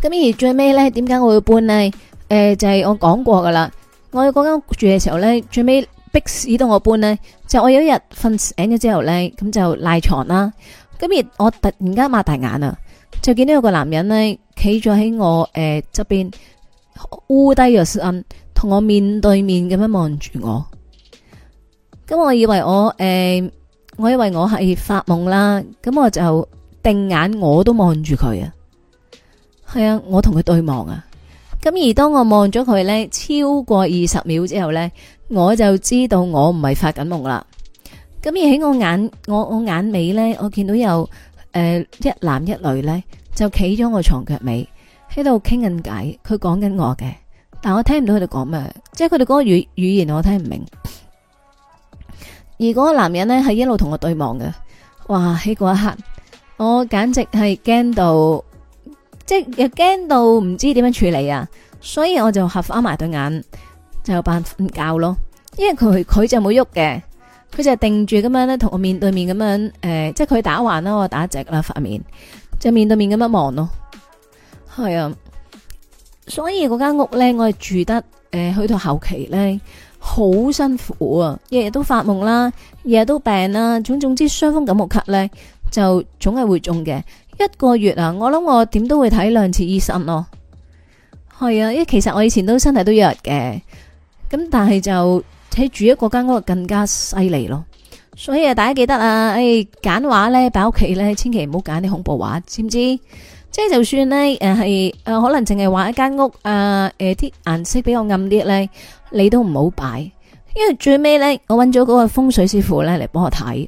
咁而最尾咧，點解我會搬呢？誒，就係我講過噶啦。我去嗰間屋住嘅時候咧，最尾逼死到我搬呢，就我有一日瞓醒咗之後咧，咁就賴床啦。咁而我突然間擘大眼啊，就見到有個男人咧企咗喺我誒側邊烏低個同我面對面咁樣望住我，咁我以為我誒、呃，我以為我係發夢啦，咁我就定眼我都望住佢啊，係啊，我同佢對望啊，咁而當我望咗佢呢超過二十秒之後呢，我就知道我唔係發緊夢啦，咁而喺我眼我我眼尾呢，我見到有誒一男一女呢，就企咗我床腳尾喺度傾緊偈，佢講緊我嘅。但我聽唔到佢哋講咩，即係佢哋嗰個語語言我聽唔明。而嗰個男人咧係一路同我對望嘅，哇！喺嗰一刻，我簡直係驚到，即係驚到唔知點樣處理啊！所以我就合翻埋對眼，就扮瞓覺咯。因為佢佢就冇喐嘅，佢就定住咁樣咧，同我面對面咁樣，誒，即係佢打橫啦，我打直啦，塊面，就面對面咁樣望咯。係啊。所以嗰間屋呢，我係住得誒、呃，去到後期呢，好辛苦啊！日日都發夢啦，日日都病啦、啊，總總之傷風感冒咳呢，就總係會中嘅。一個月啊，我諗我點都會睇兩次醫生咯。係啊，因為其實我以前都身體都弱嘅，咁但係就喺住一嗰間屋就更加犀利咯。所以啊，大家記得啊，誒、哎，揀畫呢，擺屋企呢，千祈唔好揀啲恐怖畫，知唔知？即係就算呢，誒係，誒可能淨係畫一間屋啊，誒啲顏色比較暗啲咧，你都唔好擺，因為最尾咧，我搵咗嗰個風水師傅咧嚟幫我睇，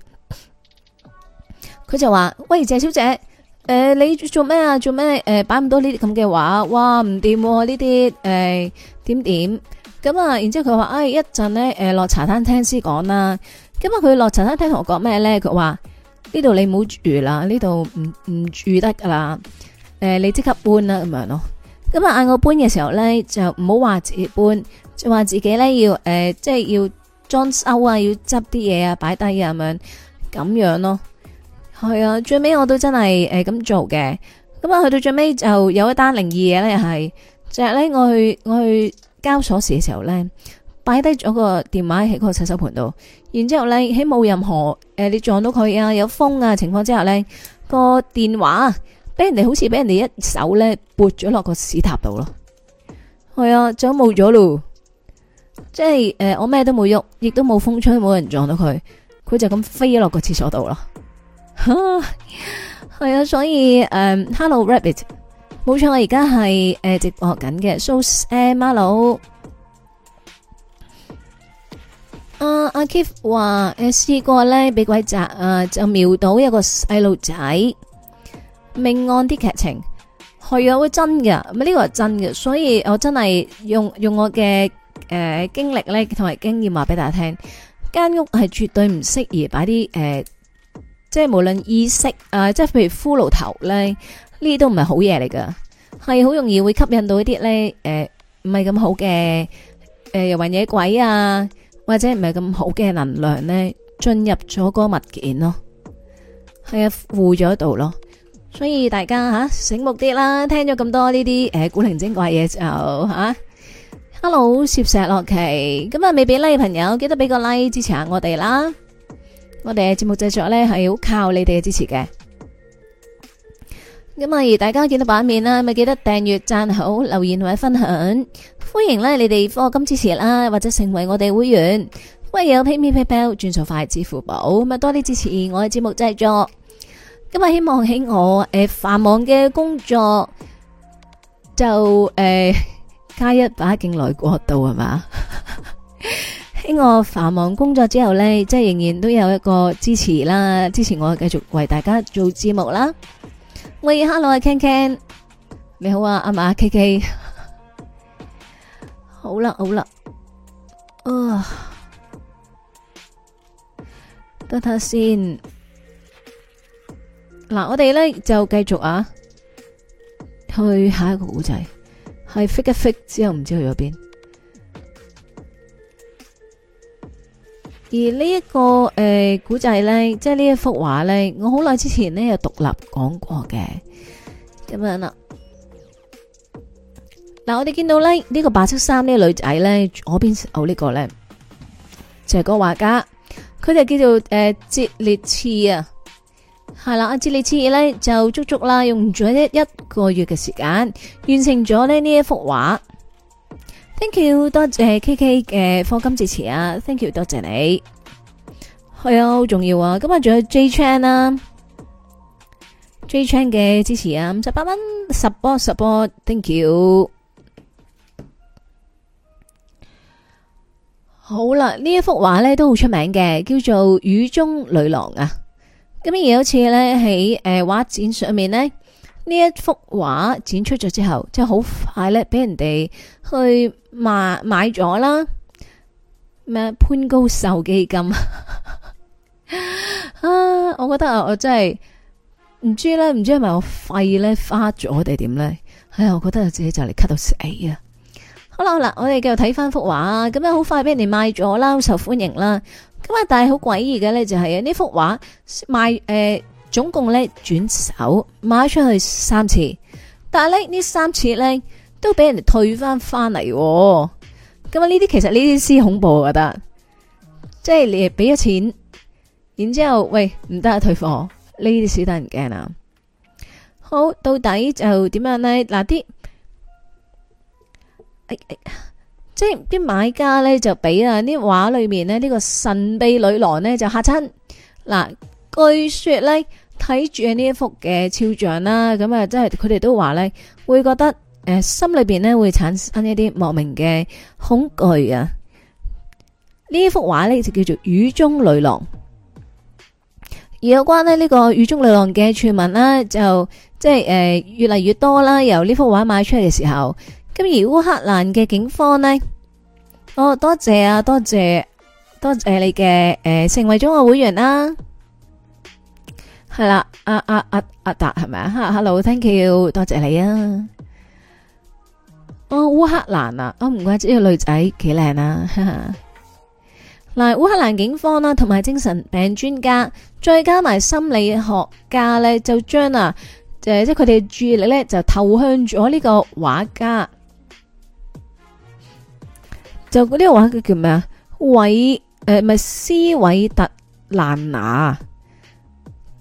佢就話：，喂，謝小姐，誒、呃，你做咩、呃、啊？做、呃、咩？誒，擺唔到呢啲咁嘅畫哇，唔掂喎！呢啲，誒，點點？咁啊，然之後佢話：，哎，一陣咧，誒、呃、落茶餐廳先講啦。咁啊，佢落茶餐廳同我講咩咧？佢話：呢度你唔好住啦，呢度唔唔住得噶啦。誒，你即刻搬啦咁樣咯，咁啊嗌我搬嘅時候咧，就唔好話自己搬，就話自己咧要誒，即係要裝修啊，要執啲嘢啊，擺低啊咁樣，咁樣咯，係啊，最尾我都真係誒咁做嘅，咁啊去到最尾就有一單靈異嘢咧，又係就係咧，我去我去交鎖匙嘅時候咧，擺低咗個電話喺個洗手盆度，然之後咧，喺冇任何誒你撞到佢啊、有風啊情況之下咧個電話。俾人哋好似俾人哋一手咧撥咗落個屎塔度咯，係啊，就冇咗咯，即係誒、呃，我咩都冇喐，亦都冇風吹，冇人撞到佢，佢就咁飛咗落個廁所度咯。哈，係啊，所以誒、um,，Hello Rabbit，冇錯，我而家係誒直播緊嘅。So，誒、uh,，Marlo，阿阿、uh, Keith 話誒試、呃、過咧俾鬼砸啊、呃，就瞄到一個細路仔。命案啲劇情係啊，會真嘅咁啊，呢個係真嘅，所以我真係用用我嘅誒經歷咧，同埋經驗話俾大家聽，間屋係絕對唔適宜擺啲誒，即係無論意識啊，即係譬如骷髏頭咧，呢啲都唔係好嘢嚟噶，係好容易會吸引到一啲咧誒，唔係咁好嘅誒，遊魂野鬼啊，或者唔係咁好嘅能量咧，進入咗個物件咯，係啊，附咗度咯。所以大家吓醒目啲啦，聽咗咁多呢啲誒古靈精怪嘢就吓。Hello，攝石落奇。咁啊未俾 like 嘅朋友，記得俾個 like 支持下我哋啦。我哋嘅節目製作呢係好靠你哋嘅支持嘅。咁啊，而大家見到版面啦，咪記得訂閱、讚好、留言或者分享。歡迎呢你哋課金支持啦，或者成為我哋會員。歡迎有 PayMe、PayPal 轉數快、支付寶，咪多啲支持我嘅節目製作。今日希望喺我誒繁忙嘅工作就誒加一把勁來過度係咪？喺我繁忙工作之後呢，即係仍然都有一個支持啦，支持我繼續為大家做節目啦。喂，Hello，阿 Ken Ken，你好啊，阿馬 K K，好啦好啦，啊，多謝先。嗱，我哋咧就繼續啊，去下一個古仔，係 fit 一 fit 之後唔知去咗邊。而、這個呃、呢一個誒古仔咧，即係呢一幅畫咧，我好耐之前咧有獨立講過嘅，咁樣啦。嗱，我哋見到咧呢、這個白色衫個女呢女仔咧，左邊有個呢個咧，就係、是、個畫家，佢哋叫做誒折烈次啊。呃係啦，阿哲利次呢，就足足啦用咗一一個月嘅時間完成咗呢一幅畫。Thank you 多謝 K K 嘅課金支持啊！Thank you 多謝你，係啊好重要啊！今日仲有 J Chain 啦，J Chain 嘅支持啊，五十八蚊十波十波，Thank you。好啦，呢一幅畫呢，都好出名嘅，叫做雨中女郎啊。咁而有次咧，喺誒畫展上面咧，呢一幅畫展出咗之後，即係好快咧，俾人哋去賣買買咗啦。咩潘高壽基金 [laughs] 啊？我覺得啊，我真係唔知咧，唔知係咪我肺咧花咗定點咧？哎呀，我覺得自己就嚟咳到死啊！好啦好啦，我哋繼續睇翻幅畫啊！咁樣好快俾人哋賣咗啦，好受歡迎啦。咁啊！但係好詭異嘅咧，就係呢幅畫賣誒，總共咧轉手賣出去三次，但係咧呢三次咧都俾人哋退翻翻嚟。咁啊，呢啲其實呢啲先恐怖，我覺得，即係你俾咗錢，然之後，喂唔得啊，退貨呢啲先得人驚啊！好，到底就點樣呢？嗱啲即係啲買家咧就俾啊啲畫裏面呢，呢、這個神秘女郎呢，就嚇親嗱，據說呢，睇住呢一幅嘅肖像啦，咁啊即係佢哋都話呢，會覺得誒、呃、心裏邊呢，會產生一啲莫名嘅恐懼啊！呢幅畫呢，就叫做雨中女郎，而有關呢，呢、這個雨中女郎嘅傳聞啦，就即係誒、呃、越嚟越多啦。由呢幅畫賣出嚟嘅時候。咁而烏克蘭嘅警方呢？哦，多謝啊，多謝多謝你嘅誒、呃、成為咗我會員啦，係啦，阿啊啊阿達係咪啊？哈、啊啊啊啊、，hello，thank you，多謝你啊。哦，烏克蘭啊，哦唔怪之，呢個女仔幾靚啊。嗱、 [laughs] 呃，烏克蘭警方啦、啊，同埋精神病專家，再加埋心理學家咧，就將啊，誒、呃，即係佢哋注意力咧，就投向咗呢個畫家。就呢個畫佢叫咩啊？韋誒、咪、呃、唔係斯韋特蘭娜、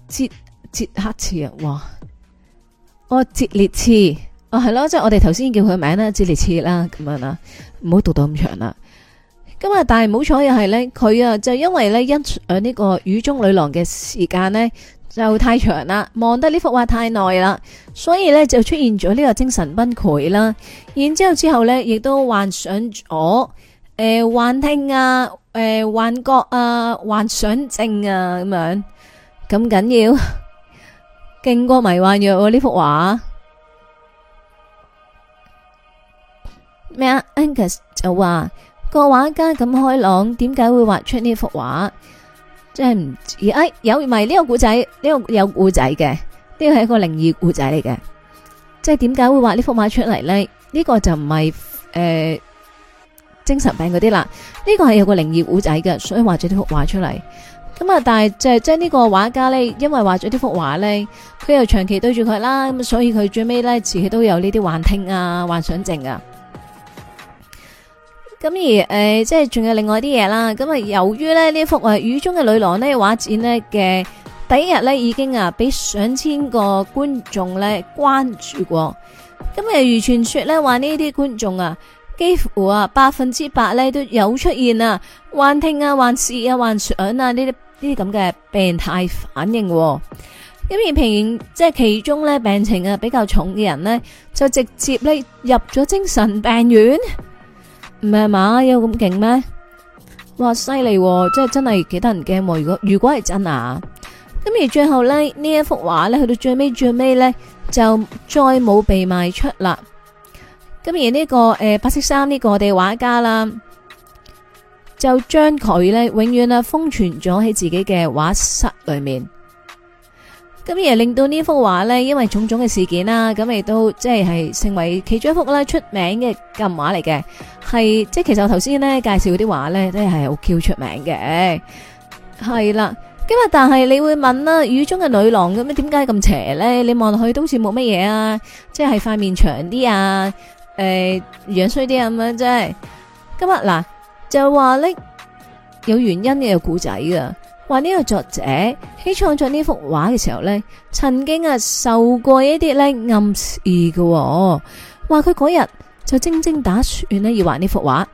捷捷克次啊！哇，哦捷列茨哦係咯，即係、就是、我哋頭先叫佢名啦，捷列茨啦咁樣啦，唔好讀到咁長啦。咁啊，但係唔好彩又係咧，佢啊就因為咧因誒呢個雨中女郎嘅時間咧，就太長啦，望得呢幅畫太耐啦，所以咧就出現咗呢個精神崩潰啦。然之後之後咧，亦都幻想咗誒、呃、幻聽啊，誒、呃、幻覺啊，幻想症啊咁樣咁緊要，勁 [laughs] 過迷幻藥，呢幅畫咩啊？Angus 就話個畫家咁開朗，點解會畫出呢幅畫？即係唔知誒有唔係呢個古仔呢個有古仔嘅呢個係一個靈異古仔嚟嘅，即係點解會畫呢幅畫出嚟咧？呢個就唔係誒精神病嗰啲啦，呢個係有個靈異古仔嘅，所以畫咗幅畫出嚟咁啊。但係即係即係呢個畫家咧，因為畫咗呢幅畫咧，佢又長期對住佢啦，咁所以佢最尾咧自己都有呢啲幻聽啊、幻想症啊。咁而誒，即係仲有另外啲嘢啦。咁啊，由於咧呢幅誒雨中嘅女郎呢畫展呢嘅第一日咧已經啊，俾上千個觀眾咧關注過。咁啊，如傳說咧話呢啲觀眾啊，幾乎啊百分之百咧都有出現啊幻聽啊、幻視啊、幻想啊呢啲呢啲咁嘅病態反應。咁而平即係其中咧病情啊比較重嘅人咧，就直接咧入咗精神病院。唔係嘛，有咁勁咩？哇，犀利啊，即係真係幾得人驚。如果如果係真啊，咁而最後呢，呢一幅畫呢，去到最尾最尾呢，就再冇被賣出啦。咁而呢、呢個誒、呃、白色衫呢個我哋畫家啦，就將佢呢永遠啊封存咗喺自己嘅畫室裏面。咁而係令到呢幅畫咧，因為種種嘅事件啦，咁亦都即係係成為其中一幅咧出名嘅禁畫嚟嘅，係即係其實我頭先咧介紹嗰啲畫咧，都係係好 Q 出名嘅，係啦。今日但係你會問啦，雨中嘅女郎咁樣點解咁邪咧？你望落去都好似冇乜嘢啊，即係塊面長啲啊，誒，樣衰啲咁樣，即係今日嗱就話咧有原因嘅有故仔噶。話呢個作者喺創作呢幅畫嘅時候呢，曾經啊受過一啲呢暗示嘅，話佢嗰日就正正打算呢，要畫呢幅畫，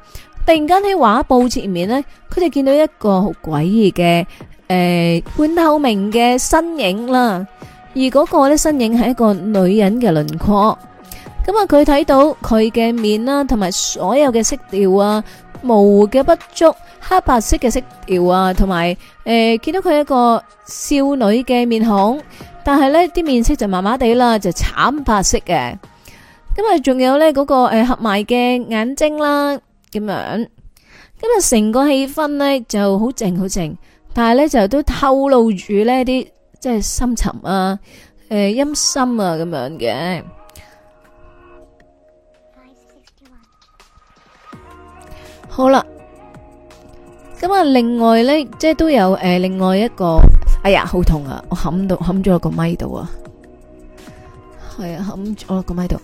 突然間喺畫布前面呢，佢就見到一個好詭異嘅誒、呃、半透明嘅身影啦，而嗰個呢身影係一個女人嘅輪廓，咁啊佢睇到佢嘅面啦，同埋所有嘅色調啊。模糊嘅不足，黑白色嘅色調啊，同埋誒見到佢一個少女嘅面孔，但係咧啲面色就麻麻地啦，就慘白色嘅。咁啊，仲有咧嗰個誒合埋嘅眼睛啦，咁樣。今日成個氣氛咧就好靜好靜，但係咧就都透露住咧啲即係深沉啊，誒陰森啊咁樣嘅。好啦，咁啊，另外咧，即係都有誒，另外一個，哎呀，好痛啊，我冚到冚咗個咪度啊，係啊，冚咗個咪度。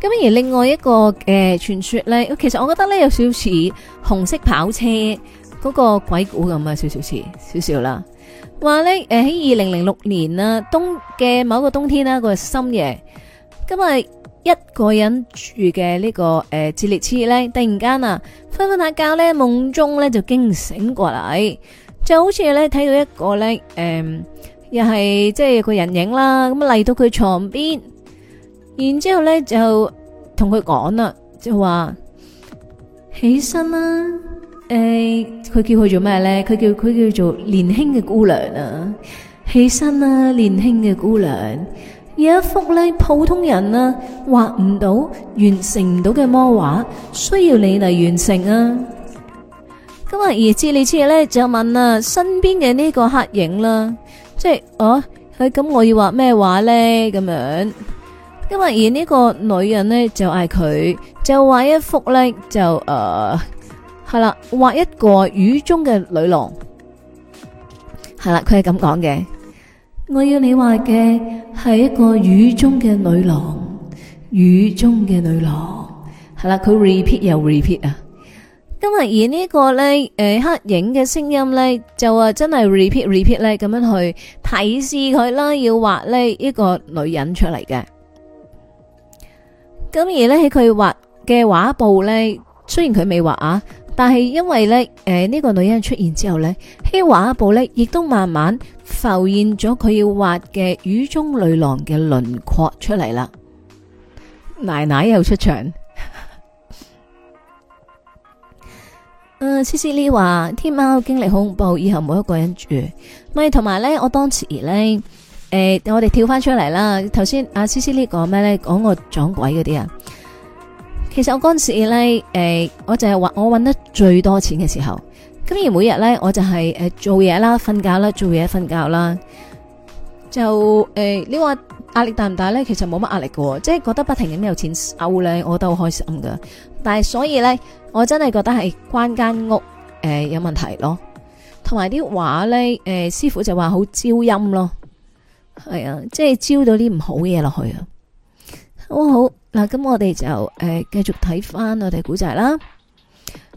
咁而另外一個誒傳說咧，其實我覺得咧有少少似紅色跑車嗰個鬼故咁啊，少少似少少啦。話咧誒喺二零零六年啦冬嘅某個冬天啦，個深夜，今日。一個人住嘅、這個呃、呢個誒，智力痴咧，突然間啊，瞓瞓下覺咧，夢中咧就驚醒過嚟，就好似咧睇到一個咧，誒、呃，又係即係個人影啦，咁嚟到佢床邊，然之後咧就同佢講啦，就話起身啦、啊，誒、欸，佢叫佢做咩咧？佢叫佢叫做年輕嘅姑娘啊，起身啦、啊，年輕嘅姑娘。有一幅咧，普通人啊畫唔到、完成唔到嘅魔畫，需要你嚟完成啊！咁啊，而接你知咧，就問啊身邊嘅呢個黑影啦，即係哦，係、啊、咁、啊、我要畫咩畫咧？咁樣，咁啊而呢個女人咧就嗌佢就畫一幅咧就誒係、呃、啦，畫一個雨中嘅女郎，係啦，佢係咁講嘅。我要你畫嘅係一個雨中嘅女郎，雨中嘅女郎係啦，佢 repeat 又 repeat 啊。今日而個呢個咧，誒、呃、黑影嘅聲音咧，就話真係 repeat repeat 咧，咁樣去提示佢啦，要畫呢一個女人出嚟嘅。咁而咧喺佢畫嘅畫布咧，雖然佢未畫啊。但係因為咧，誒、呃、呢、這個女人出現之後呢希畫布呢亦都慢慢浮現咗佢要畫嘅雨中女郎嘅輪廓出嚟啦。奶奶又出場，誒 C C L 話：，天喵經歷好恐怖，以後冇一個人住。咪同埋呢，我當時呢，誒、呃、我哋跳翻出嚟啦。頭先阿 C C L 講咩呢？講我撞鬼嗰啲啊！其實我嗰陣時咧，誒、呃，我就係、話、揾我揾得最多錢嘅時候。咁而每日咧，我就係誒做嘢啦、瞓覺啦、做嘢瞓覺啦。就誒、呃，你話壓力大唔大咧？其實冇乜壓力嘅，即係覺得不停咁有錢收咧，我都好開心噶。但係所以咧，我真係覺得係關間屋誒、呃、有問題咯，同埋啲畫咧，誒、呃、師傅就話好招陰咯，係啊，即係招到啲唔好嘢落去啊。好好。嗱，咁我哋就誒、呃、繼續睇翻我哋古仔啦，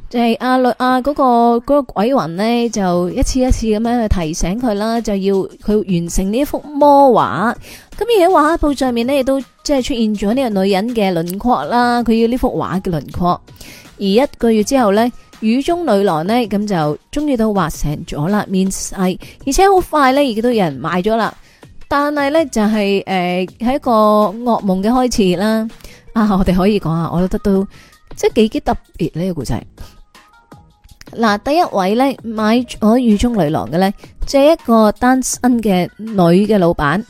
就係阿律阿嗰個嗰、那個鬼魂呢，就一次一次咁樣去提醒佢啦，就要佢完成呢一幅魔畫。咁而喺畫布上面呢，亦都即係出現咗呢個女人嘅輪廓啦。佢要呢幅畫嘅輪廓。而一個月之後呢，雨中女郎呢，咁就終於都畫成咗啦，面世而且好快呢，亦都有人買咗啦。但係咧，就係、是、誒，係、呃、一個噩夢嘅開始啦。啊，我哋可以講下，我覺得都即係幾幾特別呢、這個故仔嗱。第一位咧買咗雨中女郎嘅咧，即係一個單身嘅女嘅老闆，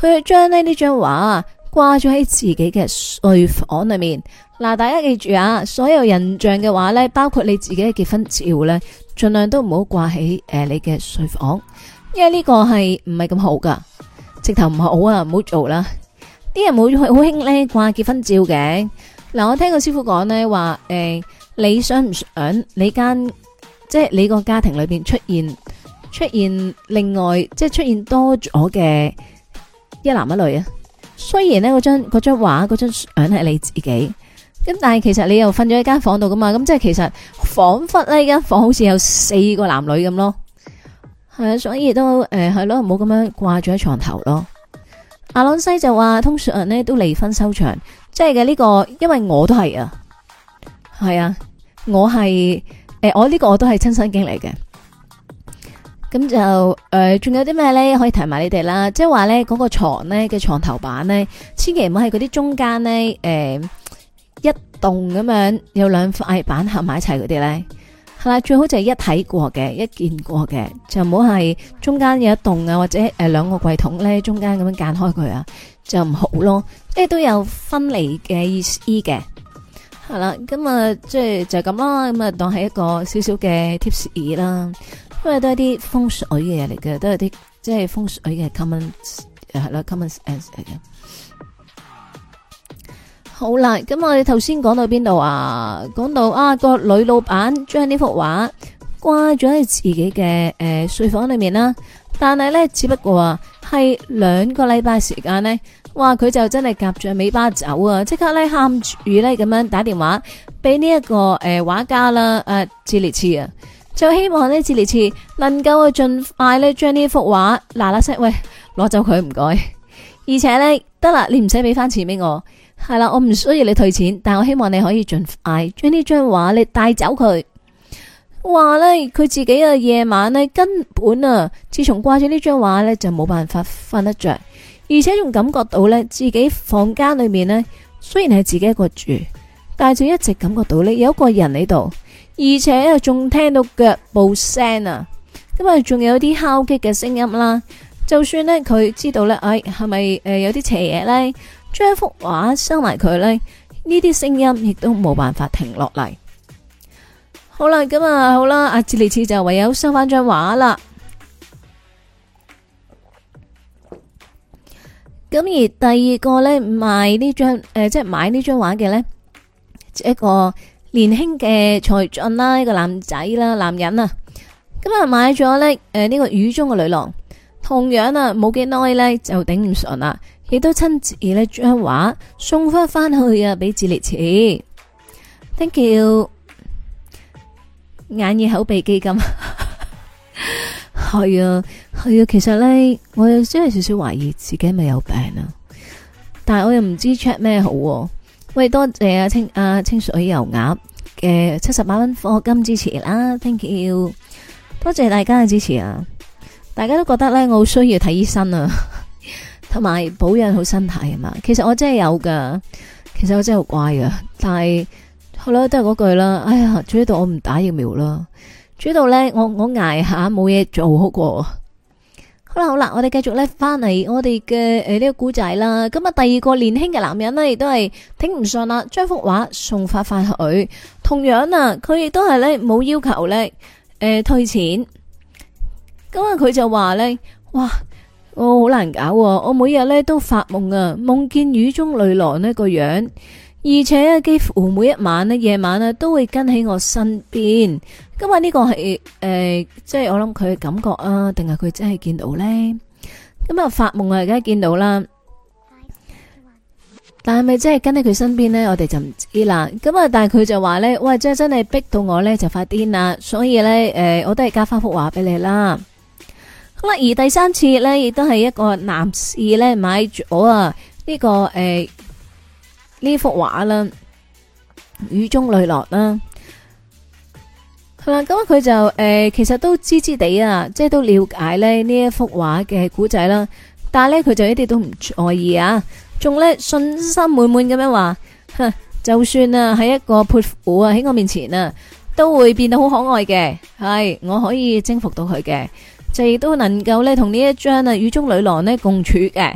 佢將呢呢張畫啊掛咗喺自己嘅睡房裏面嗱。大家記住啊，所有人像嘅畫咧，包括你自己嘅結婚照咧，盡量都唔好掛喺誒你嘅睡房，因為呢個係唔係咁好噶。直頭唔好啊，唔好做啦！啲人冇好興咧掛結婚照嘅。嗱，我聽個師傅講咧話，誒，你想唔想你間即係你個家庭裏邊出現出現另外即係、就是、出現多咗嘅一男一女啊？雖然咧嗰張嗰張畫嗰張相係你自己，咁但係其實你又瞓咗一間房度噶嘛，咁即係其實仿佛你間房好似有四個男女咁咯。係啊、呃，所以都誒係咯，唔好、呃、咁樣掛住喺床頭咯。阿朗西就話，通常咧都離婚收場，即係嘅呢個，因為我都係啊，係啊，我係誒、呃，我呢個我都係親身經歷嘅。咁就誒，仲、呃、有啲咩咧可以提埋你哋啦？即係話咧嗰個床咧嘅床頭板咧，千祈唔好係嗰啲中間咧誒一棟咁樣有兩塊板合埋一齊嗰啲咧。係啦，最好就係一睇過嘅，一見過嘅，就唔好係中間有一棟啊，或者誒兩個櫃桶咧中間咁樣間開佢啊，就唔好咯，即係都有分離嘅意思嘅。係啦，嗯，咁啊即係就係咁啦，咁啊當係一個少少嘅 tips 啦，因為都係啲風水嘅嘢嚟嘅，都係啲即係風水嘅 common 係啦，common sense 嚟嘅。好啦，咁我哋頭先講到邊度啊？講到啊個女老闆將呢幅畫掛咗喺自己嘅、誒、呃、睡房裏面啦，但係咧只不過啊係兩個禮拜時間咧，哇佢就真係夾住尾巴走啊！即刻咧喊住咧咁樣打電話俾呢一個誒畫、呃、家啦誒，志、呃、列次啊，就希望咧志列次能夠啊盡快咧將呢將幅畫嗱嗱聲喂攞走佢唔該，而且咧得啦，你唔使俾翻錢俾我。係啦，我唔需要你退錢，但我希望你可以盡快將呢張畫咧帶走佢。話咧佢自己啊夜晚咧根本啊自從掛住呢張畫咧就冇辦法瞓得着，而且仲感覺到咧自己房間裏面咧雖然係自己一個住，但係就一直感覺到咧有一個人喺度，而且啊仲聽到腳步聲啊，咁啊仲有啲敲擊嘅聲音啦。就算咧佢知道咧，唉係咪誒有啲邪嘢咧？將一幅畫收埋佢，呢啲聲音亦都冇辦法停落嚟。好啦，咁啊好啦，阿智利次就唯有收翻張畫啦。咁而第二個呢，賣呢張誒、呃，即係買呢張畫嘅呢，即一個年輕嘅才俊啦，一個男仔啦，男人啊，今日、啊、買咗誒呢、呃呢個雨中嘅女郎，同樣啊冇幾耐呢，就頂唔順啦。亦都親自咧，將畫送翻翻去啊，俾支持。thank you，眼耳口鼻基金，係 [laughs] 啊係啊，其實咧，我又真係少少懷疑自己係咪有病啊，但係我又唔知 check 咩好？喂，多謝啊清啊清水油鴨嘅七十八蚊課金支持啦，thank you，多謝大家嘅支持啊，大家都覺得咧，我好需要睇醫生啊。同埋保養好身體係嘛，其實我真係有噶，其實我真係好乖噶，但係好啦，都係嗰句啦。哎呀，主到我唔打疫苗啦，主到呢我我挨下冇嘢做好過。好啦好、呃這個、啦，我哋繼續呢翻嚟我哋嘅誒呢個故仔啦。咁啊，第二個年輕嘅男人呢，亦都係頂唔順啦，將幅畫送翻翻佢。同樣啊，佢亦都係呢，冇要求呢誒、呃、退錢。咁啊，佢就話呢。哇！我好、哦、難搞，我每日咧都發夢啊，夢見雨中女郎呢個樣，而且啊，幾乎每一晚呢，夜晚啊都會跟喺我身邊。咁啊，呢個係，誒，即、就、係、是、我諗佢感覺啊，定係佢真係見到呢？咁、嗯、啊，發夢啊，而家見到啦，但係咪真係跟喺佢身邊呢？我哋就唔知啦。咁啊，但係佢就話呢：「喂，真係真係逼到我呢，就發癲啦」，所以呢，誒、呃，我都係加翻幅畫俾你啦。咁啦，而第三次咧，亦都係一個男士咧買咗啊呢個誒呢幅畫啦，雨中淚落啦，係啦。咁、嗯、佢、嗯嗯、就誒、呃、其實都知知地啊，即係都了解咧呢一幅畫嘅古仔啦。但係咧，佢就一啲都唔在意啊，仲咧信心滿滿咁樣話，哼，就算啊喺一個潑婦啊喺我面前啊，都會變得好可愛嘅，係我可以征服到佢嘅。就亦都能夠咧同呢一張語、呃就是、呢啊雨中女郎呢共處嘅，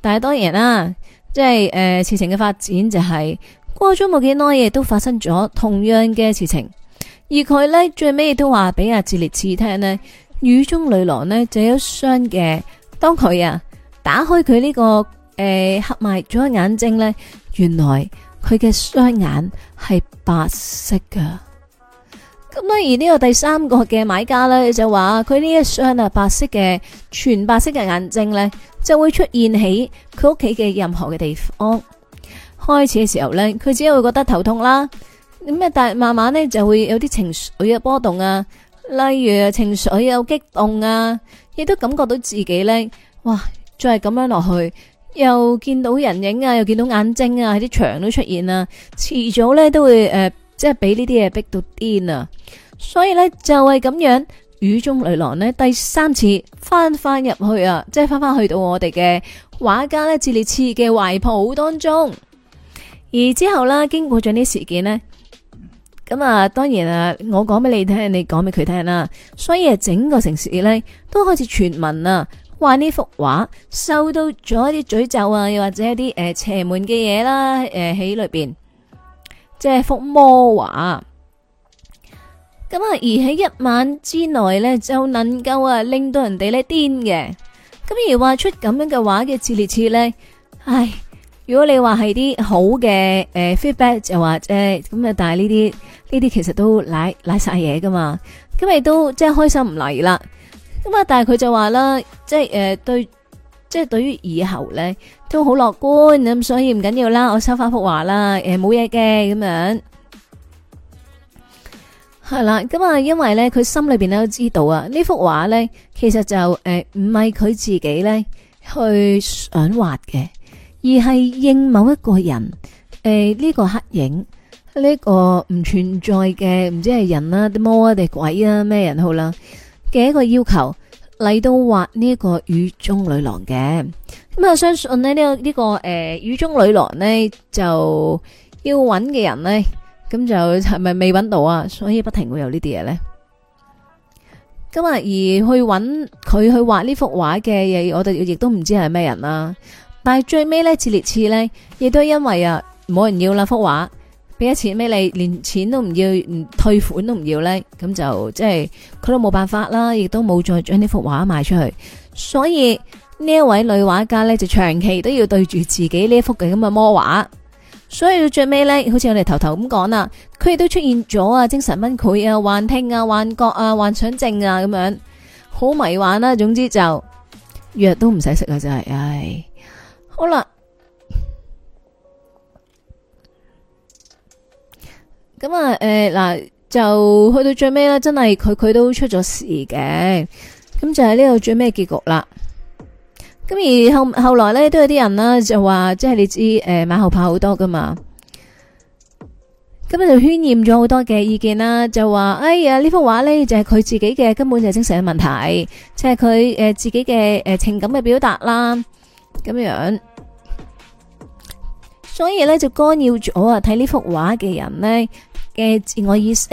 但係當然啦，即係誒事情嘅發展就係過咗冇幾耐，亦都發生咗同樣嘅事情，而佢咧最尾亦都話俾阿哲烈次聽呢雨中女郎呢就一雙嘅，當佢啊打開佢呢、這個誒瞌埋咗眼睛呢，原來佢嘅雙眼係白色㗎。」咁當然呢個第三個嘅買家咧就話佢呢一雙啊白色嘅全白色嘅眼睛咧就會出現喺佢屋企嘅任何嘅地方。開始嘅時候咧，佢只會覺得頭痛啦。咁啊，但係慢慢咧就會有啲情緒嘅波動啊，例如情緒有激動啊，亦都感覺到自己咧，哇！再係咁樣落去，又見到人影啊，又見到眼睛啊，喺啲牆都出現啊，遲早咧都會誒。呃即係俾呢啲嘢逼到癲啊！所以咧就係咁樣，雨中女郎咧第三次翻翻入去啊，即係翻翻去到我哋嘅畫家咧智列次嘅懷抱當中。而之後啦，經過咗呢事件呢，咁啊當然啊，我講俾你聽，你講俾佢聽啦。所以啊，整個城市咧都開始傳聞啊，話呢幅畫受到咗一啲詛咒啊，又或者一啲誒、呃、邪門嘅嘢啦，誒、呃、喺裏邊。即係幅魔畫咁，啊，而喺一晚之內咧就能夠啊，令到人哋咧癲嘅。咁而出話出咁樣嘅話嘅自列切咧，唉，如果你話係啲好嘅誒、呃、feedback，就話誒咁啊，但係呢啲呢啲其實都拉拉晒嘢噶嘛，咁咪都即係開心唔嚟啦。咁啊，但係佢就話啦，即係誒、呃、對。即係對於以後呢都好樂觀咁，所以唔緊要啦。我收翻幅畫啦，誒冇嘢嘅咁樣，係啦。咁啊，因為呢，佢心裏邊都知道啊，呢幅畫呢，其實就誒唔係佢自己呢去想畫嘅，而係應某一個人誒呢個黑影，呢個唔存在嘅，唔知係人啦、啊、魔啊定鬼啊咩人好啦嘅一個要求。嚟到畫呢一個雨中女郎嘅，咁啊相信咧呢、這個呢、這個誒、呃、雨中女郎呢，就要揾嘅人呢，咁就係咪未揾到啊？所以不停會有呢啲嘢呢。今日而去揾佢去畫呢幅畫嘅嘢，我哋亦都唔知係咩人啦。但係最尾呢，次烈次呢，亦都係因為啊冇人要啦幅畫。俾錢俾你，連錢都唔要，退款都唔要呢。咁就即係佢都冇辦法啦，亦都冇再將呢幅畫賣出去。所以呢一位女畫家呢，就長期都要對住自己呢一幅咁嘅魔畫。所以最尾呢，好似我哋頭頭咁講啦，佢亦都出現咗啊，精神崩潰啊，幻聽啊，幻覺啊，幻想症啊咁樣，好迷幻啦、啊。總之就藥都唔使食啊，真係，唉，好啦。咁啊，誒嗱、呃，就去到最尾啦，真係佢佢都出咗事嘅，咁就係呢個最尾結局啦。咁而後後來咧，都有啲人啦，就話，即係你知，誒馬後炮好多噶嘛。咁就渲染咗好多嘅意見啦，就話，哎呀呢幅畫呢，就係、是、佢自己嘅根本就係精神嘅問題，即係佢誒自己嘅誒、呃、情感嘅表達啦，咁樣。所以咧就干擾咗啊睇呢幅畫嘅人呢。嘅自我意識，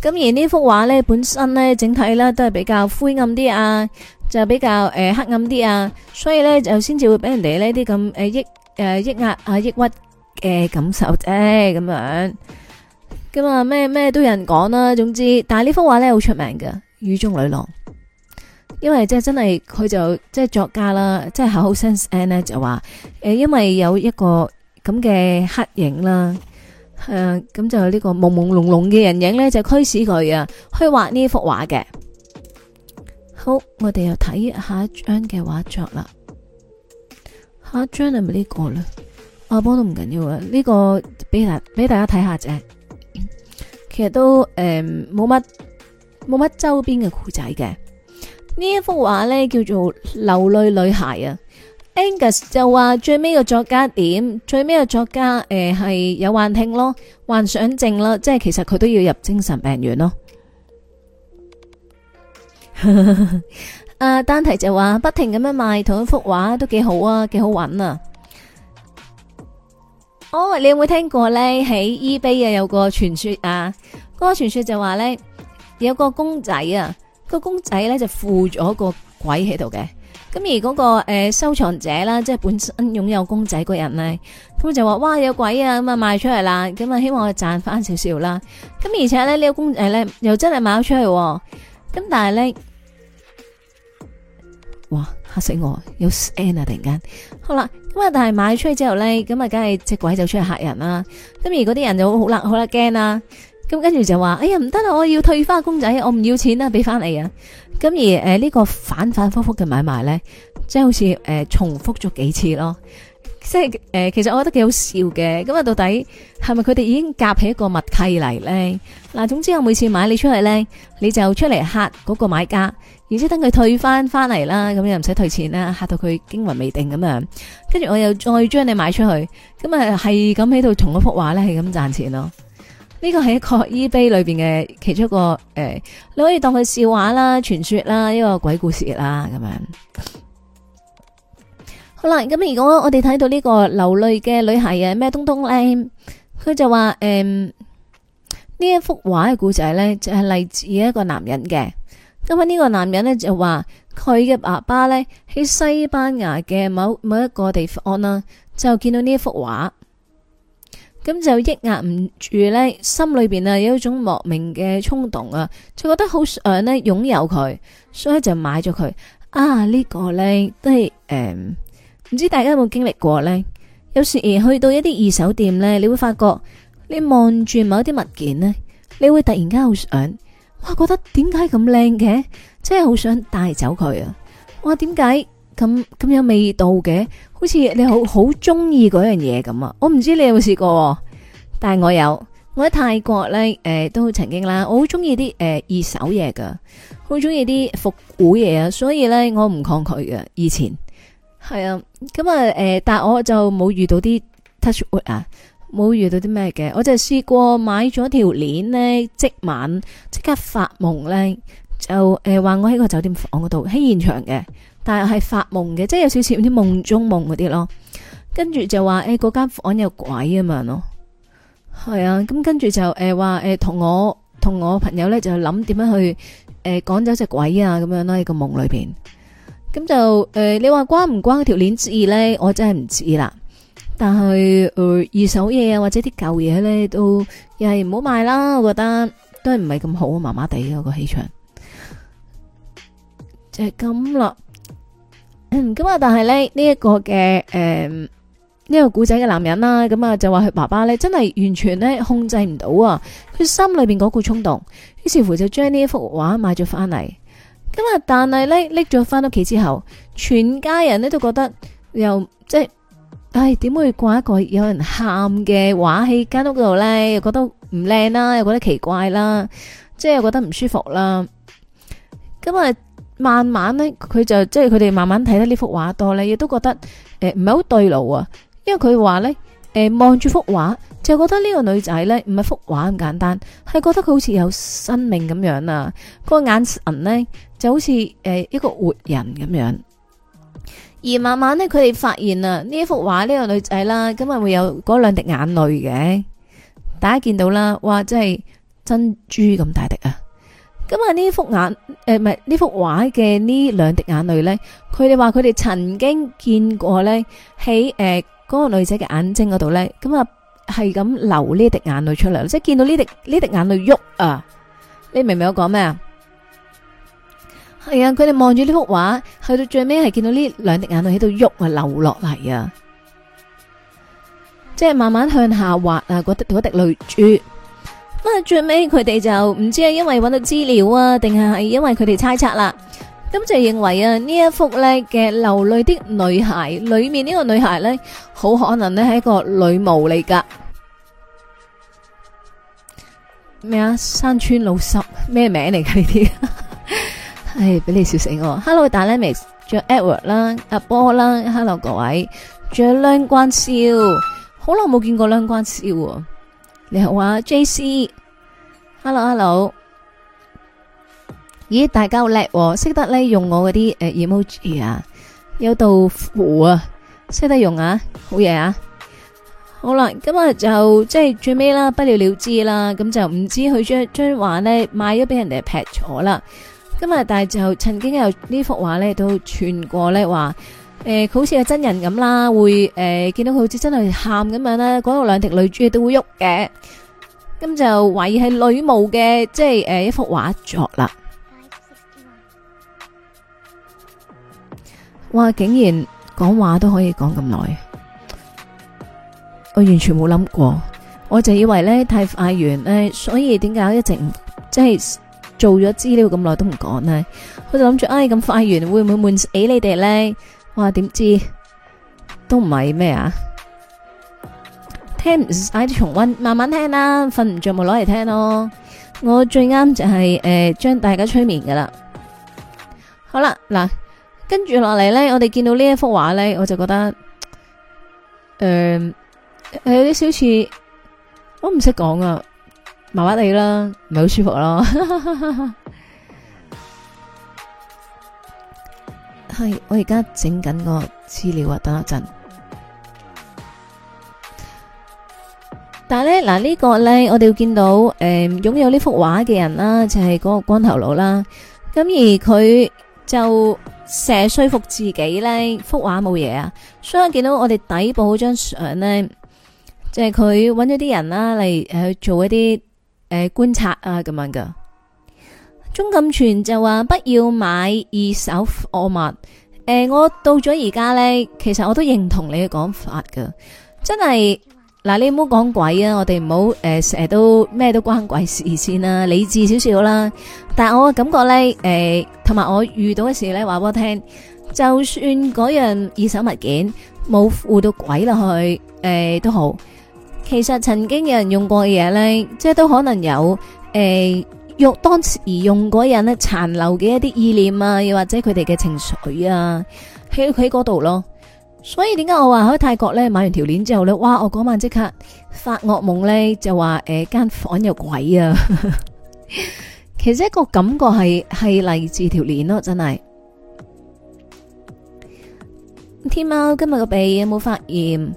咁而呢幅畫咧本身咧整體咧都係比較灰暗啲啊，就比較誒、呃、黑暗啲啊，所以咧就先至會俾人哋呢啲咁誒抑誒、呃、抑壓啊抑鬱嘅感受啫，咁樣，咁啊咩咩都有人講啦，總之，但係呢幅畫咧好出名嘅《雨中女郎》，因為即係真係佢就即係作家啦，即係好 sense a n d 呢就話，誒、呃、因為有一個咁嘅黑影啦。誒，咁、呃、就呢個朦朦朧朧嘅人影咧，就驅使佢啊，去畫呢一幅畫嘅。好，我哋又睇下一張嘅畫作啦。下一張係咪呢個咧？阿波都唔緊要啊，呢、呢個俾大俾大家睇下啫。其實都誒冇乜冇乜周邊嘅古仔嘅。呢一幅畫咧叫做流淚女孩啊。Angus 就話最尾個作家點？最尾個作家誒係、呃、有幻聽咯，幻想症咯，即係其實佢都要入精神病院咯。啊、 [laughs] 呃，丹提就話不停咁樣賣同一幅畫都幾好啊，幾好玩啊！哦，你有冇聽過呢？喺 e eBay 啊有個傳說啊，那個傳說就話呢，有個公仔啊，個公仔呢就附咗個鬼喺度嘅。咁而嗰、那個誒、呃、收藏者啦，即係本身擁有公仔嗰人咧，咁就話哇有鬼啊，咁啊賣出嚟啦，咁啊希望我賺翻少少啦。咁而且咧呢、這個公仔咧又真係賣咗出去，咁但係咧，哇嚇死我有聲啊突然間，好啦，咁啊但係賣出去之後咧，咁啊梗係隻鬼就出去嚇人啦。咁而嗰啲人就好好啦，好啦驚啦，咁跟住就話哎呀唔得啦，我要退翻公仔，我唔要錢啦，俾翻你啊。咁而誒呢、呃、這個反反覆覆嘅買賣呢，即係好似誒、呃、重複咗幾次咯，即係誒、呃、其實我覺得幾好笑嘅。咁啊到底係咪佢哋已經夾起一個默契嚟呢？嗱、啊、總之我每次買你出去呢，你就出嚟嚇嗰個買家，然之後等佢退翻翻嚟啦，咁又唔使退錢啦，嚇到佢驚魂未定咁樣，跟住我又再將你買出去，咁啊係咁喺度同幅畫呢，係咁賺錢咯。呢個係一個 eBay 裏邊嘅其中一個誒、呃，你可以當佢笑話啦、傳說啦，呢個鬼故事啦咁樣。好啦，咁如果我哋睇到呢個流淚嘅女孩嘅咩東東咧，佢就話誒、呢、嗯、一幅畫嘅故仔咧，就係、是、嚟自一個男人嘅。咁啊，呢個男人咧就話佢嘅爸爸咧喺西班牙嘅某某一個地方啦，就見到呢一幅畫。咁就抑壓唔住呢心裏邊啊有一種莫名嘅衝動啊，就覺得好想呢擁有佢，所以就買咗佢。啊呢個呢，都係誒，唔知大家有冇經歷過呢？有時去到一啲二手店呢，你會發覺你望住某啲物件呢，你會突然間好想，哇覺得點解咁靚嘅？真係好想帶走佢啊！哇點解咁咁有味道嘅？好似你好好中意嗰樣嘢咁啊！我唔知你有冇試過，但係我有。我喺泰國咧，誒、呃、都曾經啦，我好中意啲誒二手嘢噶，好中意啲復古嘢啊，所以咧我唔抗拒嘅。以前係啊，咁啊誒、呃，但係我就冇遇到啲 touch wood 啊，冇遇到啲咩嘅。我就試過買咗條鏈咧，即晚即刻發夢咧，就誒話、呃、我喺個酒店房嗰度喺現場嘅。但係係發夢嘅，即係有少少啲夢中夢嗰啲咯。跟住就話誒，嗰、欸、間房間有鬼咁樣咯，係啊。咁跟住就誒話誒，同、欸欸、我同我朋友咧就諗點樣去誒趕、欸、走隻鬼啊咁樣咯。喺、這個夢裏邊，咁、嗯、就誒、欸，你話關唔關條鏈子呢，我真係唔知啦。但係誒、呃、二手嘢啊，或者啲舊嘢呢，都又係唔好賣啦。我覺得都係唔係咁好，麻麻地啊個氣場就係咁啦。咁、嗯這個呃這個、啊！但係咧呢一個嘅誒呢個古仔嘅男人啦，咁啊就話佢爸爸咧真係完全咧控制唔到啊！佢心裏邊嗰股衝動，於是乎就將呢一幅畫買咗翻嚟。咁、嗯、啊，但係咧拎咗翻屋企之後，全家人咧都覺得又即係，唉、哎，點會掛一個有人喊嘅畫喺間屋度咧？又覺得唔靚啦，又覺得奇怪啦，即係又覺得唔舒服啦。咁、嗯、啊！嗯慢慢呢，佢就即係佢哋慢慢睇得呢幅畫多呢，亦都覺得誒唔係好對路啊。因為佢話呢，誒望住幅畫，就覺得呢個女仔呢，唔係幅畫咁簡單，係覺得佢好似有生命咁樣啊。個眼神呢，就好似誒、呃、一個活人咁樣。而慢慢呢，佢哋發現啊，呢一幅畫呢個女仔啦，咁啊會有嗰兩滴眼淚嘅。大家見到啦，哇，真係珍珠咁大滴啊！咁啊！呢幅眼誒，唔係呢幅畫嘅呢兩滴眼淚咧，佢哋話佢哋曾經見過咧，喺誒嗰個女仔嘅眼睛嗰度咧，咁啊係咁流呢一滴眼淚出嚟，即係見到呢滴呢滴眼淚喐啊！你明唔明我講咩啊？係啊！佢哋望住呢幅畫，去到最尾係見到呢兩滴眼淚喺度喐啊，流落嚟啊，即係慢慢向下滑啊，嗰一滴淚珠。咁啊，最尾佢哋就唔知係因為搵到資料啊，定係係因為佢哋猜測啦。咁就認為啊，呢一幅咧嘅流淚的女孩，裏面呢個女孩呢，好可能呢係一個女巫嚟噶。咩啊？山村老屍咩名嚟噶呢啲？係 [laughs] 俾你笑死我。Hello，Damix，仲有 Edward 啦、啊，阿波啦、啊、，Hello 各位，仲有梁關少，好耐冇見過梁關少。你好啊，J C，Hello Hello，, Hello 咦，大家好叻喎，識得咧用我嗰啲誒、呃、emoji 啊，有道符啊，識得用啊，好嘢啊，好啦，咁啊就即係最尾啦，不了了之啦，咁就唔知佢將張畫咧賣咗俾人哋劈咗啦，咁啊但係就曾經有幅畫，呢幅畫咧都傳過咧話。誒，呃、好似係真人咁啦，會誒、呃、見到佢好似真係喊咁樣啦。嗰度兩滴淚珠亦都會喐嘅。咁就懷疑係女巫嘅，即係誒、呃、一幅畫作啦。哇，竟然講話都可以講咁耐，我完全冇諗過，我就以為呢太快完呢，所以點解一直唔、即係做咗資料咁耐都唔講呢？我就諗住，哎咁快完會唔會悶死你哋呢？哇！點知都唔係咩啊？聽唔使重温，慢慢聽啦、啊。瞓唔着咪攞嚟聽咯。我最啱就係、是、誒，將、呃、大家催眠噶啦。好啦，嗱，跟住落嚟咧，我哋見到呢一幅畫咧，我就覺得誒、呃，有啲小似，我唔識講啊，麻麻哋啦，唔係好舒服咯。 [laughs] 係，我而家整緊個資料啊，等一陣。但係咧，嗱、這個、呢個咧，我哋會見到誒擁、呃、有呢幅畫嘅人啦，就係、是、嗰個光頭佬啦。咁而佢就成日說服自己咧，幅畫冇嘢啊。所以我見到我哋底部張相咧，即係佢揾咗啲人啦嚟，誒去做一啲誒、呃、觀察啊咁樣噶。鍾錦全就話，不要買二手貨物，物。誒、欸，我到咗而家咧，其實我都認同你嘅講法噶，真係。嗱，你唔好講鬼啊！我哋唔好誒，成、欸、日都咩都關鬼事先啦、啊，理智少少啦。但係我嘅感覺咧，誒、欸，同埋我遇到嘅事咧，話俾我聽，就算嗰樣二手物件冇附到鬼落去，誒、欸，都好，其實曾經有人用過嘅嘢咧，即係都可能有，誒、欸。用當時而用嗰日呢殘留嘅一啲意念啊，又或者佢哋嘅情緒啊，喺佢嗰度咯。所以點解我話喺泰國呢買完條鏈之後呢，哇！我嗰晚即刻發噩夢呢，就話誒、呃，間房有鬼啊。 [laughs] 其實一個感覺係係嚟自條鏈咯，真係。天喵今日個鼻有冇發炎？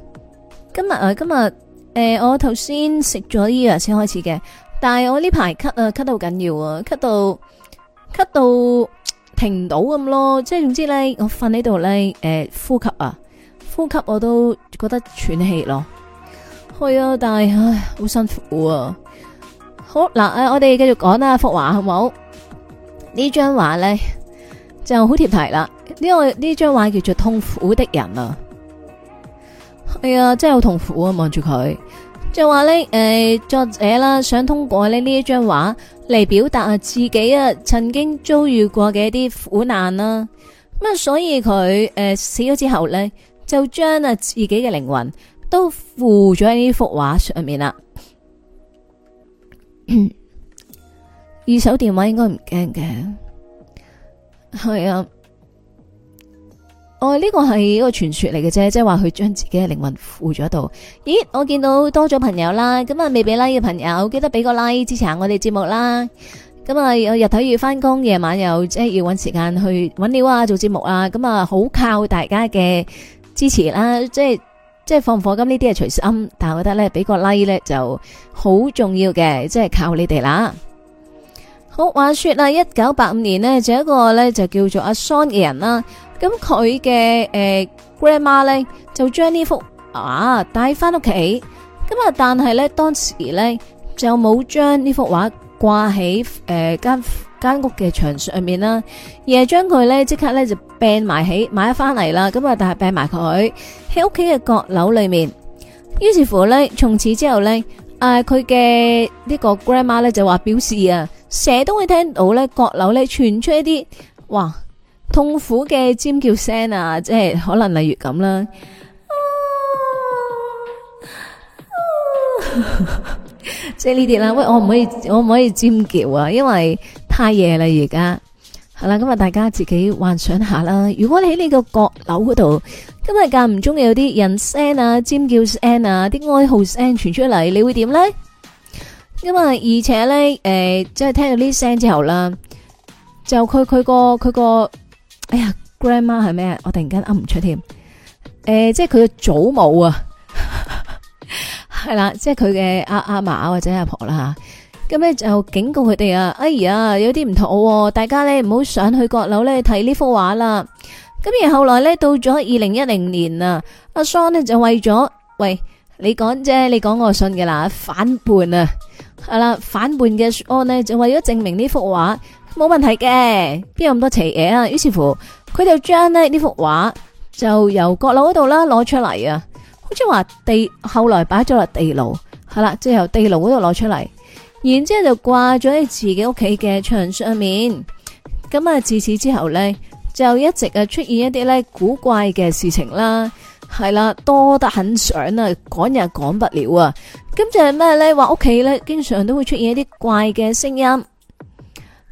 今日誒，今日誒、呃，我頭先食咗啲藥先開始嘅。但係我呢排咳啊，咳到緊要啊，咳到咳到停唔到咁咯，即係總之咧，我瞓喺度咧，誒、呃，呼吸啊，呼吸我都覺得喘氣咯，係啊，但係唉，好辛苦啊，好嗱誒，我哋繼續講啦，幅畫好唔好？張畫呢張畫咧就好貼題啦，呢、這個呢張畫叫做痛苦的人啊，係啊、哎，真係好痛苦啊，望住佢。就話呢誒，作者啦，想通過咧呢一張畫嚟表達啊自己啊曾經遭遇過嘅一啲苦難啦，咁啊，所以佢誒死咗之後呢，就將啊自己嘅靈魂都附咗喺呢幅畫上面啦。 [coughs] 二手電話應該唔驚嘅，係啊。我呢，哦，這個係一個傳說嚟嘅啫，即係話佢將自己嘅靈魂附咗度。咦，我見到多咗朋友啦，咁啊未俾 like 嘅朋友，記得俾個 like 支持下我哋節目啦。咁啊，日頭要翻工，夜晚又即係要搵時間去搵料啊，做節目啊，咁啊好靠大家嘅支持啦。即係即係放火金呢啲係隨心，但係我覺得咧俾個 like 咧就好重要嘅，即係靠你哋啦。好話說啦，一九八五年呢，就一個咧就叫做阿 Son 嘅人啦。咁佢嘅誒 grandma 咧，就將呢幅畫帶翻屋企，咁啊但係咧當時咧就冇將呢幅畫掛喺誒間間屋嘅牆上面啦，而係將佢咧即刻咧就掟埋起買咗翻嚟啦，咁啊但係掟埋佢喺屋企嘅閣樓裏面。於是乎咧，從此之後咧，啊佢嘅呢個 grandma 咧就話表示啊，成日都會聽到咧閣樓咧傳出一啲哇。痛苦嘅尖叫聲啊，即係可能例如咁啦，即係呢啲啦。喂，我唔可以，我唔可以尖叫啊，因為太夜啦而家。係啦，咁啊，大家自己幻想下啦。如果你喺呢個閣樓嗰度，今日間唔中有啲人聲啊、尖叫聲啊、啲哀號聲傳出嚟，你會點咧？因為而且咧，誒，即係聽到呢啲聲之後啦，就佢佢個佢個。哎呀，grandma 係咩？我突然間噏唔出添。誒，即係佢嘅祖母啊，係啦，即係佢嘅阿阿嫲或者阿婆啦吓。咁咧就警告佢哋啊，哎呀，有啲唔妥，大家咧唔好上去閣樓咧睇呢幅畫啦。咁然後來咧到咗二零一零年啊，阿 Son 咧就為咗喂，你講啫，你講我信嘅啦，反叛啊，係啦，反叛嘅 Son 咧就為咗證明呢幅畫。冇問題嘅，邊有咁多邪嘢啊？於是乎，佢就將呢呢幅畫就由閣樓嗰度啦攞出嚟啊，好似話地後來擺咗落地牢，係啦，即係由地牢嗰度攞出嚟，然之後就掛咗喺自己屋企嘅牆上面。咁啊，自此之後呢，就一直啊出現一啲咧古怪嘅事情啦，係啦，多得很想，想啊講又講不了啊。咁就係咩呢？話屋企呢，經常都會出現一啲怪嘅聲音。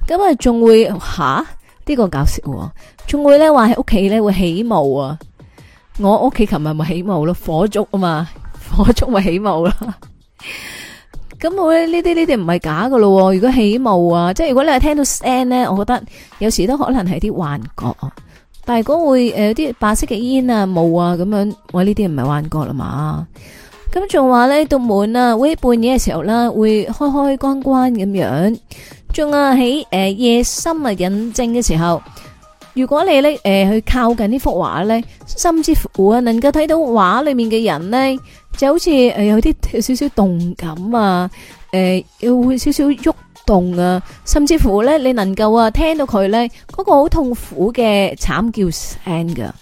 咁啊，仲會吓？呢個搞笑，仲會咧話喺屋企咧會起霧啊！我屋企琴日咪起霧咯，火燭啊嘛，火燭咪起霧啦。咁我咧呢啲呢啲唔係假噶咯？如果起霧啊，即係如果你係聽到聲咧，我覺得有時都可能係啲幻覺。但係如果會誒啲白色嘅煙啊霧啊咁樣，哇呢啲唔係幻覺啦嘛。咁仲話咧，到門啊，會半夜嘅時候咧會開開關關咁樣。仲啊喺誒夜深啊，人靜嘅時候，如果你咧誒、呃、去靠近呢幅畫咧，甚至乎啊能夠睇到畫裏面嘅人咧，就好似誒有啲少少動感啊，誒要會少少喐動啊，甚至乎咧你能夠啊聽到佢咧嗰個好痛苦嘅慘叫聲噶。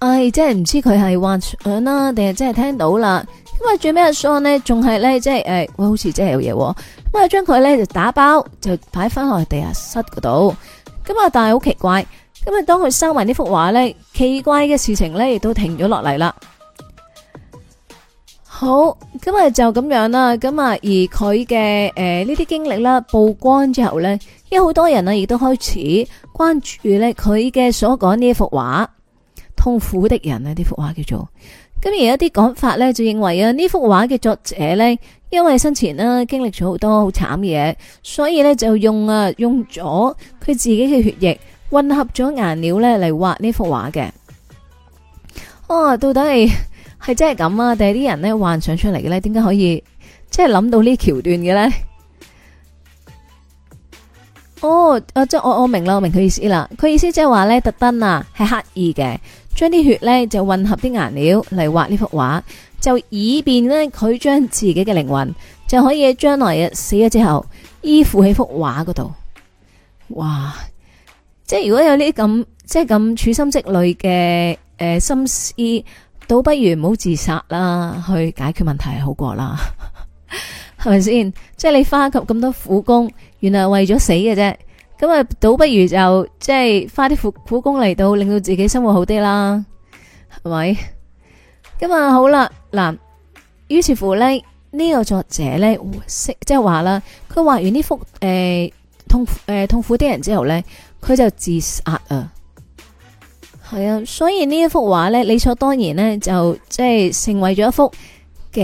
唉、哎，真係唔知佢係幻想啦，定係真係聽到啦。因為最尾阿 Sir 咧，仲係咧即係誒，好似真係有嘢，哦。咁啊，將佢咧就打包，就擺翻落去地下室嗰度。咁啊，但係好奇怪。咁啊，當佢收埋呢幅畫咧，奇怪嘅事情咧，亦都停咗落嚟啦。好，咁啊，就咁樣啦。咁啊，而佢嘅誒呢啲經歷啦曝光之後咧，有好多人啊，亦都開始關注咧佢嘅所講呢一幅畫，痛苦的人呢呢幅畫叫做。咁而有啲講法咧，就認為啊，呢幅畫嘅作者咧。因為生前呢經歷咗好多好慘嘅嘢，所以咧就用啊用咗佢自己嘅血液混合咗顏料咧嚟畫呢幅畫嘅。哦，到底係係真係咁啊，定係啲人咧幻想出嚟嘅咧？點解可以即係諗到呢橋段嘅咧？哦，啊即係我我明啦，我明佢意思啦。佢意思即係話咧特登啊係刻意嘅，將啲血咧就混合啲顏料嚟畫呢幅畫。就以便呢，佢將自己嘅靈魂就可以將來啊死咗之後依附喺幅畫嗰度。哇！即係如果有啲咁即係咁處心積慮嘅誒心思，倒不如唔好自殺啦，去解決問題好過啦，係咪先？即係你花咁咁多苦功，原來係為咗死嘅啫，咁啊倒不如就即係花啲苦苦功嚟到，令到自己生活好啲啦，係咪？咁啊，好啦，嗱，於是乎咧，呢、這個作者咧，即係話啦，佢畫完呢幅誒、呃、痛誒、呃、痛苦啲人之後咧，佢就自殺啊，係啊，所以呢一幅畫咧，理所當然咧，就即係成為咗一幅幾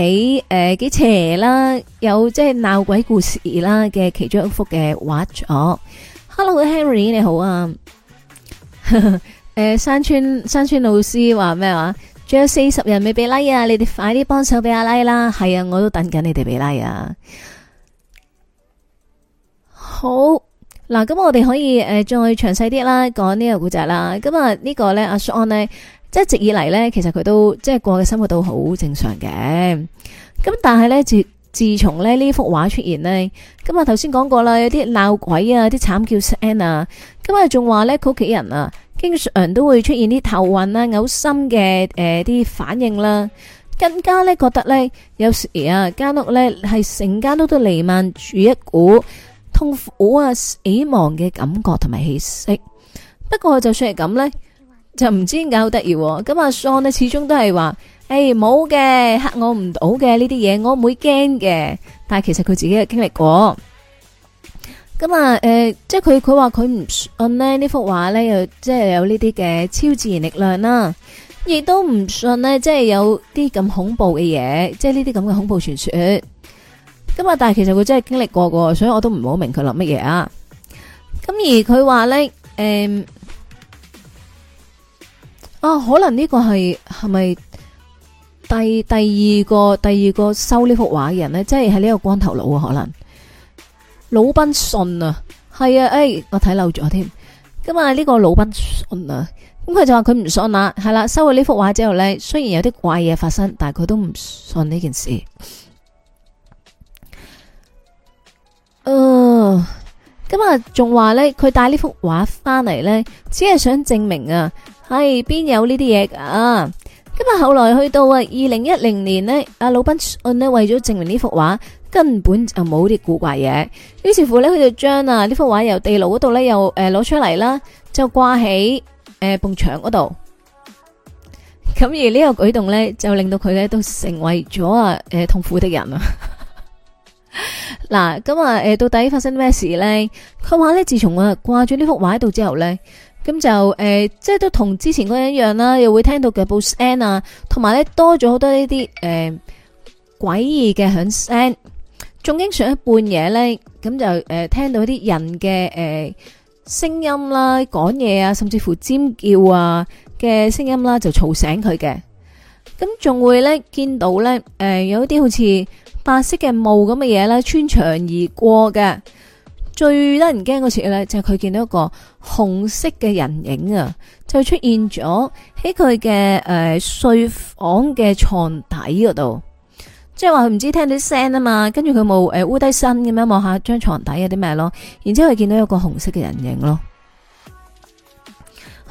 誒、呃、幾邪啦，有即係鬧鬼故事啦嘅其中一幅嘅畫作。Hello，Henry，你好啊，誒、 [laughs] 呃，山村山村老師話咩話？仲有四十人未俾拉、like、啊！你哋快啲幫手俾阿拉啦！係啊，我都等緊你哋俾拉啊！好嗱，咁我哋可以誒、呃、再詳細啲啦，講、嗯、呢、這個古仔啦。咁啊呢個咧，阿 Sean 呢，一、啊、直以嚟咧，其實佢都即係過嘅生活都好正常嘅。咁、嗯、但係咧，自自從咧呢幅畫出現呢，咁啊頭先講過啦，有啲鬧鬼啊，啲慘叫聲啊，咁、嗯、啊，仲話咧佢屋企人啊。經常都會出現啲頭暈啊，嘔心嘅誒啲反應啦，更加咧覺得咧有時啊，間屋咧係成間屋都彌漫住一股痛苦啊、死亡嘅感覺同埋氣息。不過就算係咁咧，就唔知點解好得意。咁啊，Sean 呢，始終都係話，誒冇嘅吓我唔到嘅呢啲嘢，我唔會驚嘅。但係其實佢自己係經歷過。咁啊，誒、嗯嗯，即係佢佢話佢唔信呢呢幅畫咧，又即係有呢啲嘅超自然力量啦，亦都唔信呢，即係有啲咁恐怖嘅嘢，即係呢啲咁嘅恐怖傳說。咁、嗯、啊，但係其實佢真係經歷過噶，所以我都唔好明佢諗乜嘢啊。咁、嗯、而佢話咧，誒、嗯，啊可能呢個係係咪第第二個第二個收呢幅畫嘅人咧，即係喺呢個光頭佬啊，可能。是魯賓遜啊，係啊，誒、欸，我睇漏咗添。咁、嗯、啊，呢、這個魯賓遜啊，咁佢就話佢唔信啦、啊，係啦、啊，收咗呢幅畫之後呢，雖然有啲怪嘢發生，但係佢都唔信呢件事。嗯，咁、嗯、啊，仲、嗯、話呢，佢帶呢幅畫翻嚟呢，只係想證明啊，係邊有呢啲嘢啊。咁、嗯、啊，後來去到啊二零一零年呢，阿、啊、魯賓遜咧為咗證明呢幅畫，根本就冇啲古怪嘢，於是乎咧，佢就將啊呢幅畫由地牢嗰度咧，又誒攞出嚟啦，就掛喺誒埲牆嗰度。咁、呃、而呢個舉動咧，就令到佢咧都成為咗啊誒痛苦的人啊。嗱， [laughs] 咁啊誒到底發生咩事咧？佢話咧自從啊掛住呢幅畫喺度之後咧，咁就誒、呃、即係都同之前嗰人一樣啦，又會聽到腳步聲啊，同埋咧多咗好多呢啲誒詭異嘅響聲。呃仲經常喺半夜咧，咁就誒聽到啲人嘅誒聲音啦，講嘢啊，甚至乎尖叫啊嘅聲音啦，就嘈醒佢嘅。咁仲會咧見到咧，誒有一啲好似白色嘅霧咁嘅嘢咧穿牆而過嘅。最得人驚嗰次咧，就係佢見到一個紅色嘅人影啊，就出現咗喺佢嘅誒睡房嘅床底嗰度。即係話佢唔知聽到啲聲啊嘛，跟住佢冇，誒烏低身咁樣望下張床底有啲咩咯，然之後佢見到有個紅色嘅人影咯。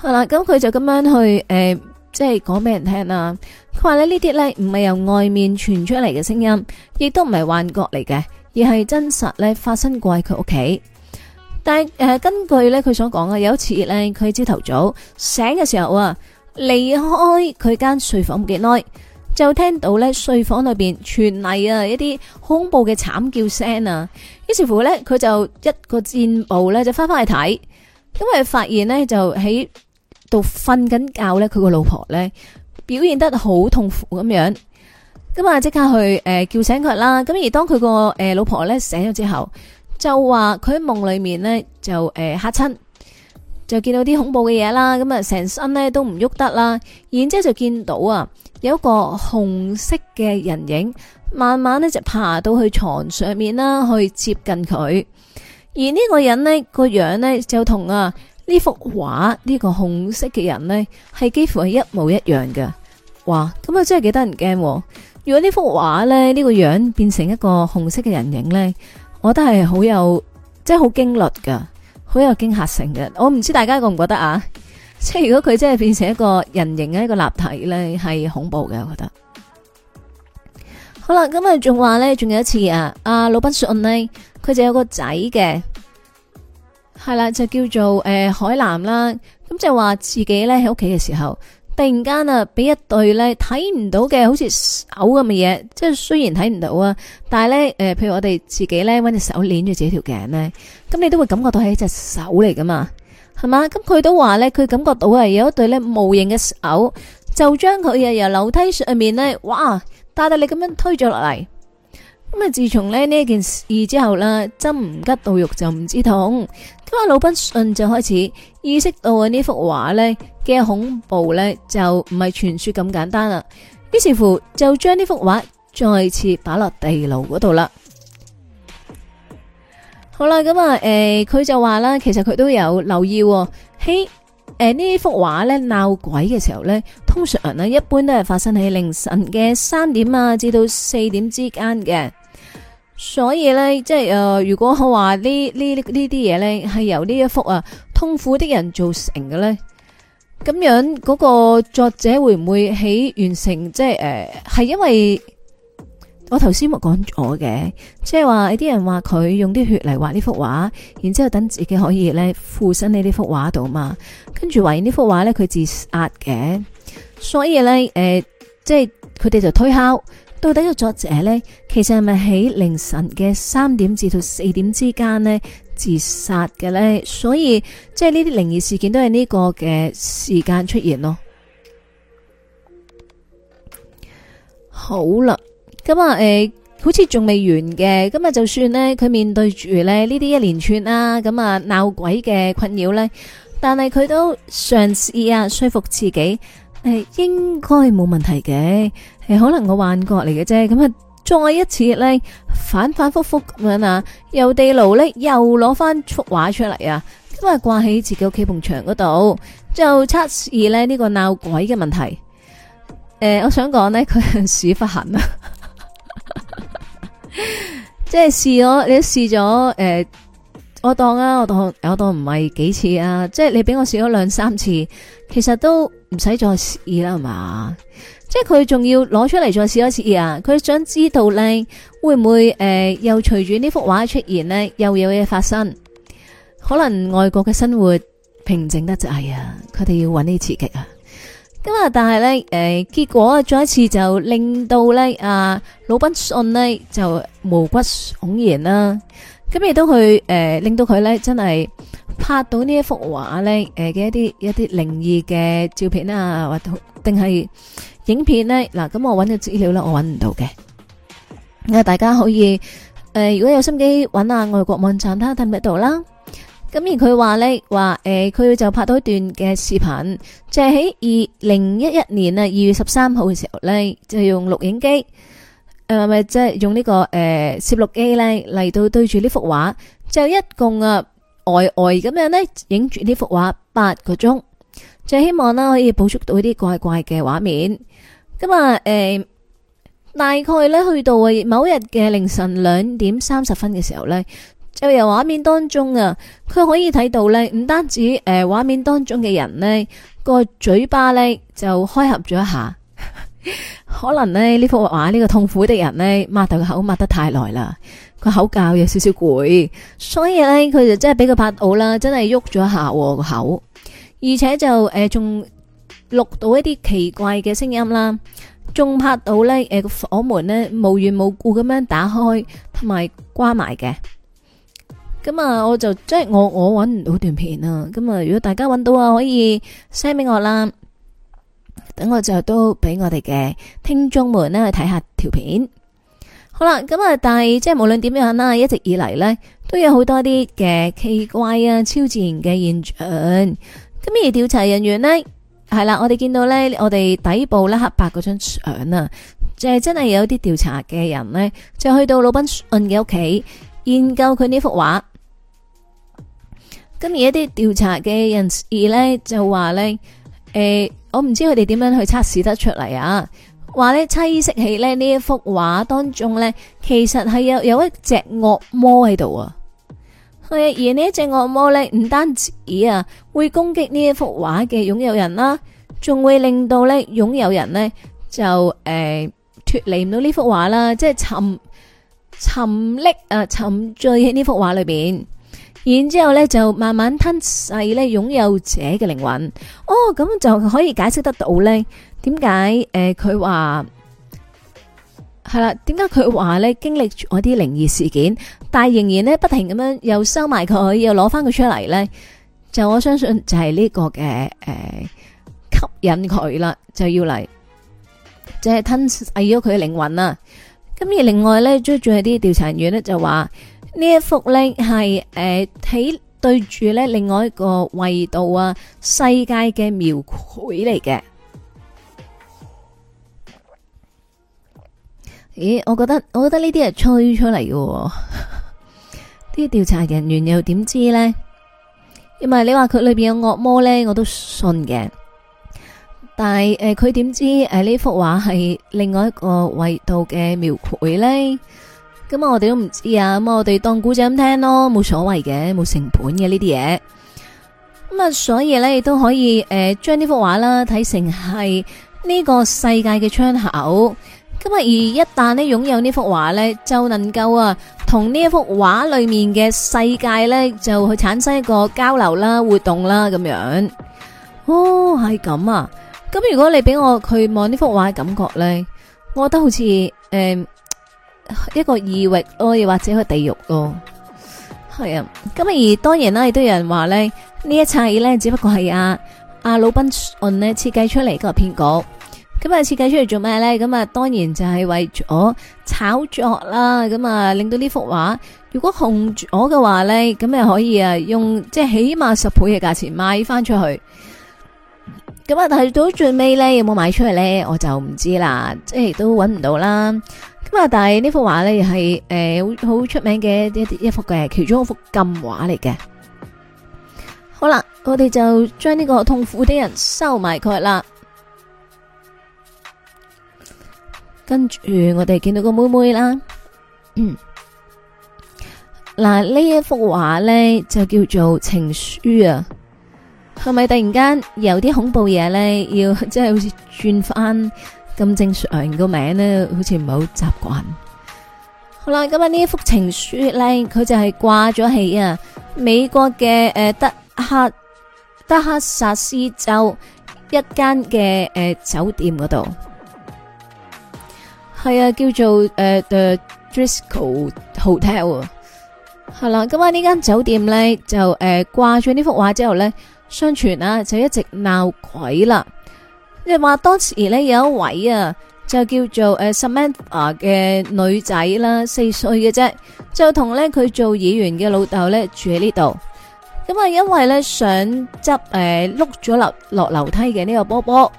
係啦，咁 [noise] 佢就咁樣去誒、呃，即係講俾人聽啦。佢話咧呢啲咧唔係由外面傳出嚟嘅聲音，亦都唔係幻覺嚟嘅，而係真實咧發生過喺佢屋企。但係誒、呃，根據咧佢所講嘅，有一次咧，佢朝頭早醒嘅時候啊，離開佢間睡房唔幾耐。就聽到咧睡房裏邊傳嚟啊一啲恐怖嘅慘叫聲啊，於是乎咧佢就一個箭步咧就返返去睇，因為發現咧就喺度瞓緊覺咧佢個老婆咧表現得好痛苦咁樣，咁啊即刻去誒叫醒佢啦，咁而當佢個誒老婆咧醒咗之後，就話佢喺夢裏面咧就誒嚇親。就見到啲恐怖嘅嘢啦，咁啊成身咧都唔喐得啦，然之後就見到啊有一個紅色嘅人影，慢慢咧就爬到去床上面啦，去接近佢。而呢個人呢個樣呢，就同啊呢幅畫呢、呢個紅色嘅人呢，係幾乎係一模一樣嘅。哇！咁啊真係幾得人驚。如果呢幅畫呢，呢、呢個樣變成一個紅色嘅人影呢，我覺得係好有即係好驚栗噶。好有驚嚇性嘅，我唔知大家覺唔覺得啊？即係如果佢真係變成一個人形嘅一個立體咧，係恐怖嘅，我覺得。好啦，咁啊仲話咧，仲有一次啊，阿老不順呢，佢就有個仔嘅，係啦，就叫做誒、呃、海南啦，咁就係、是、話自己咧喺屋企嘅時候。突然間啊，俾一對咧睇唔到嘅好似手咁嘅嘢，即係雖然睇唔到啊，但係咧，誒、呃，譬如我哋自己咧搵隻手捏住自己條頸咧，咁你都會感覺到係一隻手嚟噶嘛，係嘛？咁佢都話咧，佢感覺到係有一對咧無形嘅手，就將佢啊由樓梯上面咧，哇，大，大力咁樣推咗落嚟。咁啊，自從咧呢件事之後啦，針唔拮到肉就唔知痛。今啊，老賓信就開始意識到啊呢幅畫呢嘅恐怖呢，就唔係傳說咁簡單啦。於是乎就將呢幅畫再次打落地牢嗰度啦。好啦，咁、嗯、啊，誒，佢就話啦，其實佢都有留意喎。喺誒呢幅畫呢鬧鬼嘅時候呢，通常呢一般都係發生喺凌晨嘅三點啊至到四點之間嘅。所以咧，即係誒、呃，如果我話呢呢呢啲嘢，咧，係由呢一幅啊痛苦的人造成嘅咧，咁樣嗰、嗰個作者會唔會起完成即係誒，係、呃、因為我頭先冇講咗嘅，即係話有啲人話佢用啲血嚟畫呢幅畫，然之後等自己可以咧附身喺呢幅畫度嘛，跟住畫完呢幅畫咧，佢自殺嘅，所以咧誒、呃，即係佢哋就推敲。到底個作者呢，其實係咪喺凌晨嘅三點至到四點之間呢自殺嘅呢？所以即係呢啲靈異事件都係呢個嘅時間出現咯。好啦，咁啊，誒、呃，好似仲未完嘅，咁啊，就算呢，佢面對住呢呢啲一連串啊，咁啊鬧鬼嘅困擾呢，但係佢都嘗試啊說服自己，誒、呃，應該冇問題嘅。誒，可能我幻覺嚟嘅啫，咁啊，再一次咧，反反复复咁樣啊，又地牢咧，又攞翻幅畫出嚟啊，都係掛喺自己屋企埲牆嗰度。最後測試咧呢、呢個鬧鬼嘅問題，誒、呃，我想講呢佢係屎忽痕啊，即係試咗，你試咗，誒，我當啊，我當，我當唔係幾次啊，即係你俾我試咗兩三次，其實都唔使再試啦，係嘛？即係佢仲要攞出嚟再試一次啊！佢想知道咧，會唔會誒又隨住呢幅畫出現咧又有嘢發生？可能外國嘅生活平靜得滯啊，佢哋要揾啲刺激啊。咁啊，但係咧誒，結果再一次就令到咧阿魯賓遜咧就毛骨悚然啦。咁亦都佢誒，令到佢咧真係拍到呢一幅畫咧誒嘅一啲一啲靈異嘅照片啊，或定係影片呢，嗱，咁我揾到資料啦，我揾唔到嘅。咁啊，大家可以誒，如果有心機揾下外國網站睇下睇唔睇到啦。咁而佢話呢，話誒，佢就拍到一段嘅視頻，就係喺二零一一年啊二月十三號嘅時候呢，就用錄影機誒咪即係用呢個誒攝錄機呢嚟到對住呢幅畫，就一共啊呆呆咁樣呢影住呢幅畫八個鐘。就希望啦，可以捕捉到一啲怪怪嘅畫面，咁啊誒，大概咧去到啊某日嘅凌晨兩點三十分嘅時候咧，就由畫面當中啊，佢可以睇到咧，唔單止誒畫面當中嘅人呢個嘴巴咧就開合咗一下， [laughs] 可能呢呢幅畫呢個痛苦的人呢擘大個口擘得太耐啦，個口教有少少攰，所以咧佢就真係俾佢拍到啦，真係喐咗一下個、啊、口。而且就誒，仲、呃、錄到一啲奇怪嘅聲音啦，仲拍到咧誒個房門咧無緣無故咁樣打開同埋關埋嘅咁啊。我就即係我我揾唔到段片啊。咁、嗯、啊，如果大家揾到啊，可以 send 俾我啦。等我就都俾我哋嘅聽眾們呢去睇下條片。好啦，咁、嗯、啊，但係即係無論點樣啦，一直以嚟呢都有好多啲嘅奇怪啊，超自然嘅現象。咁而調查人員呢，係啦，我哋見到呢，我哋底部呢黑白嗰張相啊，就係真係有啲調查嘅人呢，就去到魯賓遜嘅屋企研究佢呢幅畫。咁而一啲調查嘅人士呢，就話呢，誒、呃，我唔知佢哋點樣去測試得出嚟啊，話呢，棲息喺呢呢一幅畫當中呢，其實係有有一隻惡魔喺度啊。而呢一隻惡魔咧，唔單止啊，會攻擊呢一幅畫嘅擁有人啦，仲會令到咧擁有人呢就誒脫離唔到呢幅畫啦，即係沉沉溺啊沉醉喺呢幅畫裏邊，然之後咧就慢慢吞噬咧擁有者嘅靈魂。哦，咁就可以解釋得到咧點解誒佢話係啦，點解佢話咧經歷住我啲靈異事件？但係仍然咧，不停咁樣又收埋佢，又攞翻佢出嚟咧，就我相信就係呢個嘅、誒、呃、吸引佢啦，就要嚟，就係吞噬咗佢嘅靈魂啦。咁而另外咧，即係仲有啲調查員咧就話呢一幅咧係誒喺對住咧另外一個維度啊世界嘅描繪嚟嘅。咦？我覺得我覺得呢啲係吹出嚟嘅。啲調查人員又點知呢？因為你話佢裏邊有惡魔呢，我都信嘅。但係誒，佢、呃、點知誒呢、呃、幅畫係另外一個維度嘅描繪呢？咁、嗯、啊，我哋都唔知啊。咁、嗯、我哋當古仔咁聽咯，冇所謂嘅，冇成本嘅呢啲嘢。咁啊、嗯，所以呢，亦都可以誒、呃，將呢幅畫啦睇成係呢個世界嘅窗口。咁啊！而一旦咧擁有呢幅畫呢，就能夠啊同呢一幅畫裏面嘅世界呢，就去產生一個交流啦、活動啦咁樣。哦，係咁啊！咁如果你俾我去望呢幅畫嘅感覺呢，我覺得好似誒、嗯、一個異域咯，又或者係地獄咯，係啊！咁而當然啦，亦都有人話呢，呢一切呢，只不過係阿阿魯賓呢咧設計出嚟嗰個騙局。咁啊，設計出嚟做咩咧？咁啊，當然就係為咗炒作啦。咁啊，令到呢幅畫如果紅咗嘅話咧，咁啊可以啊用即係起碼十倍嘅價錢賣翻出去。咁啊，但係到最尾咧，有冇賣出去咧？我就唔知啦，即係都揾唔到啦。咁啊，但係呢幅畫咧係係誒好好出名嘅一一幅嘅其中一幅禁畫嚟嘅。好啦，我哋就將呢個痛苦啲人收埋佢啦。跟住我哋見到個妹妹啦，嗯，嗱，呢一幅畫咧就叫做情書啊，係咪突然間有啲恐怖嘢咧，要即係好似轉翻咁正常個名咧，好似唔係好習慣。好啦，今日呢一幅情書咧，佢就係掛咗喺啊美國嘅誒德克德克薩斯州一間嘅誒酒店嗰度。係啊，叫做誒、呃、The Driscoll Hotel，係啦。咁 [laughs] 啊，呢間酒店咧就誒、呃、掛住呢幅畫之後咧，相傳啊就一直鬧鬼啦。即係話當時咧有一位啊，就叫做誒 Samantha 嘅女仔啦，四歲嘅啫，就同咧佢做議員嘅老豆咧住喺呢度。咁啊，因為咧想執誒碌咗樓落樓梯嘅呢個波波，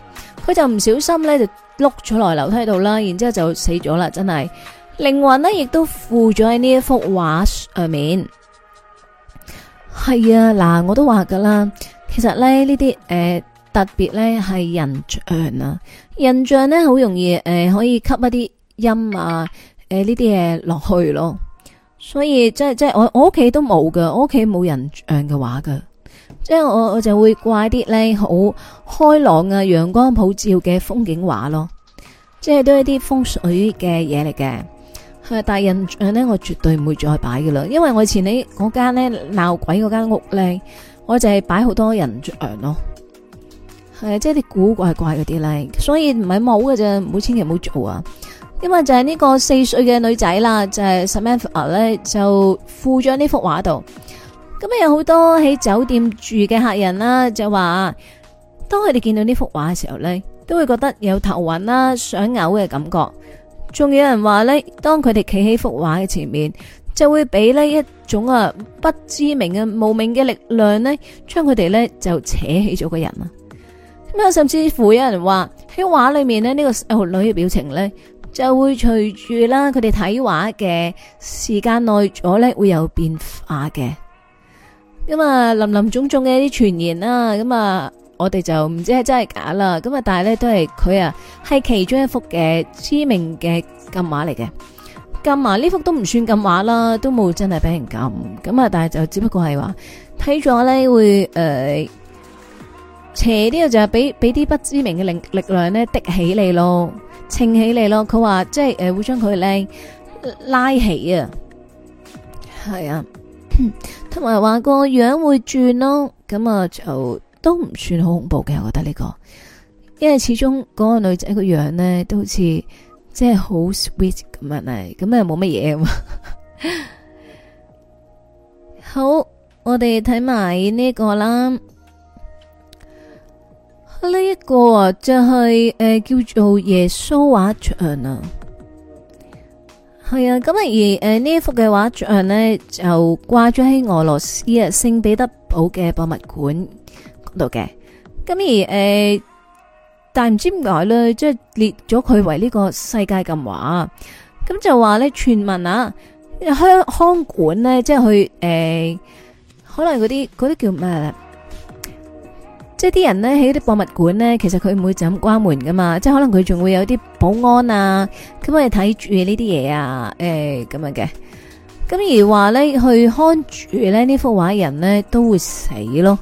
佢就唔小心咧就，碌咗落樓梯度啦，然之後就死咗啦，真係靈魂呢，亦都附咗喺呢一幅畫上面。係啊，嗱，我都話噶啦，其實咧呢啲誒、呃、特別咧係人像啊，人像咧好容易誒、呃、可以吸一啲音啊誒呢啲嘢落去咯，所以即係即係我我屋企都冇噶，我屋企冇人像嘅畫噶。即係我我就會掛啲咧好開朗啊、陽光普照嘅風景畫咯，即係都係一啲風水嘅嘢嚟嘅。係但係人像咧，我絕對唔會再擺嘅啦，因為我以前呢嗰間咧鬧鬼嗰間屋咧，我就係擺好多人像咯，係即係啲古怪怪嗰啲咧，所以唔係冇嘅啫，唔好千祈唔好做啊。因為就係呢個四歲嘅女仔啦，就係、是、Samantha 咧就附咗呢幅畫度。咁有好多喺酒店住嘅客人啦，就話當佢哋見到呢幅畫嘅時候呢，都會覺得有頭暈啦、想嘔嘅感覺。仲有人話呢，當佢哋企喺幅畫嘅前面，就會俾呢一種啊不知名嘅無名嘅力量呢，將佢哋呢就扯起咗個人啊。咁甚至乎有人話喺畫裏面呢，呢、呢個女嘅表情呢，就會隨住啦佢哋睇畫嘅時間耐咗呢，會有變化嘅。咁啊，林林總總嘅一啲傳言啦，咁啊，我哋就唔知係真係假啦。咁啊，但係咧都係佢啊，係其中一幅嘅知名嘅禁畫嚟嘅。禁畫呢幅都唔算禁畫啦，都冇真係俾人禁。咁啊，但係就只不過係話睇咗咧會誒邪啲啊，就係俾俾啲不知名嘅力力量咧，滴起你咯，稱起你咯。佢話即係誒會將佢咧拉起啊，係啊。同埋話個樣會轉咯，咁啊就都唔算好恐怖嘅。我覺得呢個，因為始終嗰個女仔個樣呢都好似即係好 sweet 咁啊，嚟，咁啊冇乜嘢。好，我哋睇埋呢個啦，呢一個就係誒叫做耶穌畫牆啊。係啊，咁、嗯、而誒呢、呃、一幅嘅畫像呢就掛咗喺俄羅斯啊聖彼得堡嘅博物館嗰度嘅。咁、嗯、而誒、呃，但唔知點解咧，即係列咗佢為呢個世界禁畫。咁、嗯、就話咧傳聞啊，香看管咧，即係去誒、呃，可能嗰啲嗰啲叫咩？即係啲人咧喺啲博物館咧，其實佢唔會就咁關門噶嘛，即係可能佢仲會有啲保安啊，咁我哋睇住呢啲嘢啊，誒咁、啊哎、樣嘅。咁而話咧，去看住咧呢幅畫人咧都會死咯。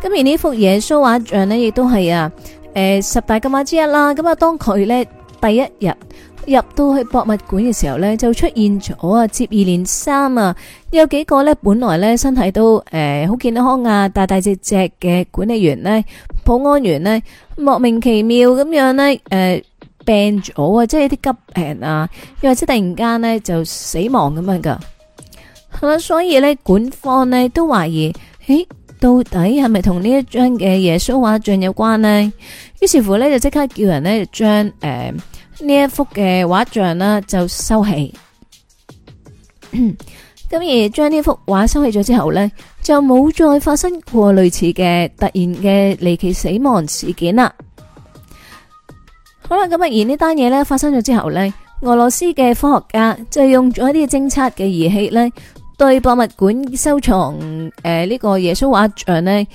咁而呢幅耶穌畫像咧亦都係啊，誒、呃、十大禁畫之一啦。咁啊當佢咧第一日。入到去博物館嘅時候咧，就出現咗啊，接二連三啊，有幾個咧本來咧身體都誒好健康啊，大大只隻嘅管理員咧、保安員咧，莫名其妙咁樣咧誒病咗啊，即係啲急病啊，又或者突然間咧就死亡咁樣噶。咁所以咧，管方咧都懷疑，誒到底係咪同呢一張嘅耶穌畫像有關咧？於是乎咧就即刻叫人咧將誒。呢一幅嘅畫像呢就收起，咁 [coughs] 而將呢幅畫收起咗之後呢，就冇再發生過類似嘅突然嘅離奇死亡事件啦。好啦，咁而呢單嘢呢，發生咗之後呢，俄羅斯嘅科學家就用咗一啲偵測嘅儀器呢，對博物館收藏誒呢個耶穌畫像呢，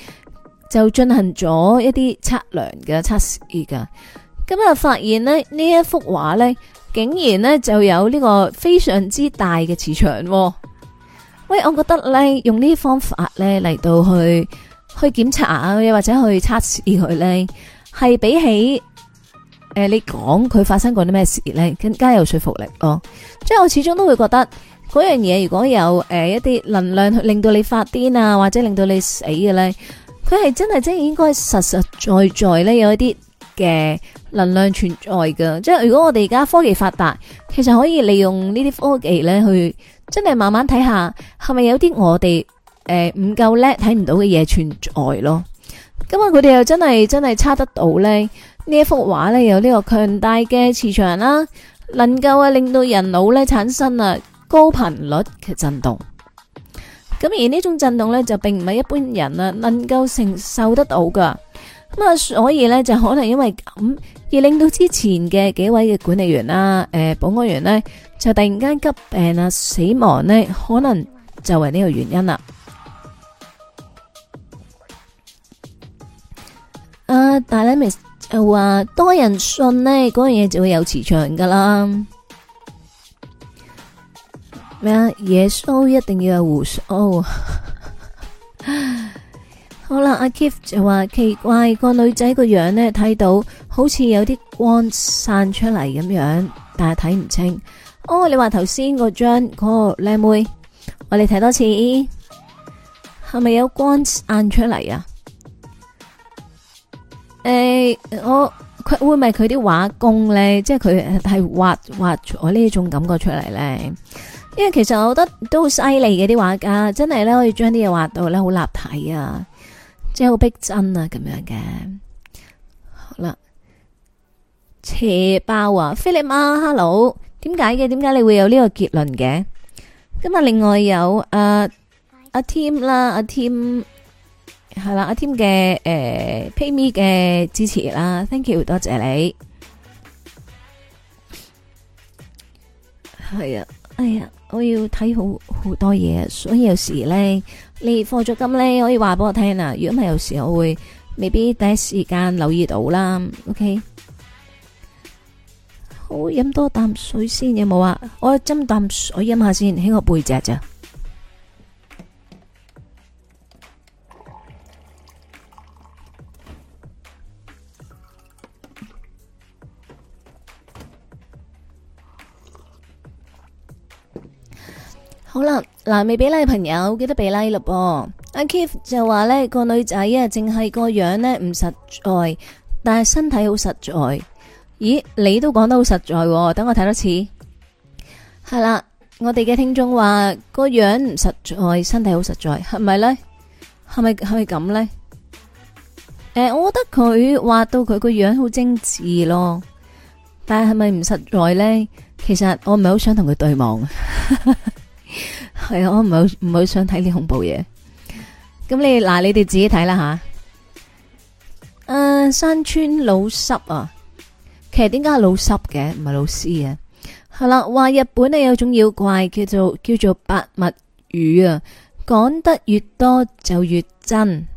就進行咗一啲測量嘅測試噶。今日發現咧呢一幅畫咧，竟然咧就有呢個非常之大嘅磁場。喂，我覺得咧用呢啲方法咧嚟到去去檢查啊，或者去測試佢咧，係比起誒你講佢發生過啲咩事咧，更加有說服力咯。即係我始終都會覺得嗰樣嘢，如果有誒一啲能量令到你發癲啊，或者令到你死嘅咧，佢係真係真應該實實在在咧有一啲。嘅能量存在噶，即係如果我哋而家科技發達，其實可以利用呢啲科技呢，去真係慢慢睇下，係咪有啲我哋誒唔夠叻睇唔到嘅嘢存在咯。咁啊，佢哋又真係真係測得到呢。呢一幅畫呢，有呢個強大嘅磁場啦，能夠啊令到人腦呢產生啊高頻率嘅震動。咁而呢種震動呢，就並唔係一般人啊能夠承受得到噶。咁啊，所以咧就可能因為咁而令到之前嘅幾位嘅管理員啦、誒、呃、保安員呢，就突然間急病啊、死亡呢，可能就係呢個原因啦。誒、uh,，大李 miss 就話多人信呢嗰樣嘢就會有磁場噶啦。咩啊？耶、yes, 穌、so, 一定要有鬍鬚。Oh. [laughs] 好啦，阿 Kif 就話奇怪，嗰個女仔個樣咧，睇到好似有啲光散出嚟咁樣，但係睇唔清。哦，你話頭先嗰張嗰個靚妹，我哋睇多次係咪有光散出嚟啊？誒、欸，我佢會唔會佢啲畫工咧？即係佢係畫畫我呢一種感覺出嚟咧？因為其實我覺得都好犀利嘅啲畫家，真係咧可以將啲嘢畫到咧好立體啊。即係好逼真啊，咁樣嘅，好啦，斜爆啊，Philip 啊，Hello，點解嘅？點解你會有呢個結論嘅？今日，另外有阿阿 Tim 啦，阿 Tim 係啦，阿 Tim 嘅誒 PayMe 嘅支持啦，Thank you，多謝你，係啊，哎呀。我要睇好好多嘢，所以有時呢，你課咗金呢，可以話俾我聽啦。如果唔係，有時我會未必第一時間留意到啦。OK，好，飲多啖水先有冇啊？我斟啖水飲下先，喺我背脊就好啦，嗱，未畀拉嘅朋友記得畀拉啦。噃、啊，阿 Kief 就話呢個女仔啊，淨係個樣呢唔實在，但係身體好實在。咦，你都講得好實在，哦，等我睇多次係啦。我哋嘅聽眾話個樣唔實在，身體好實在，係咪呢？係咪係咪咁呢？欸？我覺得佢畫到佢個樣好精緻咯，但係係咪唔實在呢？其實我唔係好想同佢對望。 [laughs] 係啊，我唔係好唔係好想睇啲恐怖嘢。咁你嗱，你哋自己睇啦吓。誒、啊，山村老濕啊，其實點解係老濕嘅？唔係老師嘅、啊。係啦，話日本呢，有種妖怪叫做叫做百物語啊，講得越多就越真。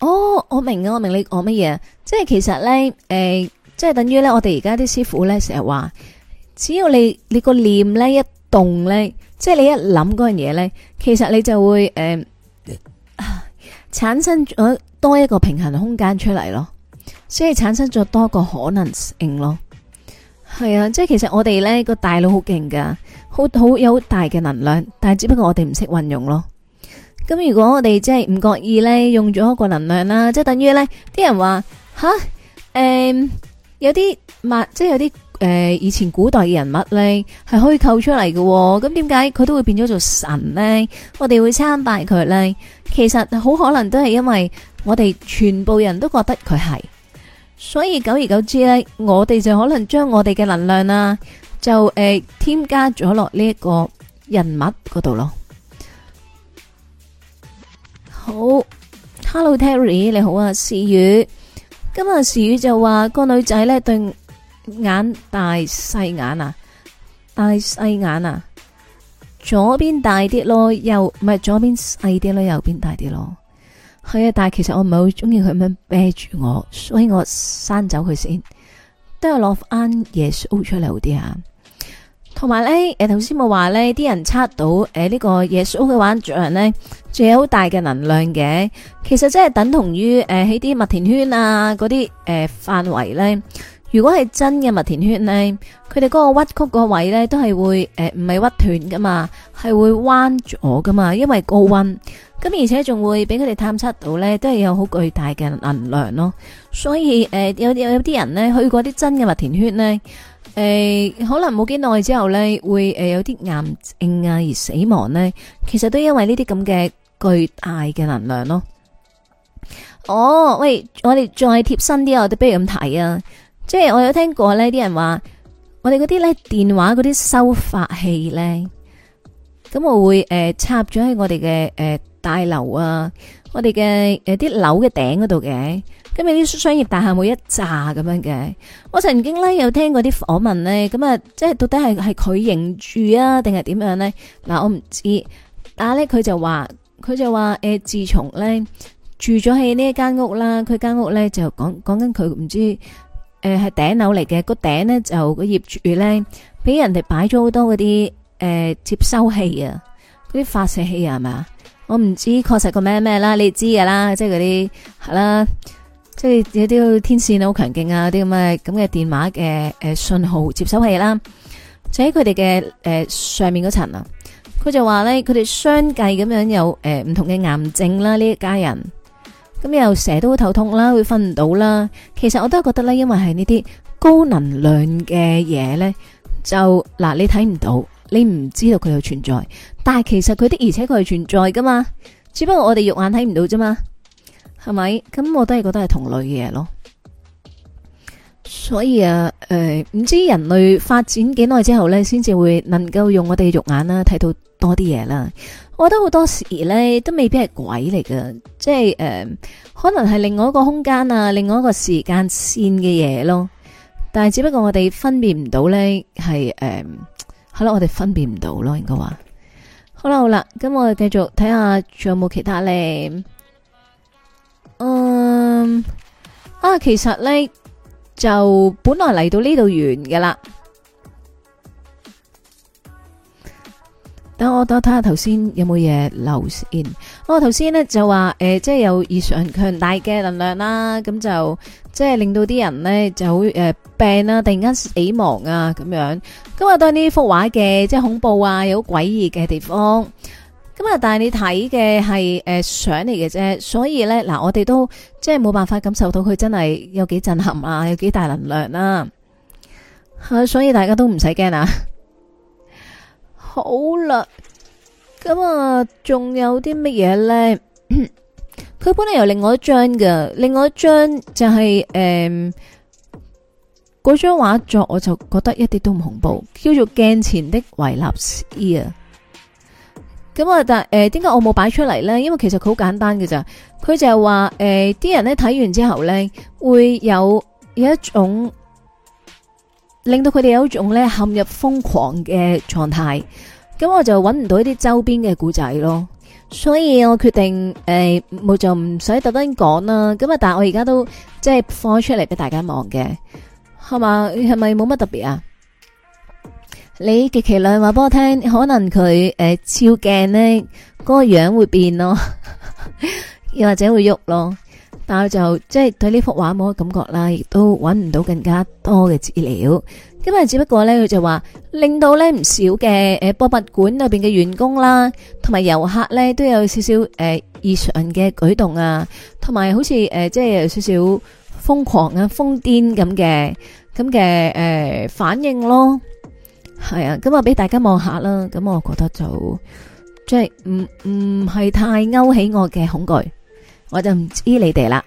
哦，我明啊，我明你講乜嘢，即係其實呢，誒、呃，即係等於呢，我哋而家啲師傅呢，成日話，只要你你個念呢，一動呢。」即係你一諗嗰樣嘢咧，其實你就會誒、呃啊、產生咗多一個平衡空間出嚟咯，所以產生咗多個可能性咯。係啊，即係其實我哋咧、這個大腦好勁噶，好好有好大嘅能量，但係只不過我哋唔識運用咯。咁如果我哋即係唔覺意咧用咗一個能量啦，即係等於咧啲人話吓，誒、嗯、有啲物即係有啲。誒，以前古代嘅人物咧，係虛構出嚟嘅，咁點解佢都會變咗做神呢？我哋會參拜佢呢。其實好可能都係因為我哋全部人都覺得佢係，所以久而久之呢，我哋就可能將我哋嘅能量啦，就、呃、誒添加咗落呢一個人物嗰度咯。好，Hello Terry，你好啊，時雨，今日時雨就話、那個女仔呢對。眼大細眼啊，大細眼啊，左邊大啲咯，右唔係左邊細啲咯，右邊大啲咯。係啊，但係其實我唔係好中意佢咁樣啤住我，所以我刪走佢先。都係攞翻耶穌出嚟好啲啊。同埋咧，誒，頭先我話咧，啲人測到誒呢個耶穌嘅話象人咧，仲有好大嘅能量嘅。其實真係等同於誒喺啲麥田圈啊嗰啲誒範圍咧。如果係真嘅麥田圈呢，佢哋嗰個屈曲個位呢，都係會誒，唔、呃、係屈斷噶嘛，係會彎咗噶嘛，因為高溫咁，而且仲會俾佢哋探測到呢，都係有好巨大嘅能量咯。所以誒、呃，有有啲人呢，去過啲真嘅麥田圈呢，誒、呃，可能冇幾耐之後呢，會誒、呃、有啲癌症啊而死亡呢，其實都因為呢啲咁嘅巨大嘅能量咯。哦，喂，我哋再貼身啲啊，我哋不如咁睇啊。即係我有聽過呢啲人話我哋嗰啲咧，電話嗰啲收發器咧，咁我會誒、呃、插咗喺我哋嘅誒大樓啊，我哋嘅誒啲樓嘅頂嗰度嘅。咁有啲商業大廈每一扎咁樣嘅。我曾經咧有聽過啲訪問咧，咁啊，即係到底係係佢認住啊，定係點樣咧？嗱、啊，我唔知，但係咧，佢就話佢就話誒、呃，自從咧住咗喺呢一間屋啦，佢間屋咧就講講緊佢唔知。誒，係頂樓嚟嘅，個頂咧就個業主咧，俾人哋擺咗好多嗰啲誒接收器啊，嗰啲發射器啊，係咪啊？我唔知，確實個咩咩啦，你知嘅啦，即係嗰啲係啦，即係有啲天線好強勁啊，啲咁嘅咁嘅電話嘅誒信號接收器啦，就喺佢哋嘅誒上面嗰層啊。佢就話咧，佢哋相繼咁樣有誒唔同嘅癌症啦，呢一家人。咁又成日都會頭痛啦，會瞓唔到啦。其實我都係覺得咧，因為係呢啲高能量嘅嘢呢，就嗱你睇唔到，你唔知道佢有存在，但係其實佢啲而且佢係存在噶嘛，只不過我哋肉眼睇唔到啫嘛，係咪？咁我都係覺得係同類嘅嘢咯。所以啊，誒、呃，唔知人類發展幾耐之後呢，先至會能夠用我哋肉眼啦睇到多啲嘢啦。我覺得好多時咧都未必係鬼嚟噶，即係誒、呃，可能係另外一個空間啊，另外一個時間線嘅嘢咯。但係只不過我哋分辨唔到咧，係誒、呃，好啦，我哋分辨唔到咯，應該話。好啦好啦，咁我哋繼續睇下仲有冇其他咧。嗯，啊，其實咧就本來嚟到呢度完噶啦。等我等睇下頭先有冇嘢留言。我頭先咧就話誒，即係有異常強大嘅能量啦，咁就即係令到啲人咧就好誒、呃、病啦，突然間死亡啊咁樣。今日都係呢幅畫嘅，即係恐怖啊，有好詭異嘅地方。咁、嗯、啊，但係你睇嘅係誒相嚟嘅啫，所以咧嗱，我哋都即係冇辦法感受到佢真係有幾震撼啊，有幾大能量啦、嗯。所以大家都唔使驚啊！好啦，咁啊，仲有啲乜嘢咧？佢 [coughs] 本來有另外一張嘅，另外一張就係、是、誒，嗰張畫作我就覺得一啲都唔恐怖，叫做鏡前的維納斯啊。咁啊，但誒，點、呃、解我冇擺出嚟咧？因為其實佢好簡單嘅咋，佢就係話誒，啲、呃、人咧睇完之後咧，會有有一種。令到佢哋有一種咧陷入瘋狂嘅狀態，咁我就揾唔到一啲周邊嘅故仔咯，所以我決定誒冇、呃、就唔使特登講啦，咁啊但係我而家都即係放咗出嚟俾大家望嘅，係嘛，係咪冇乜特別啊？你極其量話俾我聽，可能佢誒、呃、超鏡呢，嗰個樣會變咯，又 [laughs] 或者會郁咯。但係就即係、就是、對呢幅畫冇乜感覺啦，亦都揾唔到更加多嘅資料。今日只不過呢，佢就話令到呢唔少嘅誒博物館裏邊嘅員工啦，同埋遊客呢，都有少少誒異、呃、常嘅舉動啊，同埋好似誒、呃、即係有少少瘋狂啊瘋癲咁嘅咁嘅誒反應咯。係啊，咁啊俾大家望下啦。咁我覺得就即係唔唔係太勾起我嘅恐懼。我就唔知你哋啦。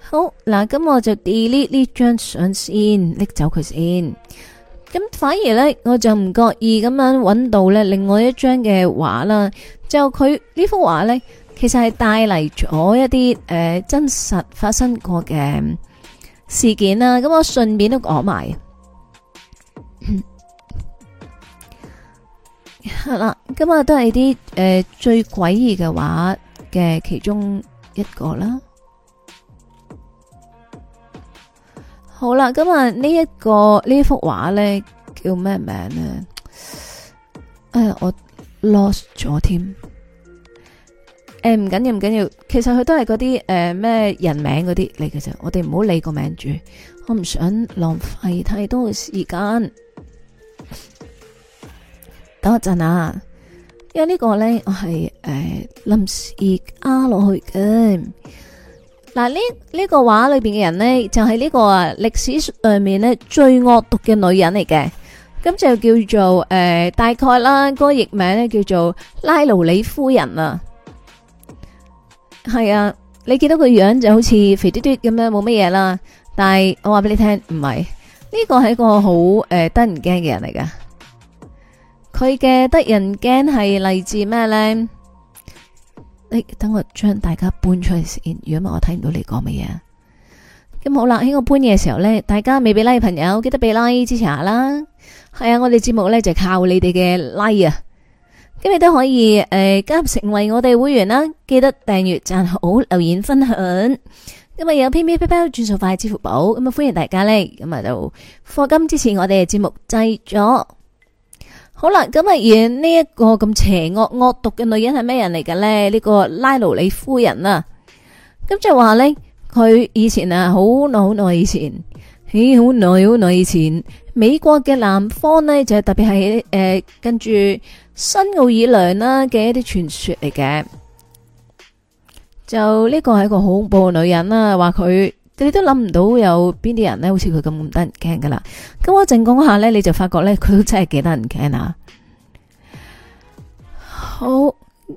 好嗱，咁我就 delete 呢張相先，拎走佢先。咁反而呢，我就唔覺意咁樣搵到呢另外一張嘅畫啦。就佢呢幅畫呢，其實係帶嚟咗一啲誒、呃、真實發生過嘅事件啦。咁我順便 [coughs] 都講埋。係、呃、啦，咁啊都係啲誒最詭異嘅畫嘅其中。一個啦，好啦，咁啊呢一個呢幅畫呢，叫咩名呢？誒、哎，我 lost 咗添。誒、哎，唔緊要，唔緊要，其實佢都係嗰啲誒咩人名嗰啲嚟嘅啫，我哋唔好理個名住，我唔想浪費太多時間。等我陣啊！因為呢個呢，我係誒臨時加落去嘅。嗱、啊，呢呢、這個畫裏邊嘅人呢，就係、是、呢、這個歷史上面呢最惡毒嘅女人嚟嘅。咁就叫做誒、呃，大概啦，嗰個譯名呢叫做拉魯里夫人啊。係啊，你見到佢樣就好似肥嘟嘟咁樣，冇乜嘢啦。但係我話俾你聽，唔係，呢、這個係一個好誒、呃、得人驚嘅人嚟噶。佢嘅得人驚係嚟自咩呢？誒、欸，等我將大家搬出去先，如果唔係我睇唔到你講乜嘢。咁好啦，喺我搬嘢嘅時候呢，大家未俾 like 嘅朋友記得俾 like 支持下啦。係啊，我哋節目呢就是、靠你哋嘅 like 啊。今日都可以誒、呃、加入成為我哋會員啦，記得訂閱、讚好、留言、分享。今日有 P P P P 轉數快支付寶，咁啊歡迎大家呢。咁啊就課金支持我哋嘅節目製作。好啦，咁啊而呢一個咁邪惡惡毒嘅女人係咩人嚟嘅呢？呢、呢個拉勞里夫人啊，咁就話呢佢以前啊好耐好耐以前，咦好耐好耐以前，美國嘅南方呢，就特別係誒跟住新奧爾良啦嘅一啲傳說嚟嘅，就呢個係一個恐怖嘅女人啦、啊，話佢。你都諗唔到有邊啲人咧，好似佢咁咁得人驚噶啦。咁我一陣講下咧，你就發覺咧，佢都真係幾得人驚啊！好，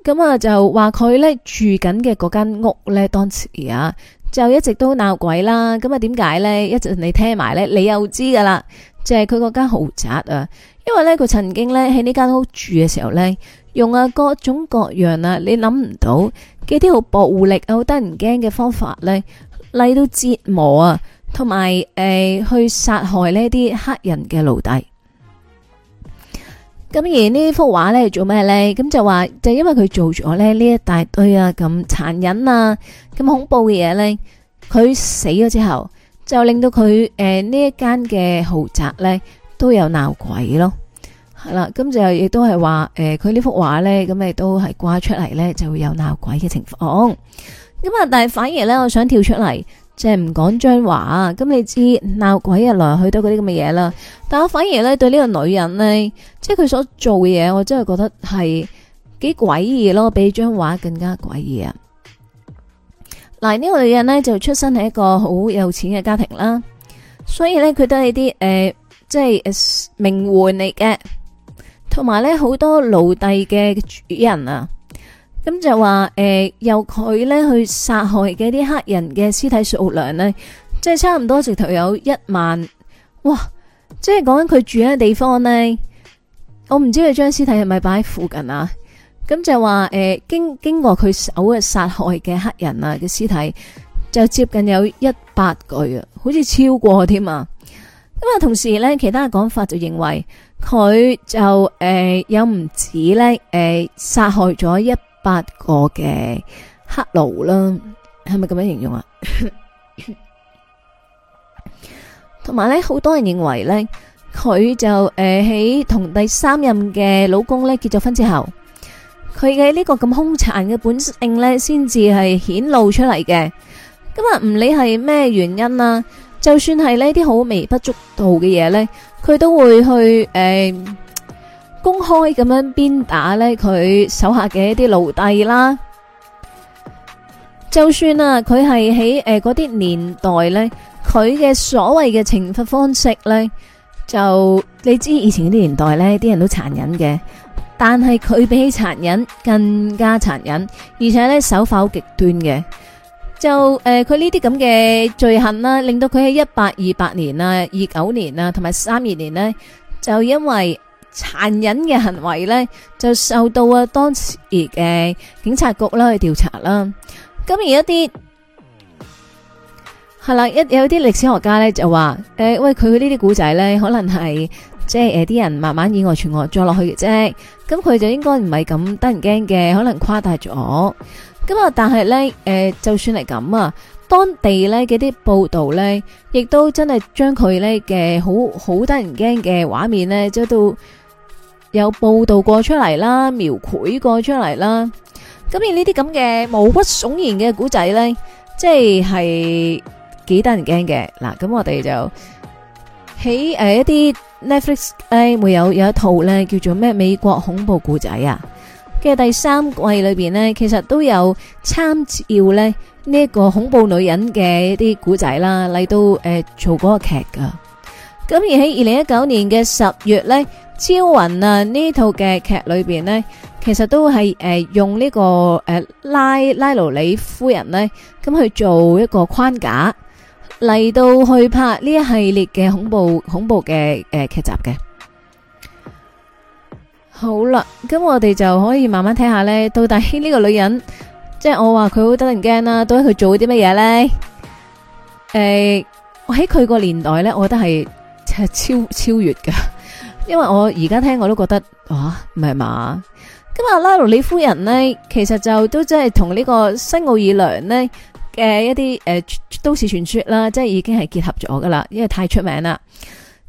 咁啊就話佢咧住緊嘅嗰間屋咧，當時啊就一直都鬧鬼啦。咁啊點解咧？一陣你聽埋咧，你又知噶啦，就係佢嗰間豪宅啊。因為咧，佢曾經咧喺呢間屋住嘅時候咧，用啊各種各樣啊，你諗唔到幾啲好暴力啊、好得人驚嘅方法咧。嚟到折磨啊，同埋誒去殺害呢啲黑人嘅奴隸。咁而呢幅畫呢幅畫咧做咩咧？咁就話就是、因為佢做咗咧呢一大堆啊咁殘忍啊咁恐怖嘅嘢咧，佢死咗之後就令到佢誒呢一間嘅豪宅咧都有鬧鬼咯。係、嗯、啦，咁就亦、呃、都係話誒佢呢幅畫咧咁亦都係掛出嚟咧就會有鬧鬼嘅情況。咁啊！但係反而咧，我想跳出嚟，即係唔講張畫。咁你知鬧鬼日、啊、來去到嗰啲咁嘅嘢啦。但我反而咧，對呢個女人咧，即係佢所做嘅嘢，我真係覺得係幾詭異咯，比張畫更加詭異啊！嗱，呢、這個女人咧就出生喺一個好有錢嘅家庭啦，所以咧佢都係啲誒，即係名媛嚟嘅，同埋咧好多奴隸嘅主人啊。咁就話誒、呃，由佢咧去殺害嘅啲黑人嘅屍體數量呢，即係差唔多直頭有一萬，哇！即係講緊佢住喺地方呢，我唔知佢將屍體係咪擺喺附近啊。咁就話誒、呃，經經過佢手嘅殺害嘅黑人啊嘅屍體就接近有一百具啊，好似超過添啊。咁啊，同時呢，其他講法就認為佢就誒、呃，有唔止呢，誒、呃，殺害咗一。八個嘅黑奴啦，係咪咁樣形容啊？同埋呢，好多人認為呢，佢就誒喺同第三任嘅老公呢結咗婚之後，佢嘅呢個咁兇殘嘅本性呢，先至係顯露出嚟嘅。噉呀，唔理係咩原因啦，就算係呢啲好微不足道嘅嘢呢，佢都會去誒。公開咁樣鞭打呢佢手下嘅一啲奴隸啦。就算啊，佢係喺誒嗰啲年代呢，佢嘅所謂嘅懲罰方式呢，就你知以前嗰啲年代呢，啲人都殘忍嘅，但係佢比起殘忍更加殘忍，而且呢手法好極端嘅。就誒，佢呢啲咁嘅罪行啦，令到佢喺一八二八年啊、二九年啊、同埋三二年呢，就因為，殘忍嘅行為咧，就受到啊當時嘅警察局啦去調查啦。咁而一啲係啦，一有啲歷史學家咧就話：誒、欸，喂，佢呢啲古仔咧，可能係即係誒，啲人慢慢以訛傳訛再落去嘅啫。咁佢就應該唔係咁得人驚嘅，可能誇大咗。咁啊，但係咧，誒、欸，就算係咁啊，當地咧嘅啲報道咧，亦都真係將佢咧嘅好好得人驚嘅畫面咧，即到……有報道過出嚟，啦，描繪過出嚟啦。咁而呢啲咁嘅毛骨悚然嘅古仔咧，即係幾得人驚嘅。嗱，咁我哋就喺誒一啲 Netflix 咧，會有有一套咧叫做咩美國恐怖古仔啊。跟住第三季裏邊咧，其實都有參照咧呢一、個恐怖女人嘅一啲古仔啦，嚟到誒、呃、做嗰個劇噶。咁而喺二零一九年嘅十月咧。《招魂》啊，呢套嘅劇裏邊呢，其實都係誒用呢個誒拉拉勞里夫人呢，咁去做一個框架嚟到去拍呢一系列嘅恐怖恐怖嘅誒劇集嘅。好啦，咁我哋就可以慢慢睇下呢。到底呢個女人，即係我話佢好得人驚啦，到底佢做啲乜嘢呢？誒、欸，我喺佢個年代呢，我覺得係係超超越噶。因為我而家聽我都覺得啊，唔係嘛？咁啊，拉魯里夫人呢，其實就都即係同呢個新奧爾良呢嘅一啲誒、呃、都市傳說啦，即係已經係結合咗㗎啦，因為太出名啦。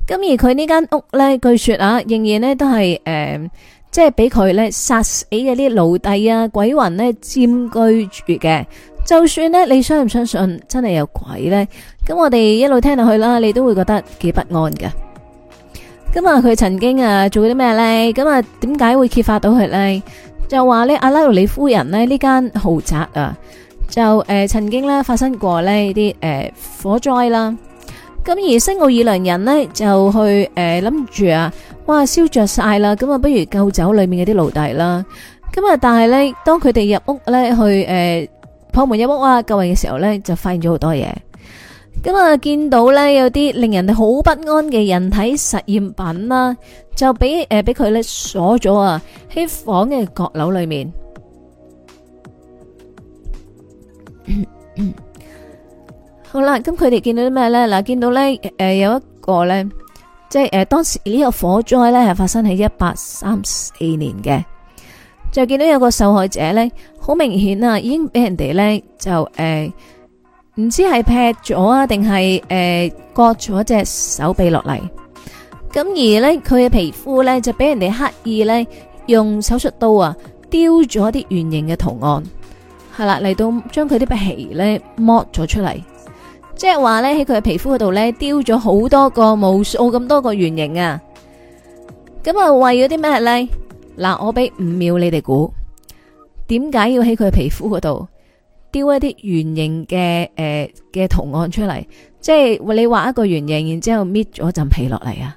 咁而佢呢間屋呢，據說啊，仍然呢都係誒、呃，即係俾佢呢殺死嘅啲奴隸啊、鬼魂呢佔據住嘅。就算呢，你相唔相信，真係有鬼呢，咁我哋一路聽落去啦，你都會覺得幾不安嘅。咁啊，佢曾經啊做啲咩咧？咁啊，點解會揭發到佢咧？就話咧，阿拉魯里夫人咧呢間豪宅啊，就誒曾經咧發生過呢啲誒火災啦。咁而新奧爾良人咧就去誒諗住啊，哇燒着晒啦，咁啊不如救走裏面嗰啲奴隸啦。咁啊，但係咧當佢哋入屋咧去誒破門入屋啊救人嘅時候咧，就發現咗好多嘢。咁啊，見到咧有啲令人哋好不安嘅人體實驗品啦、啊，就俾誒俾佢咧鎖咗啊喺房嘅閣樓裏面。 [coughs] 好啦，咁佢哋見到啲咩咧？嗱，見到咧誒、呃、有一個咧，即係誒當時呢個火災咧係發生喺一八三四年嘅，就見到有個受害者咧，好明顯啊，已經俾人哋咧就誒。呃唔知係劈咗啊，定係誒割咗隻手臂落嚟？咁而呢，佢嘅皮膚呢，就俾人哋刻意呢，用手術刀啊雕咗啲圓形嘅圖案，係啦，嚟到將佢啲皮呢，剝咗出嚟，即係話呢，喺佢嘅皮膚嗰度呢，雕咗好多個無數咁多個圓形啊！咁啊為咗啲咩呢？嗱，我俾五秒你哋估，點解要喺佢嘅皮膚嗰度？丟一啲圓形嘅誒嘅圖案出嚟，即係你畫一個圓形，然之後搣咗陣皮落嚟啊，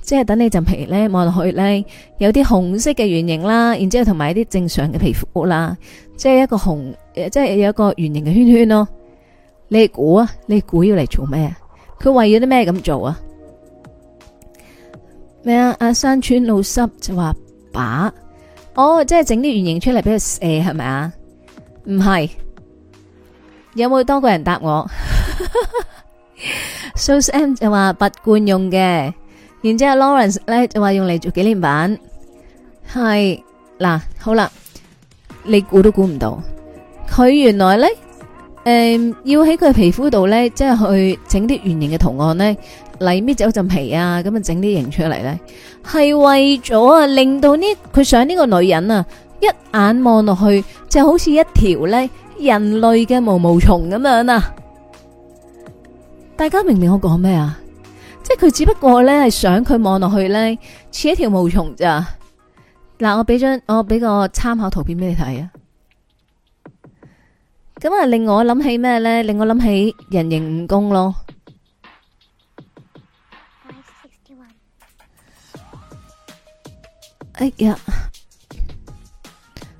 即係等你陣皮咧望落去咧有啲紅色嘅圓形啦，然之後同埋一啲正常嘅皮膚啦，即係一個紅，即係有一個圓形嘅圈圈咯。你估啊，你估要嚟做咩啊？佢為咗啲咩咁做啊？咩啊？阿、啊、山村老濕就話把，哦，即係整啲圓形出嚟俾佢射，係咪啊？唔係。有冇多個人答我？Sam 就話拔罐用嘅，然之後 Lawrence 咧就話用嚟做紀念版。係嗱，好啦，你估都估唔到，佢原來咧，誒，要喺佢皮膚度咧，即係去整啲圓形嘅圖案咧，嚟搣走陣皮啊，咁啊整啲形出嚟咧，係為咗啊，令到呢佢想呢個女人啊，一眼望落去就好似一條咧。人類嘅毛毛蟲咁樣啊，大家明唔明我講咩啊？即係佢只不過咧係想佢望落去咧似一條毛蟲咋。嗱，我俾張我俾個參考圖片俾你睇啊。咁啊，令我諗起咩咧？令我諗起人形蜈蚣咯。哎呀，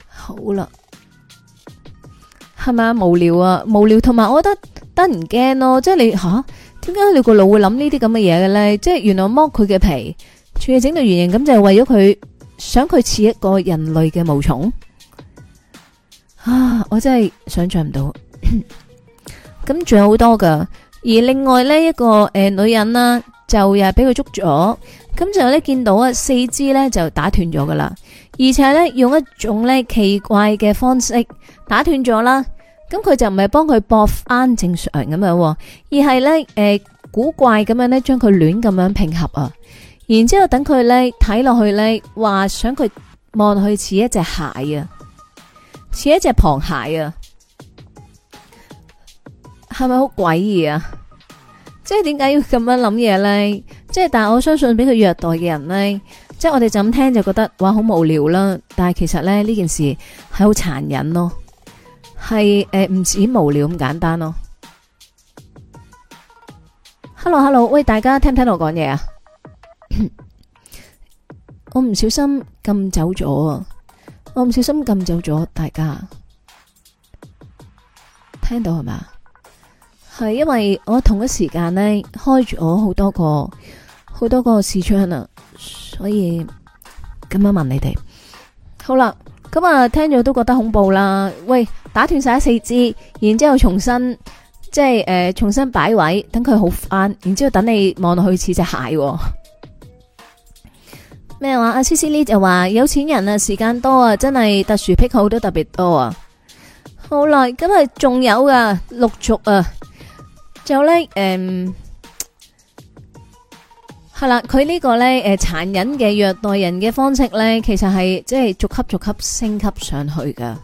好啦。係咪啊？無聊啊，無聊，同埋我覺得得人驚咯，即係你吓，點解你個腦會諗呢啲咁嘅嘢嘅咧？即係原來剝佢嘅皮，仲要整到圓形，咁就係、為咗佢想佢似一個人類嘅毛蟲啊！我真係想象唔到。咁 [laughs] 仲有好多噶，而另外呢一個誒、呃、女人啦，就又係俾佢捉咗，咁就咧見到啊四肢咧就打斷咗噶啦。而且咧，用一種咧奇怪嘅方式打斷咗啦，咁佢就唔係幫佢搏翻正常咁樣，而係咧誒古怪咁樣咧，將佢亂咁樣拼合啊，然之後等佢咧睇落去咧，話想佢望落去似一隻蟹啊，似一隻螃蟹啊，係咪好詭異啊？即係點解要咁樣諗嘢咧？即係但我相信俾佢虐待嘅人咧。即係我哋就咁聽就覺得哇好無聊啦，但係其實咧呢件事係好殘忍咯，係誒唔止無聊咁簡單咯。Hello，Hello，hello，喂，大家聽唔聽到我講嘢啊？我唔小心撳走咗啊！我唔小心撳走咗大家，聽到係咪？係，係因為我同一時間呢，開咗好多個好多個視窗啊！所以咁樣問你哋，好啦，咁啊聽咗都覺得恐怖啦。喂，打斷晒四肢，然之後重新即係誒、呃，重新擺位，等佢好返，然之後等你望落去似隻蟹。咩、哦、啊？阿 C C 呢就話有錢人啊，時間多啊，真係特殊癖好都特別多啊。好啦，咁啊仲有㗎，陸續啊，就呢誒。呃係啦，佢呢個咧誒，殘忍嘅虐待人嘅方式咧，其實係即係逐級逐級升級上去噶。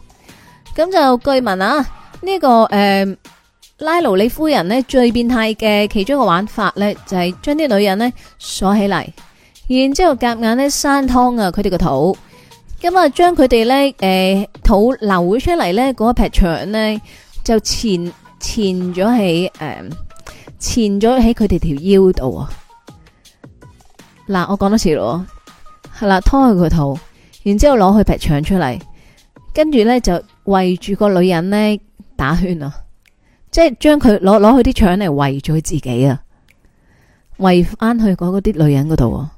咁就據聞啊，呢、這個誒、呃、拉勞里夫人咧最變態嘅其中一個玩法咧，就係將啲女人咧鎖起嚟，然之後夾硬咧生湯啊佢哋個肚，咁啊將佢哋咧誒肚流出嚟咧嗰一撇腸咧就纏纏咗喺誒纏咗喺佢哋條腰度啊。嗱，我講多次咯，係啦，拖去佢個肚，然之後攞去劈腸出嚟，跟住咧就圍住個女人咧打圈啊，即係將佢攞攞佢啲腸嚟圍住佢自己啊，圍翻去嗰啲女人嗰度啊，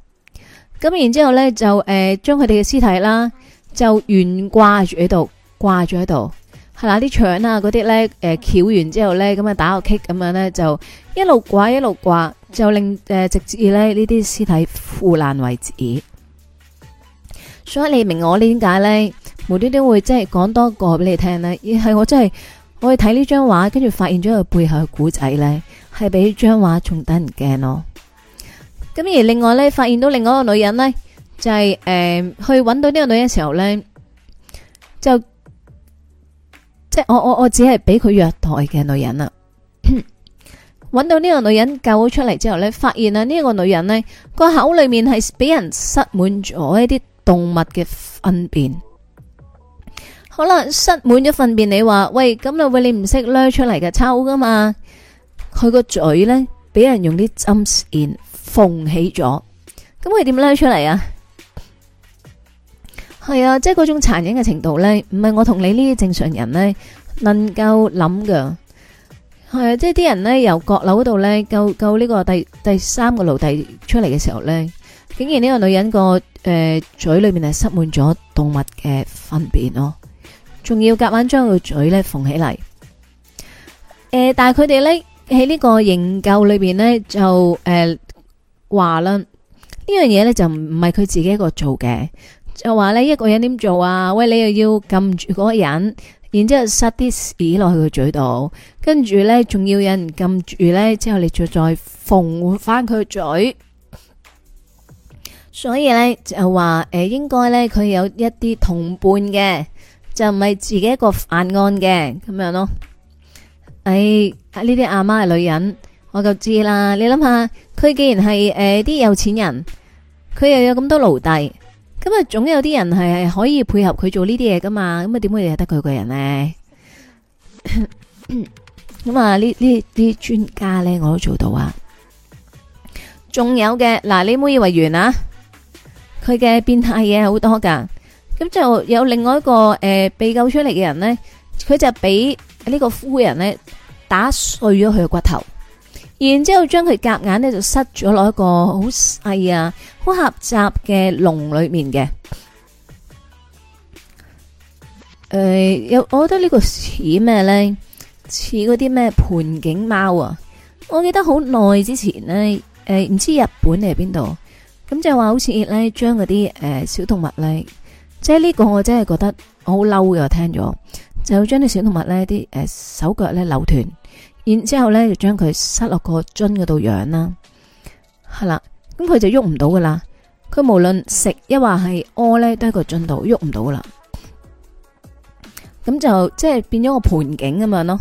咁然之後咧就誒、呃、將佢哋嘅屍體啦就懸掛住喺度，掛住喺度，係啦啲腸啊嗰啲咧誒翹完之後咧咁啊打個 K 咁樣咧就一路掛一路掛。就令誒、呃、直至咧呢啲屍體腐爛為止，所以你明我點解咧，無端端會即係講多個俾你聽咧？係我真係我去睇呢張畫，跟住發現咗佢背後嘅古仔咧，係比張畫仲得人驚咯。咁而另外咧，發現到另外一個女人咧，就係、是、誒、呃、去揾到呢個女人時候咧，就即係、就是、我我我只係俾佢虐待嘅女人啦。揾到呢個女人救咗出嚟之後呢，發現啊呢個女人呢個口裏面係俾人塞滿咗一啲動物嘅糞便，好啦塞滿咗糞便。你話喂咁啊喂，你唔識攞出嚟嘅抽噶嘛？佢個嘴呢，俾人用啲針線縫起咗，咁佢點攞出嚟啊？係啊，即係嗰種殘忍嘅程度呢，唔係我同你呢啲正常人呢能夠諗嘅。係啊，即係啲人呢，由閣樓嗰度呢，救救呢個第第三個奴隸出嚟嘅時候呢，竟然呢個女人個誒嘴裏面係塞滿咗動物嘅糞便咯，仲要夾硬將佢嘴呢縫起嚟。誒，但係佢哋呢，喺呢個研究裏邊呢，這個，就誒話啦，呢樣嘢呢，就唔係係佢自己一個做嘅，就話呢，一個人點做啊？喂，你又要撳住嗰個人。然之後塞啲屎落去佢嘴度，跟住咧仲要有人撳住咧，之後你再再縫翻佢嘴。所以咧就話誒、呃，應該咧佢有一啲同伴嘅，就唔係自己一個犯案嘅咁樣咯。誒、哎，呢啲阿媽係女人，我就知啦。你諗下，佢既然係誒啲有錢人，佢又有咁多奴隸。咁啊，總有啲人係係可以配合佢做呢啲嘢噶嘛。咁啊，點會又得佢個人咧？咁 [coughs] 啊，專呢呢啲專家咧，我都做到啊。仲有嘅嗱，你唔好以為完啊。佢嘅變態嘢好多噶。咁就有另外一個誒、呃、被救出嚟嘅人咧，佢就俾呢個夫人咧打碎咗佢嘅骨頭。然之後將佢夾硬呢，就塞咗落一個好細啊、好狹窄嘅籠裏面嘅。誒、呃，有我覺得個呢個似咩咧？似嗰啲咩盆景貓啊？我記得好耐之前咧，誒、呃、唔知日本定係邊度，咁就話好似咧將嗰啲誒小動物咧，即係呢個我真係覺得好嬲嘅，我我聽咗就將啲小動物咧啲誒手腳咧扭斷。然之後呢就將佢塞落個樽嗰度養啦，係啦，咁佢就喐唔到噶啦，佢無論食抑或係屙呢都喺個樽度喐唔到啦，咁就即係變咗個盆景咁樣咯，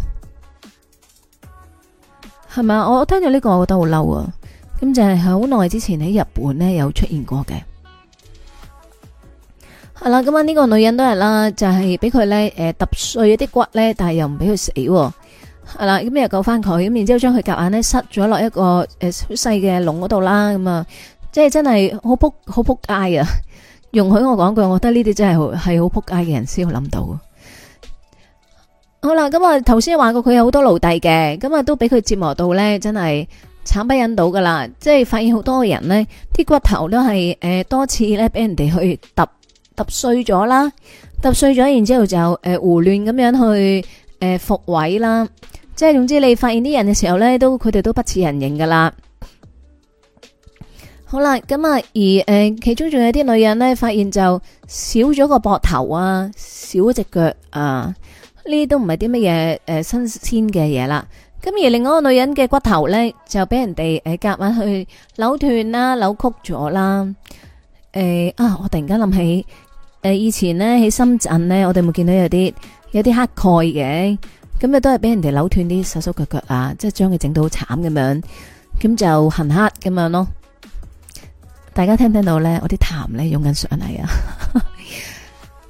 係咪啊？我我聽到呢個，我覺得好嬲啊！咁就係好耐之前喺日本呢有出現過嘅，係啦，咁啊呢個女人都係啦，就係俾佢呢，誒、呃、揼碎一啲骨呢，但係又唔俾佢死。係啦，咁咩、嗯、救翻佢？咁然之後將佢夾硬咧塞咗落一個誒細嘅籠嗰度啦。咁、嗯、啊，即係真係好仆好仆街啊！容許我講句，我覺得呢啲真係好係好仆街嘅人先會諗到。好啦，咁啊頭先話過佢有好多奴隸嘅，咁、嗯、啊都俾佢折磨到咧，真係慘不忍睹噶啦！即係發現好多嘅人呢啲骨頭都係誒、呃、多次咧俾人哋去揼揼碎咗啦，揼碎咗，然之後就誒、呃、胡亂咁樣去誒復位啦。呃即係總之，你發現啲人嘅時候呢，都佢哋都不似人形噶啦。好啦，咁啊，而誒，其中仲有啲女人呢，發現就少咗個膊頭啊，少咗隻腳啊，呢啲都唔係啲乜嘢誒新鮮嘅嘢啦。咁而另外一個女人嘅骨頭呢，就俾人哋誒夾埋夾硬去扭斷啦、扭曲咗啦。誒啊，我突然間諗起誒，以前呢，喺深圳呢，我哋冇見到有啲有啲黑蓋嘅。咁咧都係俾人哋扭斷啲手手腳腳啊！即係將佢整到好慘咁樣，咁就行黑咁樣咯。大家聽唔聽到咧，我啲痰咧湧緊上嚟啊！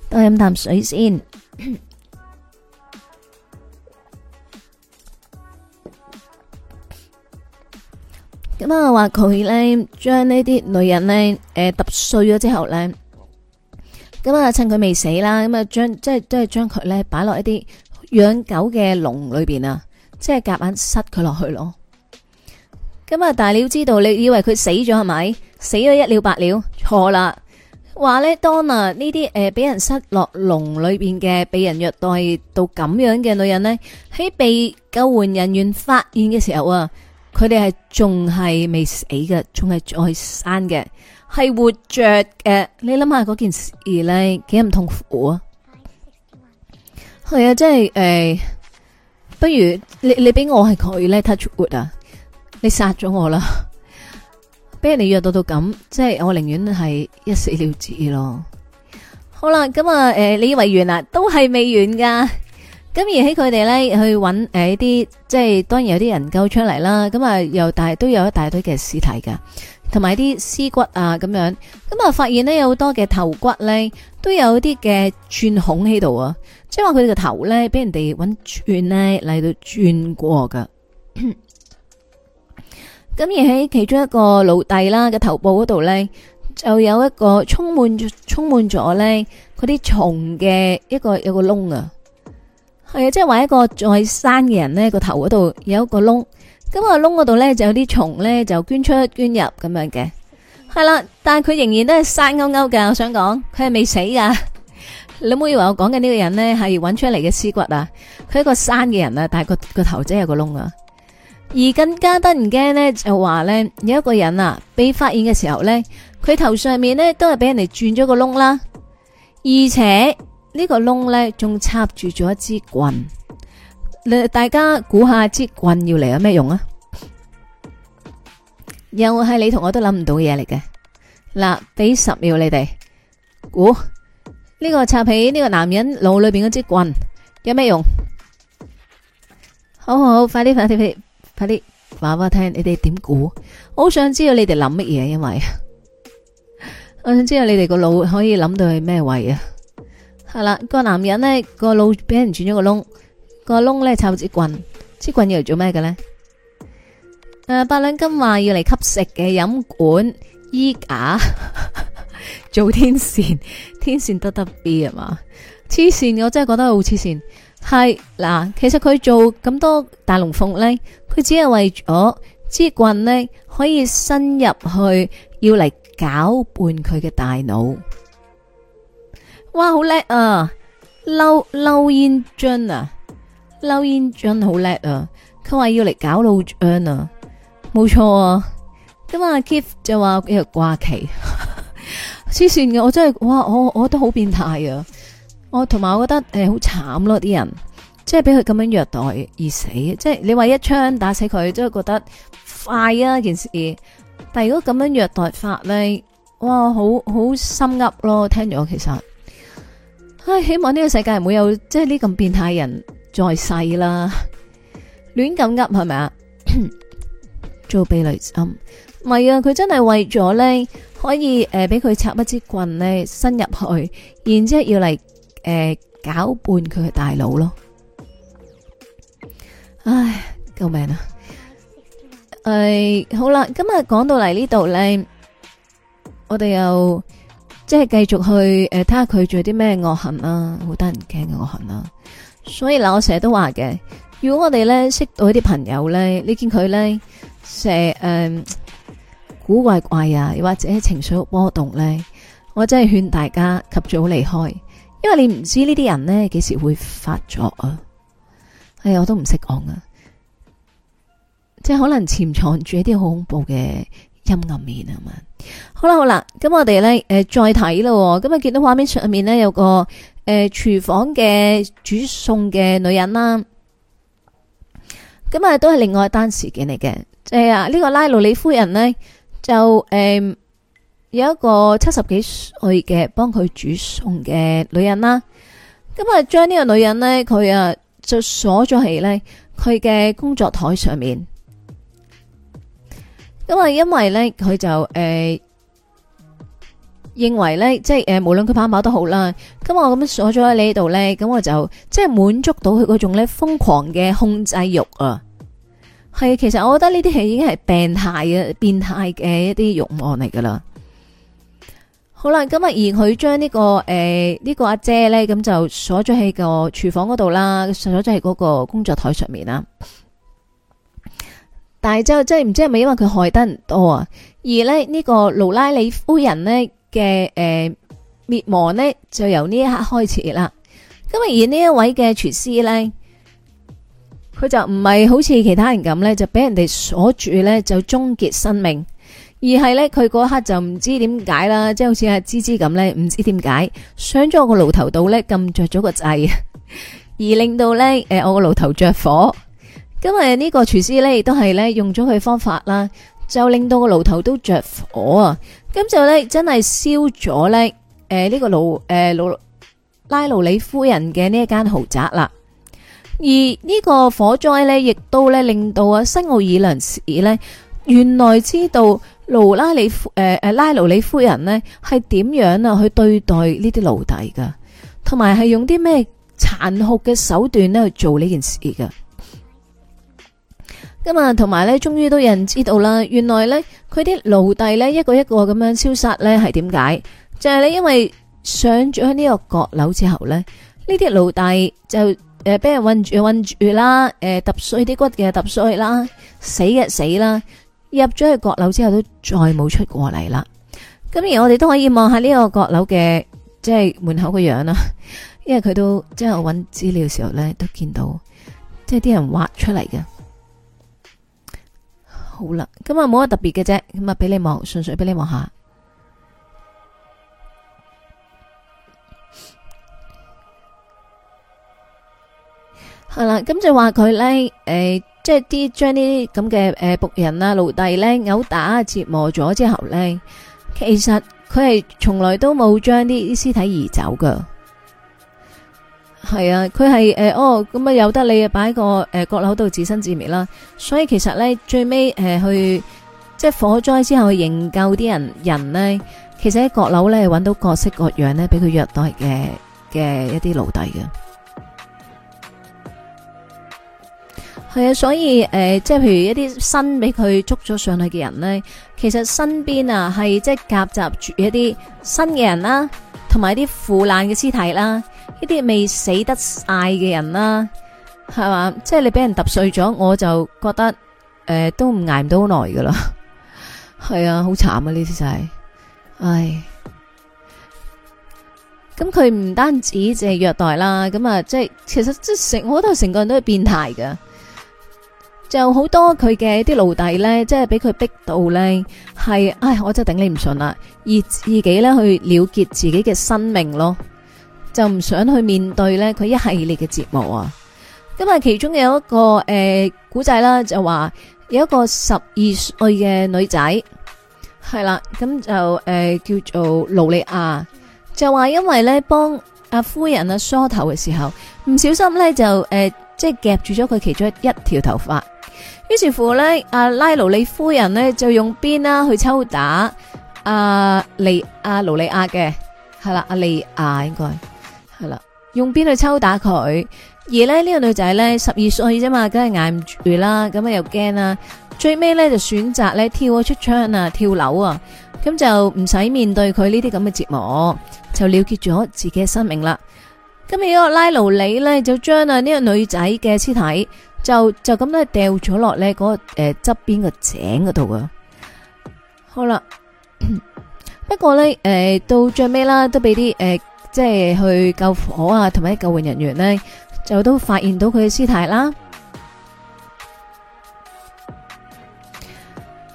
多飲啖水先。咁啊，話佢咧將呢啲女人咧誒揼碎咗之後咧，咁啊趁佢未死啦，咁啊將即係都係將佢咧擺落一啲。養狗嘅籠裏邊啊，即係夾硬硬塞佢落去咯。咁啊，大鳥知道，你以為佢死咗係咪？死咗一了百了，錯啦！話呢，當啊呢啲誒俾人塞落籠裏邊嘅，俾人虐待到咁樣嘅女人呢，喺被救援人員發現嘅時候啊，佢哋係仲係未死嘅，仲係在生嘅，係活着嘅。你諗下嗰件事呢，幾咁痛苦啊！係啊，即係誒、欸，不如你你俾我係佢咧 touch wood 啊，你殺咗我啦，俾人哋虐待到咁，即係我寧願係一死了之咯。好啦，咁啊誒，你以為完啦？都係未完噶。咁而喺佢哋咧去搵誒啲，即係當然有啲人救出嚟。啦咁啊又大都有一大堆嘅屍體噶，同埋啲屍骨啊咁樣。咁啊發現咧有好多嘅頭骨咧。都有啲嘅鑽孔喺度啊，即係話佢哋個頭咧，俾人哋搵轉咧嚟到轉過噶。咁 [coughs] 而喺其中一個奴隸啦嘅頭部嗰度咧，就有一個充滿咗、充滿咗咧嗰啲蟲嘅一個有一個窿啊。係啊，即係話一個仲喺生嘅人咧，個頭嗰度有一個窿，咁、個窿嗰度咧就有啲蟲咧就捐出捐入咁樣嘅。係啦，但係佢仍然都係生勾勾嘅。我想講，佢係未死噶。 [laughs] 你唔好以為我講緊呢個人呢係揾出嚟嘅屍骨啊？佢係一個生嘅人啊，但係個個頭即有個窿啊。而更加得人驚呢，就話呢，有一個人啊，被發現嘅時候呢，佢頭上面呢都係俾人哋轉咗個窿啦、啊，而且呢、呢個窿呢，仲插住咗一支棍。大家估下支棍要嚟有咩用啊？又係你同我都諗唔到嘅嘢嚟嘅，嗱，俾十秒你哋估呢個插喺呢個男人腦裏邊嗰支棍有咩用？好好好快啲快啲快啲話我聽，你哋點估？好想知道你哋諗乜嘢，因為我想知道你哋個腦可以諗到係咩位啊？係啦，個男人呢個腦俾人轉咗個窿，個窿呢插支棍，支棍要嚟做咩嘅呢？誒，八兩金話要嚟吸食嘅飲管、衣架 [laughs] 做天線，天線得得 B 啊嘛。黐線，我真係覺得好黐線。係嗱，其實佢做咁多大龍鳳咧，佢只係為咗支棍咧可以伸入去，要嚟攪拌佢嘅大腦。哇，好叻啊！溜溜煙樽啊，溜煙樽好叻啊。佢話要嚟搞老樽啊！冇錯啊，咁啊，Keith 就話呢個掛期黐線嘅，我真係哇，我我覺得好變態啊，我同埋我覺得誒好慘咯，啲、欸啊、人即係俾佢咁樣虐待而死，即係你話一槍打死佢，即係覺得快啊件事，但係如果咁樣虐待法咧，哇，好好，好心噏咯，聽咗其實，唉，希望呢個世界唔會有即係呢咁變態人再世啦，亂咁噏係咪啊？是 [coughs] 做避雷針，唔係啊，佢真係為咗咧，可以誒俾佢插一支棍咧伸入去，然之後要嚟誒攪拌佢嘅大腦咯。唉，救命啊！誒，好啦，今日講到嚟呢度咧，我哋又即係繼續去誒睇下佢做啲咩惡行啦，好得人驚嘅惡行啦。所以嗱，我成日都話嘅，如果我哋咧識到一啲朋友咧，你見佢咧。成誒、嗯、古怪怪啊，又或者情緒波動呢，我真係勸大家及早離開，因為你唔知呢啲人呢幾時會發作啊！哎呀，我都唔識講啊，即係可能潛藏住一啲好恐怖嘅陰暗面啊嘛。好啦好啦，咁我哋呢，誒再睇咯，咁啊見到畫面上面呢，有個誒廚房嘅煮餸嘅女人啦。咁啊，都係另外一單事件嚟嘅，即係啊，呢個拉魯里夫人咧就誒、呃、有一個七十幾歲嘅幫佢煮餸嘅女人啦，咁啊將呢個女人咧佢啊就鎖咗喺咧佢嘅工作台上面，咁啊因為咧佢就誒。呃認為咧，即係誒，無論佢跑唔跑都好啦。咁我咁樣鎖咗喺你度咧，咁我就即係滿足到佢嗰種咧瘋狂嘅控制欲啊。係，其實我覺得呢啲係已經係病態嘅、變態嘅一啲欲望嚟噶、這個欸這個、啦。好啦，咁啊，而佢將呢個誒呢個阿姐咧，咁就鎖咗喺個廚房嗰度啦，鎖咗喺嗰個工作台上面啦。但係即係即係唔知係咪因為佢害得唔多啊、哦？而咧呢、這個勞拉里夫人呢。嘅誒，滅、呃、亡呢，就由呢一刻開始啦。咁而呢一位嘅廚師呢，佢就唔係好似其他人咁呢，就俾人哋鎖住呢，就終結生命，而係呢，佢嗰一刻就唔知點解啦，即係好似阿、啊、芝芝咁呢，唔知點解上咗我個爐頭度呢，撳着咗個掣，而令到呢，誒我個爐頭着火。今日呢個廚師呢，亦都係呢，用咗佢方法啦，就令到個爐頭都着火啊！咁就咧，真係燒咗咧，誒呢個盧誒盧拉盧里夫人嘅呢一間豪宅啦。而呢個火災咧，亦都咧令到啊新奧爾良市咧，原來知道盧拉里夫誒誒、呃、拉盧里夫人呢係點樣啊去對待呢啲奴隸噶，同埋係用啲咩殘酷嘅手段咧去做呢件事噶。咁啊，同埋咧，終於都有人知道啦。原來咧，佢啲奴隸咧一個一個咁樣消失咧，係點解？就係咧，因為上咗喺呢個閣樓之後咧，呢啲奴隸就誒俾、呃、人困住困住啦，誒、呃、揼碎啲骨嘅揼碎啦，死嘅死啦，入咗去閣樓之後都再冇出過嚟啦。咁而我哋都可以望下呢個閣樓嘅即係門口嘅樣啦，因為佢都即係、就是、我揾資料嘅時候咧都見到，即係啲人挖出嚟嘅。好啦，咁啊冇乜特別嘅啫，咁啊俾你望，純粹俾你望下。係啦，咁就話佢呢，誒，即係啲將啲咁嘅誒僕人啊、奴隸呢毆打折磨咗之後呢，其實佢係從來都冇將啲屍體移走噶係啊，佢係誒哦，咁啊由得你擺個誒閣、呃、樓度自生自滅啦。所以其實咧最尾誒、呃、去即係火災之後去營救啲人人呢，其實喺閣樓咧揾到各式各樣咧俾佢虐待嘅嘅一啲奴隸嘅。係啊，所以誒，即、呃、係譬如一啲新俾佢捉咗上去嘅人咧，其實身邊啊係即係夾雜住一啲新嘅人啦，同埋一啲腐爛嘅屍體啦，一啲未死得晒嘅人啦，係嘛？即係你俾人揼碎咗，我就覺得誒、呃、都唔挨唔到好耐噶啦。係 [laughs] 啊，好慘啊，呢啲就係，唉。咁佢唔單止淨係虐待啦，咁啊即係其實即成我覺得成個人都係變態噶。就好多佢嘅啲奴隸咧，即係俾佢逼到咧，係唉，我真係頂你唔順啦！而自己咧去了結自己嘅生命咯，就唔想去面對咧佢一系列嘅折磨啊！咁啊，其中有一個誒古仔啦，就話有一個十二歲嘅女仔係啦，咁就誒、呃、叫做勞莉亞，就話因為咧幫阿夫人啊梳頭嘅時候，唔小心咧就誒、呃、即係夾住咗佢其中一條頭髮。於是乎咧，阿拉勞里夫人咧就用鞭啦去抽打阿利阿勞里亞嘅，係啦，阿、啊、利亞應該係啦，用鞭去抽打佢。而咧呢、呢個女仔咧十二歲啫嘛，梗係挨唔住啦，咁啊又驚啦，最尾咧就選擇咧跳咗出窗啊，跳樓啊，咁就唔使面對佢呢啲咁嘅折磨，就了結咗自己嘅生命啦。咁呢個拉勞里咧就將啊呢個女仔嘅屍體。就就咁咧掉咗落咧嗰個誒側邊個井嗰度啊！好啦， [coughs] 不過咧誒、呃、到最尾啦，都俾啲誒即係去救火啊，同埋啲救援人員咧就都發現到佢嘅屍體啦。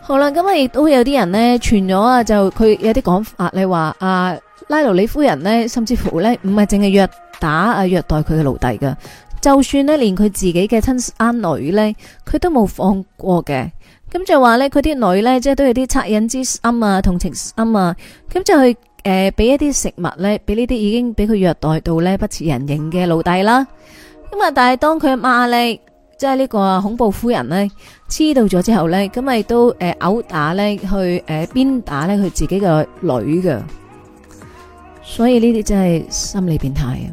好啦，咁啊亦都有啲人咧傳咗啊，就佢有啲講法，你話啊拉勞里夫人咧，甚至乎咧唔係淨係虐打啊虐待佢嘅奴隸噶。就算呢連佢自己嘅親生女呢佢都冇放過嘅。咁就話呢，佢啲女呢，即係都有啲惻隱之心啊、同情心啊。咁就去誒，俾、呃、一啲食物呢俾呢啲已經俾佢虐待到呢不似人形嘅奴隸啦。咁啊，但係當佢瑪麗呢即係呢個恐怖夫人呢，知道咗之後呢，咁咪都誒毆打呢，去誒鞭打呢，佢自己嘅女㗎。所以呢啲真係心理變態啊！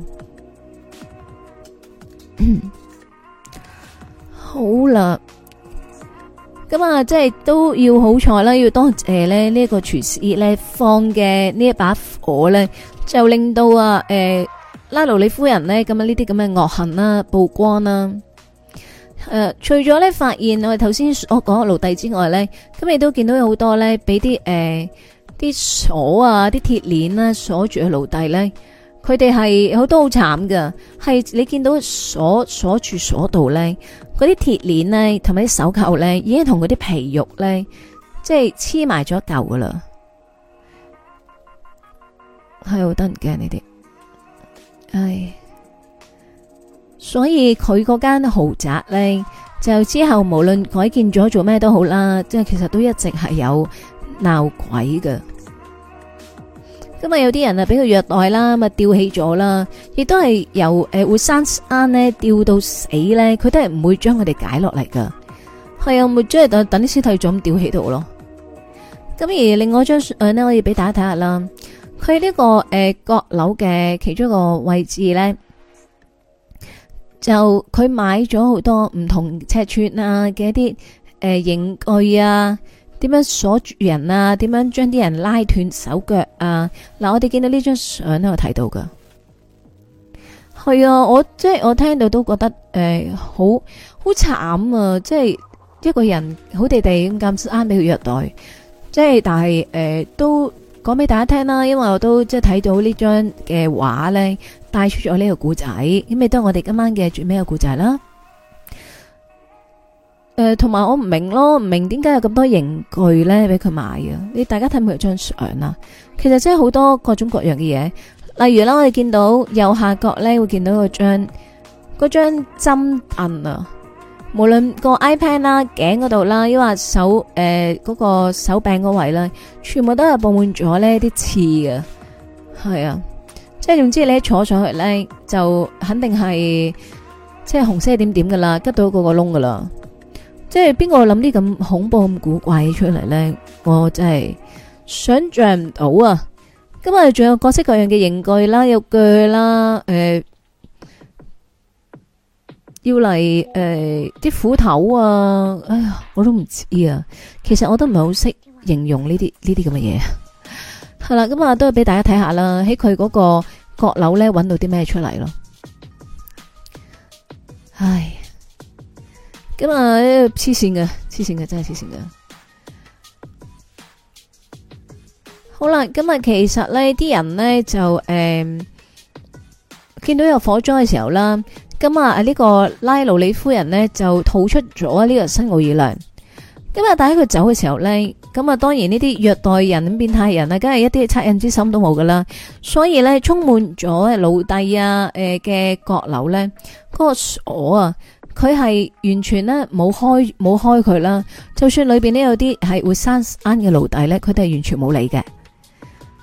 [laughs] 好啦，咁啊，即係都要好彩啦，要多謝咧、呃這個、呢一個廚師咧放嘅呢一把火咧，就令到啊誒、呃、拉勞里夫人呢，咁啊呢啲咁嘅惡行啦曝光啦、啊。誒、呃，除咗咧發現我哋頭先我講奴隸之外咧，咁亦都見到有好多咧俾啲誒啲鎖啊啲鐵鏈啦鎖住嘅奴隸咧。佢哋係好多好慘噶，係你見到鎖鎖住鎖度咧，嗰啲鐵鏈咧，同埋啲手扣咧，已經同嗰啲皮肉咧，即係黐埋咗一嚿噶啦，係好得人驚呢啲。唉，所以佢嗰間豪宅咧，就之後無論改建咗做咩都好啦，即係其實都一直係有鬧鬼㗎。咁啊，有啲人啊，俾佢虐待啦，咁啊吊起咗啦，亦都係由誒會生生咧吊到死咧，佢都係唔會將佢哋解落嚟噶，係啊，即係等等啲屍體咗咁吊起度咯。咁而另外張誒呢，我要俾大家睇下啦，佢呢、這個誒閣樓嘅其中一個位置咧，就佢買咗好多唔同尺寸啊嘅一啲誒刑具啊。點樣鎖住人啊？點樣將啲人拉斷手腳啊？嗱，我哋見到呢張相都有睇到噶，係啊，我，我，啊我即係我聽到都覺得誒、呃，好好慘啊！即係一個人好地地咁咁啱俾佢虐待，即係但係誒、呃、都講俾大家聽啦，因為我都即係睇到張呢張嘅畫咧，帶出咗呢個故仔，咁亦都係我哋今晚嘅最尾嘅故仔啦。誒，同埋、呃、我唔明咯，唔明點解有咁多刑具咧俾佢買啊？你大家睇每張相啦，其實真係好多各種各樣嘅嘢。例如啦，我哋見到右下角咧會見到個張嗰張針印啊。無論個 iPad 啦、頸嗰度啦，抑或手誒嗰、呃嗰個手柄嗰位咧，全部都係布滿咗呢啲刺嘅，係啊，即係總之你一坐上去咧就肯定係即係紅色點點噶啦，吉到嗰個窿噶啦。即係邊個諗啲咁恐怖、咁古怪出嚟呢？我真係想象唔到啊！咁啊，仲有各式各樣嘅刑具啦，有鋸啦，誒、呃，要嚟誒啲斧頭啊！哎呀，我都唔知啊！其實我都唔係好識形容呢啲呢啲咁嘅嘢。係啦，咁 [laughs] 啊、嗯、都、嗯、俾大家睇下啦，喺佢嗰個閣樓呢，搵到啲咩出嚟咯？唉。咁啊！黐線嘅，黐線嘅，真係黐線㗎。好啦，咁、嗯、啊，其實呢啲人呢，就誒、嗯，見到有火災嘅時候啦，咁、嗯、啊，呢、這個拉勞里夫人呢，就逃出咗呢個新奧爾良。咁、嗯、啊，但係佢走嘅時候呢，咁、嗯、啊，當然呢啲虐待人、變態人啊，梗係一啲惻隱之心都冇㗎啦。所以呢，充滿咗奴隸呀、呃那個、啊、誒嘅閣樓呢，嗰個鎖啊。佢係完全呢冇開冇開佢啦，就算裏邊呢有啲係活生生嘅奴隸咧，佢都係完全冇理嘅，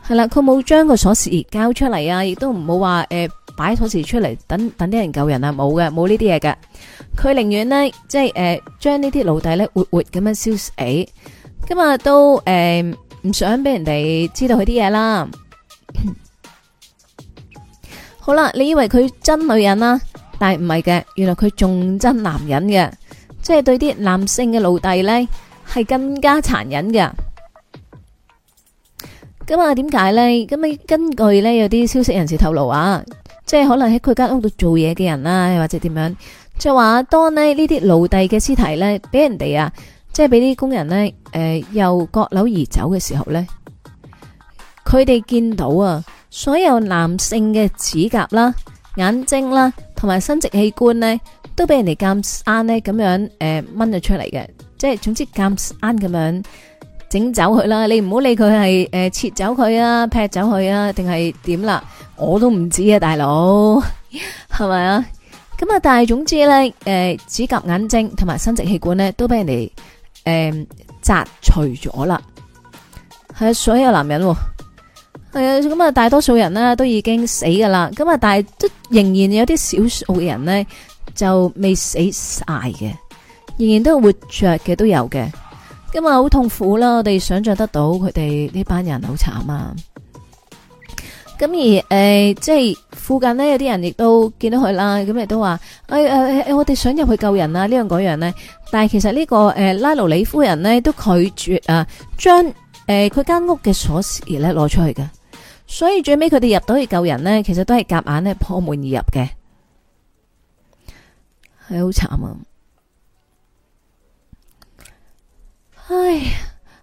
係啦，佢冇將個鎖匙交出嚟啊，亦都唔好話誒擺鎖匙出嚟等等啲人救人啊，冇嘅，冇呢啲嘢嘅，佢寧願呢，即係誒將呢啲奴隸咧活活咁樣燒死，今日都誒唔、呃、想俾人哋知道佢啲嘢啦。 [laughs] 好啦，你以為佢真女人啦、啊但係唔係嘅，原來佢仲憎男人嘅，即係對啲男性嘅奴隸呢係更加殘忍嘅。咁啊，點解呢？咁你根據呢，有啲消息人士透露啊，即係可能喺佢間屋度做嘢嘅人啦，或者點樣，就話當呢呢啲奴隸嘅屍體呢俾人哋啊，即係俾啲工人呢誒、呃，又割樓而走嘅時候呢，佢哋見到啊，所有男性嘅指甲啦、眼睛啦。同埋生殖器官咧，都俾人哋監硬咧咁樣誒掹咗出嚟嘅，即係總之監硬咁樣整走佢啦。你唔好理佢係誒切走佢啊、劈走佢啊，定係點啦？我都唔知啊，大佬，係咪啊？咁啊，但係總之咧，誒、呃、指甲、眼睛同埋生殖器官咧，都俾人哋誒摘除咗啦。係呀，所有男人喎。係啊，咁啊、嗯，大多數人咧都已經死噶啦，咁啊，但係都仍然有啲少數嘅人咧就未死晒嘅，仍然都活着嘅都有嘅，咁、嗯、啊，好痛苦啦，我哋想象得到佢哋呢班人好慘啊。咁、嗯、而誒、呃，即係附近呢，有啲人亦都見到佢啦，咁亦都話誒誒誒，我哋想入去救人啊，呢樣嗰樣咧，但係其實呢、這個誒、呃、拉勞里夫人咧都拒絕啊，將誒佢間屋嘅鎖匙咧攞出去嘅。所以最尾佢哋入到去救人呢，其實都係夾硬呢破門而入嘅，係好慘啊！唉，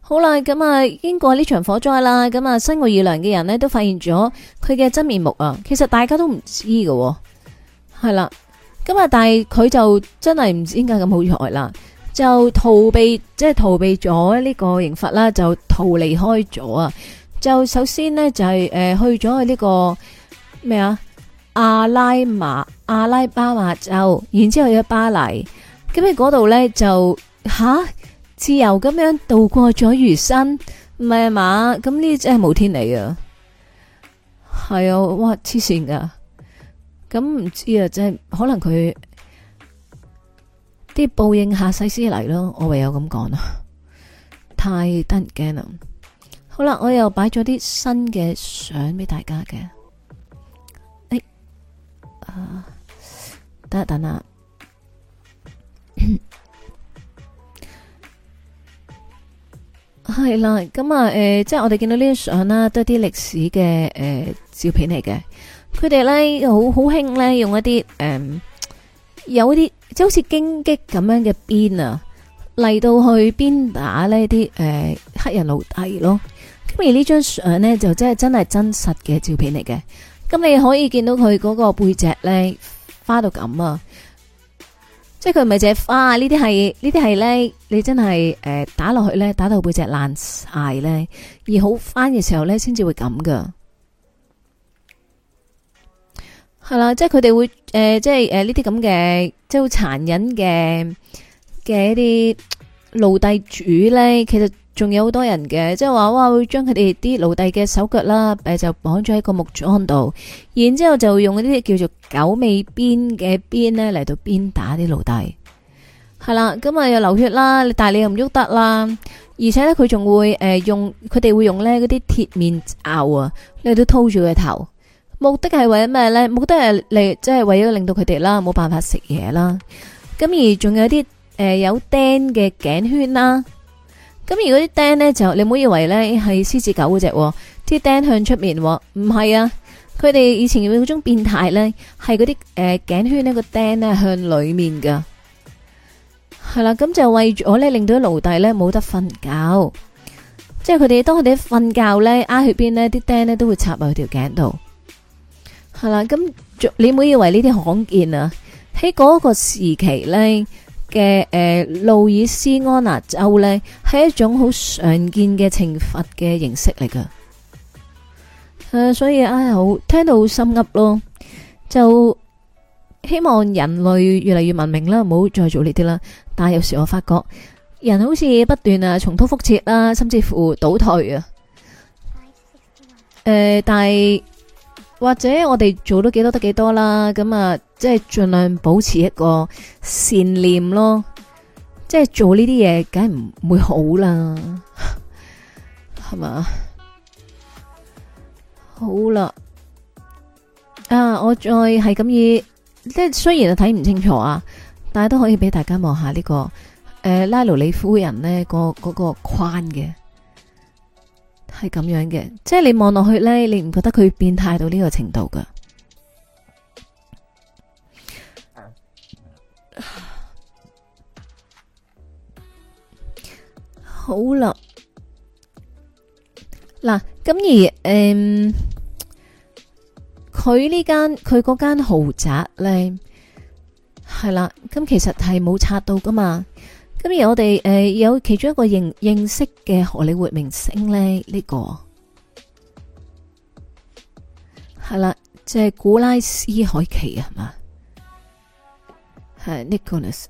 好啦，咁啊，經過呢場火災啦，咁啊，新惡二娘嘅人呢，都發現咗佢嘅真面目啊！其實大家都唔知喎。係啦，咁啊，但係佢就真係唔知點解咁好彩啦，就逃避即係、就是、逃避咗呢個刑罰啦，就逃離開咗啊！就首先呢，就係、是、誒去咗去呢個咩啊阿拉馬阿拉巴馬州，然之後去咗巴黎，咁喺嗰度呢，就吓自由咁樣度過咗餘生，唔係嘛？咁呢真係冇天理啊！係啊，哇痴線噶！咁唔知啊，即係可能佢啲報應下世先嚟咯，我唯有咁講啦，太得人驚啦！好啦，我又擺咗啲新嘅相俾大家嘅。誒，啊，等一等下，係 [laughs] 啦。咁啊，誒、呃，即係我哋見到呢啲相啦、啊，都係啲歷史嘅誒、呃、照片嚟嘅。佢哋咧好好興咧，用一啲誒、呃、有啲即係好似荊棘咁樣嘅鞭啊嚟到去鞭打呢啲誒黑人奴隸咯。不如呢張相咧就真係真係真實嘅照片嚟嘅，咁你可以見到佢嗰個背脊咧花到咁啊，即係佢唔係只花，呢啲係呢啲係咧，你真係誒、呃、打落去咧，打到背脊爛晒咧，而好返嘅時候咧，先至會咁噶，係啦，即係佢哋會誒、呃，即係誒呢啲咁嘅，即係好殘忍嘅嘅一啲奴隸主咧，其實。仲有好多人嘅，即係話哇，會將佢哋啲奴隸嘅手腳啦，誒、啊、就綁咗喺個木樁度，然之後就用嗰啲叫做九尾鞭嘅鞭呢嚟到鞭打啲奴隸，係啦，咁、嗯、啊又流血啦，但係你又唔喐得啦，而且呢佢仲會誒、呃、用，佢哋會用呢嗰啲鐵面拗啊，你都掏住佢頭，目的係為咗咩呢？目的係嚟即係為咗令到佢哋啦冇辦法食嘢啦，咁、嗯、而仲有啲誒、呃、有釘嘅頸圈啦。咁如果啲釘咧，就你唔好以為咧係獅子狗嗰隻，啲釘向出面，唔係啊！佢哋以前有種變態咧，係嗰啲誒頸圈咧個釘咧向裏面噶，係啦，咁就為咗咧令到奴隸咧冇得瞓覺，即係佢哋當佢哋瞓覺咧，挨血邊咧啲釘咧都會插落條頸度，係啦，咁你唔好以為呢啲罕見啊，喺嗰個時期咧。嘅誒、呃，路易斯安娜州呢，係一種好常見嘅懲罰嘅形式嚟噶，啊、呃，所以啊，聽到好心噏咯，就希望人類越嚟越文明啦，唔好再做呢啲啦。但係有時候我發覺人好似不斷啊重蹈覆轍啦，甚至乎倒退啊。誒、呃，但係。或者我哋做得幾多得幾多啦，咁啊，即係盡量保持一個善念咯，即係做呢啲嘢梗係唔會好啦，係嘛？好啦，啊，我再係咁意，即係雖然啊睇唔清楚啊，但係都可以俾大家望下呢個誒、呃、拉勞里夫人呢、個嗰、個框嘅。係咁樣嘅，即係你望落去呢，你唔覺得佢變態到呢個程度噶？好啦，嗱，咁而誒，佢呢間佢嗰間豪宅呢，係啦，咁其實係冇拆到噶嘛。今日我哋誒、呃、有其中一個認認識嘅荷里活明星咧，呢、這個係啦，即係、就是、古拉斯凱奇係嘛，係 Nicholas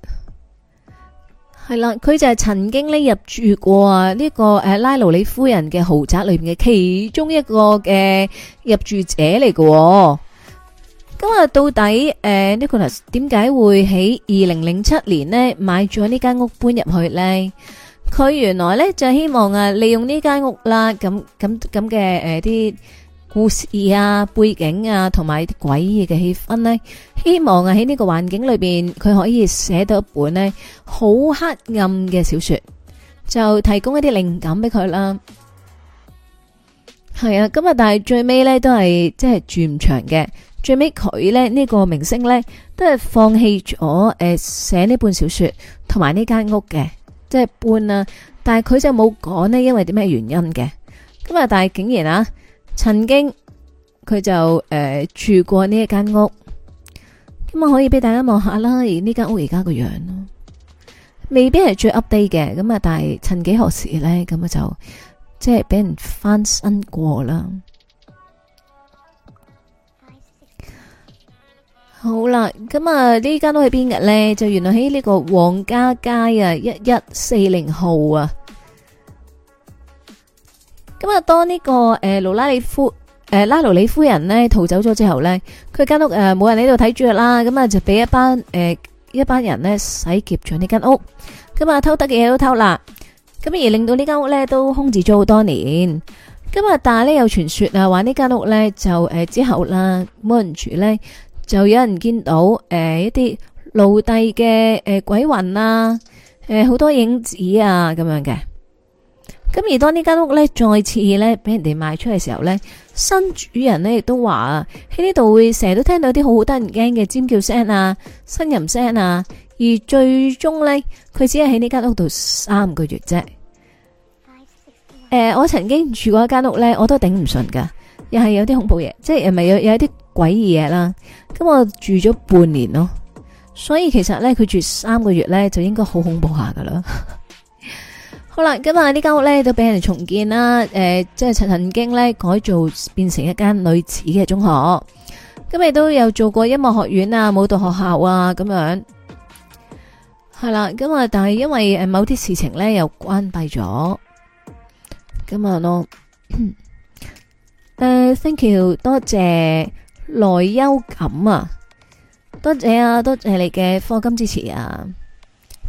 係啦。佢就係曾經咧入住過啊、這、呢個誒拉勞里夫人嘅豪宅裏面嘅其中一個嘅入住者嚟嘅、哦。咁啊，到底誒 Nicholas 點解會喺二零零七年咧買咗呢間屋搬入去咧？佢原來咧就希望啊，利用呢間屋啦，咁咁咁嘅誒啲故事啊、背景啊，同埋啲詭異嘅氣氛咧，希望啊喺呢個環境裏邊，佢可以寫到一本咧好黑暗嘅小說，就提供一啲靈感俾佢啦。係啊，咁啊，但係最尾咧都係即係住唔長嘅。最尾佢咧呢、這個明星咧都係放棄咗誒寫呢本小說同埋呢間屋嘅，即係搬啊，但係佢就冇講呢，因為點咩原因嘅咁啊？但係竟然啊，曾經佢就誒、呃、住過呢一間屋，咁、嗯、啊可以俾大家望下啦，而呢間屋而家個樣咯，未必係最 update 嘅，咁啊但係曾幾何時咧咁啊就即係俾人翻新過啦。好啦，咁啊呢間屋喺邊嘅邊日咧？就原來喺呢個黃家街啊一一四零號啊。咁啊，當呢個誒勞拉里夫誒拉勞里夫人咧逃走咗之後咧，佢間屋誒冇人喺度睇住啦。咁啊，就俾一班誒一班人咧洗劫咗呢間屋。咁啊，偷得嘅嘢都偷啦。咁而令到呢間屋咧都空置咗好多年。咁啊但係咧有傳說啊，話呢間屋咧就誒之後啦冇人住咧。就有人見到誒、呃、一啲奴隸嘅誒鬼魂啊，誒、呃、好多影子啊咁樣嘅。咁而當呢間屋咧再次咧俾人哋賣出嘅時候咧，新主人咧亦都話喺呢度會成日都聽到啲好好得人驚嘅尖叫聲啊、呻吟聲啊。而最終咧，佢只係喺呢間屋度三個月啫。誒、呃，我曾經住過一間屋咧，我都頂唔順噶，又係有啲恐怖嘢，即係咪有有啲，鬼嘢啦，咁我住咗半年咯，所以其實呢，佢住三個月呢，就應該好恐怖下噶啦。 [laughs] 好啦，咁啊呢間屋呢，都俾人重建啦，誒、呃，即係曾經呢，改造變成一間女子嘅中學，咁、嗯、亦都有做過音樂學院啊、舞蹈學校啊咁樣，係啦，咁啊但係因為某啲事情呢，又關閉咗，咁啊咯、呃、，thank you，多謝。內憂感啊！多謝啊，多謝你嘅課金支持啊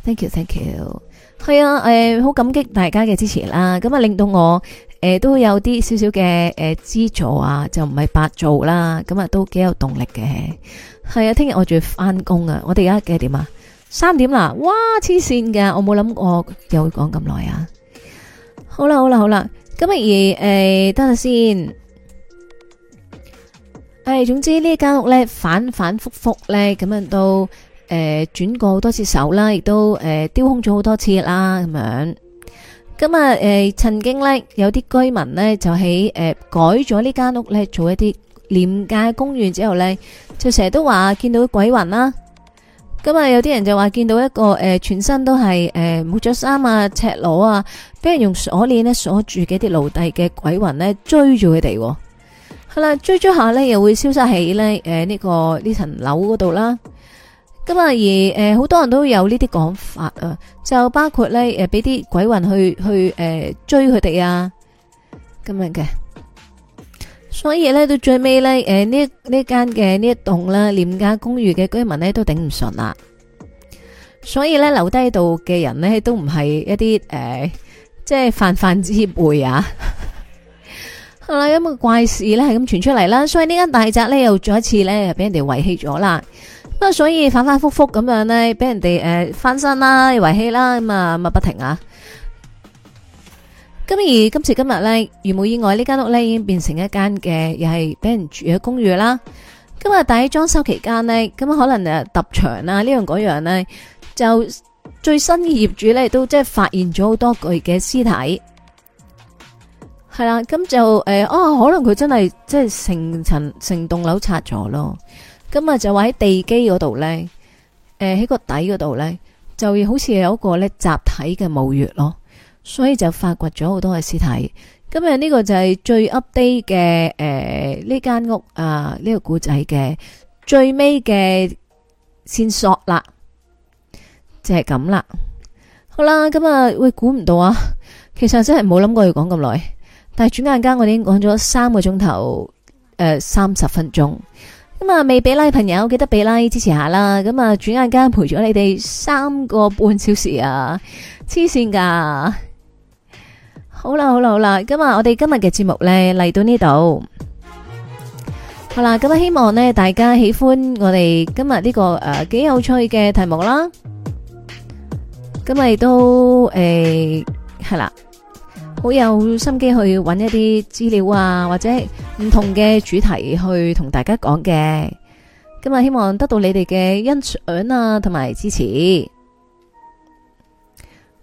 ！Thank you, thank you。係啊，誒、呃，好感激大家嘅支持啦。咁、嗯、啊，令到我誒、呃、都有啲少少嘅誒資助啊，就唔係白做啦。咁、嗯、啊、嗯，都幾有動力嘅。係啊，聽日我仲要翻工啊！我哋而家幾點啊？三點啦、啊！哇，黐線㗎，我冇諗過又會講咁耐啊！好啦，好啦，好啦，咁啊，而誒、呃、得下先。誒，總之呢間屋呢，反反复覆呢，咁樣都誒、呃、轉過好多次手啦，亦都誒、呃、丟空咗好多次啦，咁樣。咁啊誒，曾經呢，有啲居民呢，就喺誒、呃、改咗呢間屋呢，做一啲廉價公寓之後呢，就成日都話見到鬼魂啦。咁啊，呃、有啲人就話見到一個誒、呃、全身都係誒冇着衫啊赤裸啊，俾人用鎖鏈呢鎖住嘅啲奴隸嘅鬼魂呢，追住佢哋。追追下咧，又會消失喺咧誒呢個呢層樓嗰度啦。咁啊而誒，好、呃、多人都有呢啲講法啊，就包括咧誒，俾、呃、啲鬼魂去去誒、呃、追佢哋啊，咁樣嘅。所以咧到最尾咧，誒呢呢間嘅呢一棟啦廉價公寓嘅居民咧都頂唔順啦。所以咧留低度嘅人咧都唔係一啲誒、呃，即係泛泛之輩啊。係啦，咁個怪事咧係咁傳出嚟，啦，所以呢間大宅咧又再一次咧又俾人哋遺棄咗啦。咁啊所以反反复复咁樣咧，俾人哋誒，翻新啦，又遺棄啦，咁啊咁啊不停啊。今日今時今日咧，如無意外呢間屋咧已經變成一間嘅，又係俾人住嘅公寓啦。今日底裝修期間咧，咁可能誒，揼牆啦，呢樣嗰樣咧，就最新嘅業主咧都即係發現咗好多具嘅屍體。係啦，咁就誒，哦，可能佢真係即係成層成棟樓拆咗咯。咁、嗯、啊，就話喺地基嗰度呢，誒、呃，喺個底嗰度呢，就好似有個咧集體嘅墓穴咯，所以就發掘咗好多嘅屍體。今日呢個就係最 update 嘅誒呢、呃、間屋啊呢、呢個古仔嘅最尾嘅線索啦，就係咁啦。好啦，咁、嗯、啊，喂，估唔到啊，其實真係冇諗過要講咁耐。但係轉眼間我哋已經講咗三個鐘頭，誒，三十分鐘，咁啊，未俾 like 朋友，記得俾 like 支持下啦。咁啊，轉眼間陪咗你哋三個半小時啊，黐線噶！好啦，好啦，好啦，咁啊我哋今日嘅節目呢，嚟到呢度，好啦，咁啊，希望呢大家喜歡我哋今日呢個誒幾有趣嘅題目啦。咁啊都誒係啦。好有心機去揾一啲資料啊，或者唔同嘅主題去同大家講嘅。今日希望得到你哋嘅欣賞啊，同埋支持。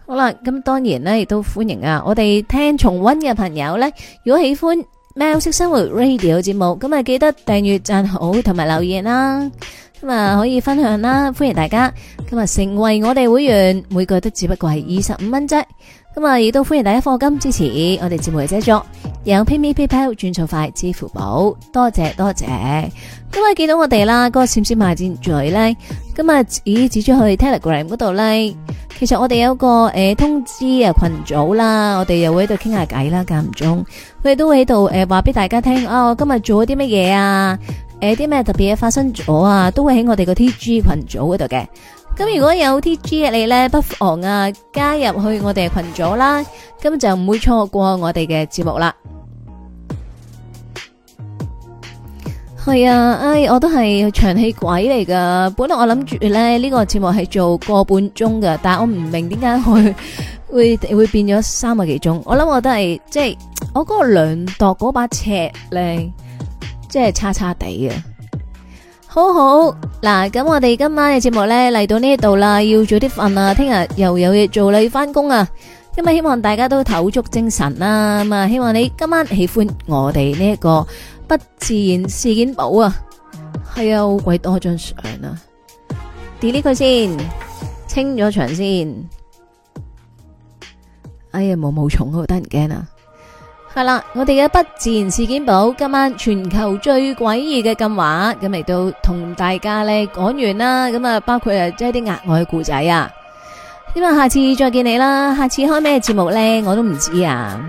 好啦，咁當然呢，亦都歡迎啊！我哋聽重溫嘅朋友呢，如果喜歡喵式生活 Radio 節目，咁啊記得訂閱、讚好同埋留言啦。咁啊可以分享啦，歡迎大家今日成為我哋會員，每個月都只不過係二十五蚊啫。今日亦都歡迎大家課金支持我哋節目嘅製作，有 PayMe、PayPal 轉數快、支付寶，多謝多謝。今日見到我哋啦，嗰、那個閃閃賣戰錘咧，今日咦，指出去 Telegram 嗰度咧，其實我哋有個誒、呃、通知啊群組啦，我哋又會喺度傾下偈啦，間唔中佢哋都會喺度誒話俾大家聽啊，我今日做咗啲乜嘢啊，誒啲咩特別嘢發生咗啊，都會喺我哋個 TG 群組嗰度嘅。.咁如果有 TG 嘅你咧，不妨啊加入去我哋群組啦，咁就唔會錯過我哋嘅節目啦。係啊，唉，我都係長氣鬼嚟噶本來我諗住咧呢個節目係做個半鐘嘅，但係我唔明點解會會會變咗三個幾鐘。我諗我都係即係我嗰個量度嗰把尺咧，即係差差地啊。好好嗱，咁我哋今晚嘅節目咧，嚟到呢度啦，要早啲瞓啦，聽日又有嘢做啦，要翻工啊！今日希望大家都抖足精神啦，咁啊，希望你今晚喜歡我哋呢一個不自然事件簿啊！係啊，好鬼多張相啊，delete 佢先，清咗場先。哎呀，毛毛蟲好得人驚啊！係啦，我哋嘅不自然事件簿今晚全球最詭異嘅禁畫，咁嚟到同大家咧講完啦，咁啊包括誒即係啲額外嘅故仔啊，咁啊希望下次再見你啦，下次開咩節目咧我都唔知啊，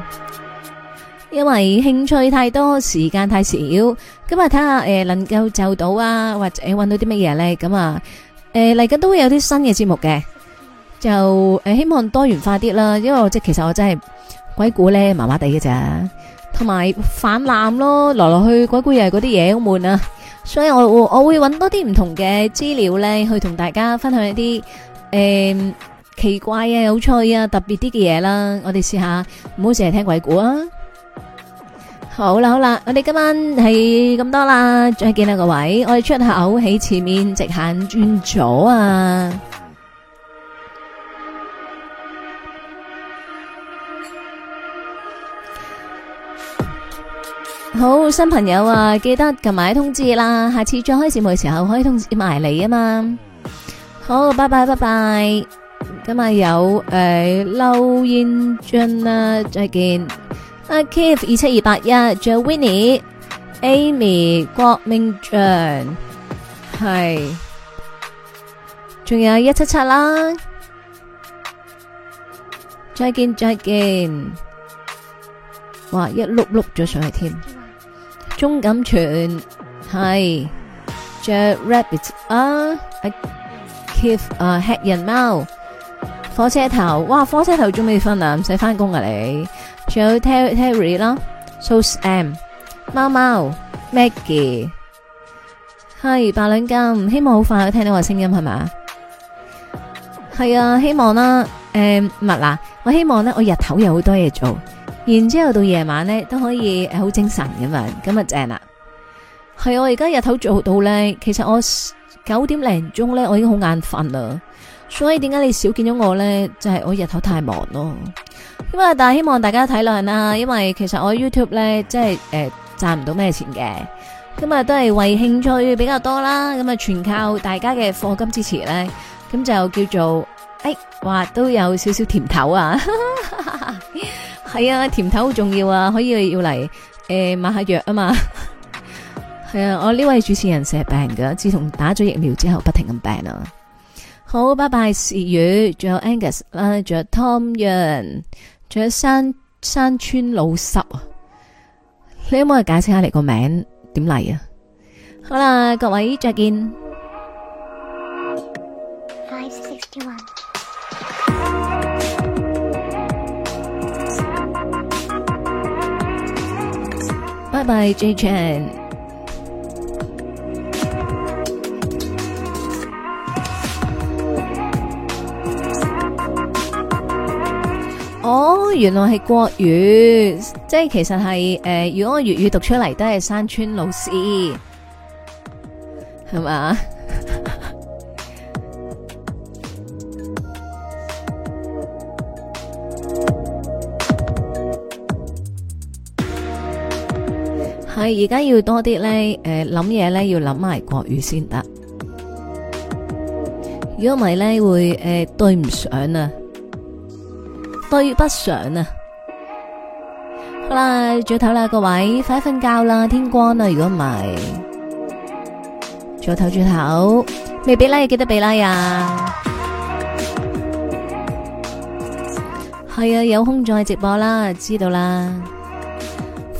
因為興趣太多，時間太少，咁啊睇下誒能夠就到啊，或者搵到啲乜嘢咧，咁啊誒嚟緊都會有啲新嘅節目嘅，就誒希望多元化啲啦，因為我即係其實我真係。鬼故咧麻麻地嘅咋，同埋反濫咯，來來去鬼故又係嗰啲嘢好悶啊！所以我我會揾多啲唔同嘅資料咧，去同大家分享一啲誒、欸、奇怪啊、有趣啊、特別啲嘅嘢啦。我哋試下唔好淨係聽鬼故啊！好啦好啦，我哋今晚係咁多啦，再見啦各位，我哋出口喺前面直行轉左啊！好，新朋友啊，記得撳埋通知啦，下次再開節目嘅時候，可以通知埋你啊嘛。好，拜拜，拜拜。今日有誒 Lou Yin Jun 啦，再見。阿 Kif 二七二八一，仲有 Winnie、Amy、郭明俊係，仲有一七七啦。再見，再見。哇，一碌碌咗上去添。鍾錦全係着 rabbit 啊，keep 啊，吃人貓火車頭，哇火車頭仲未瞓啊，唔使翻工啊你。仲有 Terry 啦，Sos M 貓貓 Maggie 係白兩金，希望好快可以聽到我聲音，係咪？係啊，希望、啊嗯、啦，誒麥啦我希望咧、啊、我日頭有好多嘢做。然之後到夜晚咧，都可以誒，好精神咁樣，咁啊正啦。係我而家日頭做到咧，其實我九點零鐘咧，我已經好眼瞓啦，所以點解你少見咗我咧？就係、是、我日頭太忙咯。咁、嗯、啊，但係希望大家體諒啦，因為其實我喺 YouTube 咧即係誒、呃、賺唔到咩錢嘅，咁、嗯、啊都係為興趣比較多啦，咁啊全靠大家嘅課金支持咧，咁就叫做。哎，哇，都有少少甜頭啊，係 [laughs] 啊，甜頭好重要啊，可以要嚟誒、呃、買下藥啊嘛，係 [laughs] 啊，我呢位主持人成日病噶，自從打咗疫苗之後，不停咁病啊，好，拜拜，時雨，仲有 Angus，啊，仲有 Tom Young，仲有山山川老濕啊，你可唔可以解釋下你個名點嚟啊？好啦，各位再見。拜 J N，哦，oh，原來係國語，即係其實係誒、呃，如果我粵語讀出嚟都係山村老師，係嘛？ [laughs] 而家要多啲咧，誒諗嘢咧要諗埋國語先得，如果唔係咧會誒、呃、對唔上啊，對不上啊。好啦，早唞啦，各位快瞓覺啦，天光啦，如果唔係早唞，早唞，未俾拉，記得俾拉呀。係 [music] 啊，有空再直播啦，知道啦。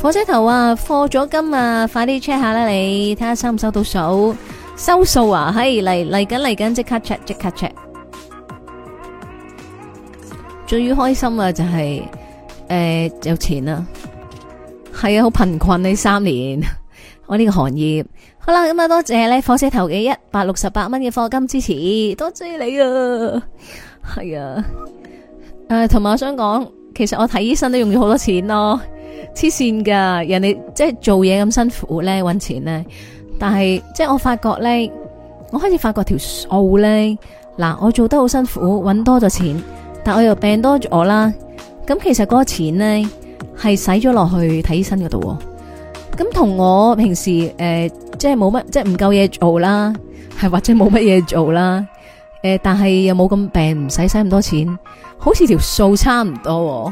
火車頭啊，課咗金啊，快啲 check 下啦，你睇下收唔收到數？收數啊，係嚟嚟緊嚟緊，即刻 check 即刻 check。最開心，就是呃、啊，就係誒有錢啊，係啊，好貧困呢三年， [laughs] 我呢個行業。好啦，啊，咁啊多謝咧火車頭嘅一百六十八蚊嘅課金支持，多謝你啊，係啊，誒同埋我想講，其實我睇醫生都用咗好多錢咯。黐線噶，人哋即係做嘢咁辛苦咧，搵錢咧，但係即係我發覺咧，我開始發覺條數咧，嗱，我做得好辛苦，搵多咗錢，但我又病多咗我啦，咁其實嗰個錢咧係使咗落去睇醫生嗰度，咁同我平時誒、呃，即係冇乜，即係唔夠嘢做啦，係或者冇乜嘢做啦，誒、呃，但係又冇咁病，唔使使咁多錢，好似條數差唔多。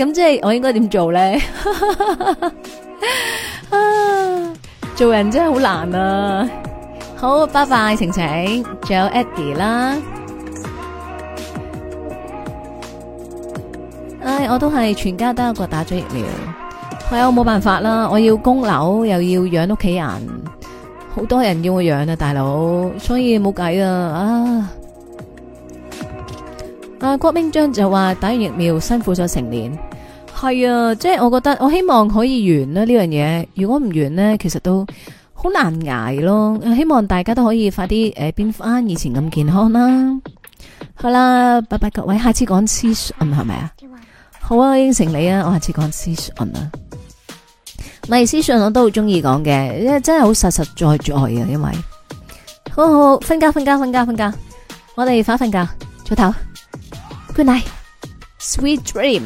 咁即係我應該點做咧、 [laughs] 啊？做人真係好難啊！好，拜拜，晴晴，仲有 Eddy 啦。唉、哎，我都係全家得一個打咗疫苗，係、哎、我冇辦法啦！我要供樓，又要養屋企人，好多人要我養啊，大佬，所以冇計啊！啊，阿郭明章就話打完疫苗辛苦咗成年。係啊，即係我覺得，我希望可以完啦呢樣嘢。如果唔完呢，其實都好難挨咯。希望大家都可以快啲誒，變翻以前咁健康啦。好啦，拜拜各位，下次講思想，唔係咪啊？晚好啊，我應承你啊，我下次講思想啊。咪思想我都好中意講嘅，因為真係好實實在在啊。因為好好瞓覺，瞓覺，瞓覺，瞓覺。我哋快瞓覺，早唞，good night，sweet dream。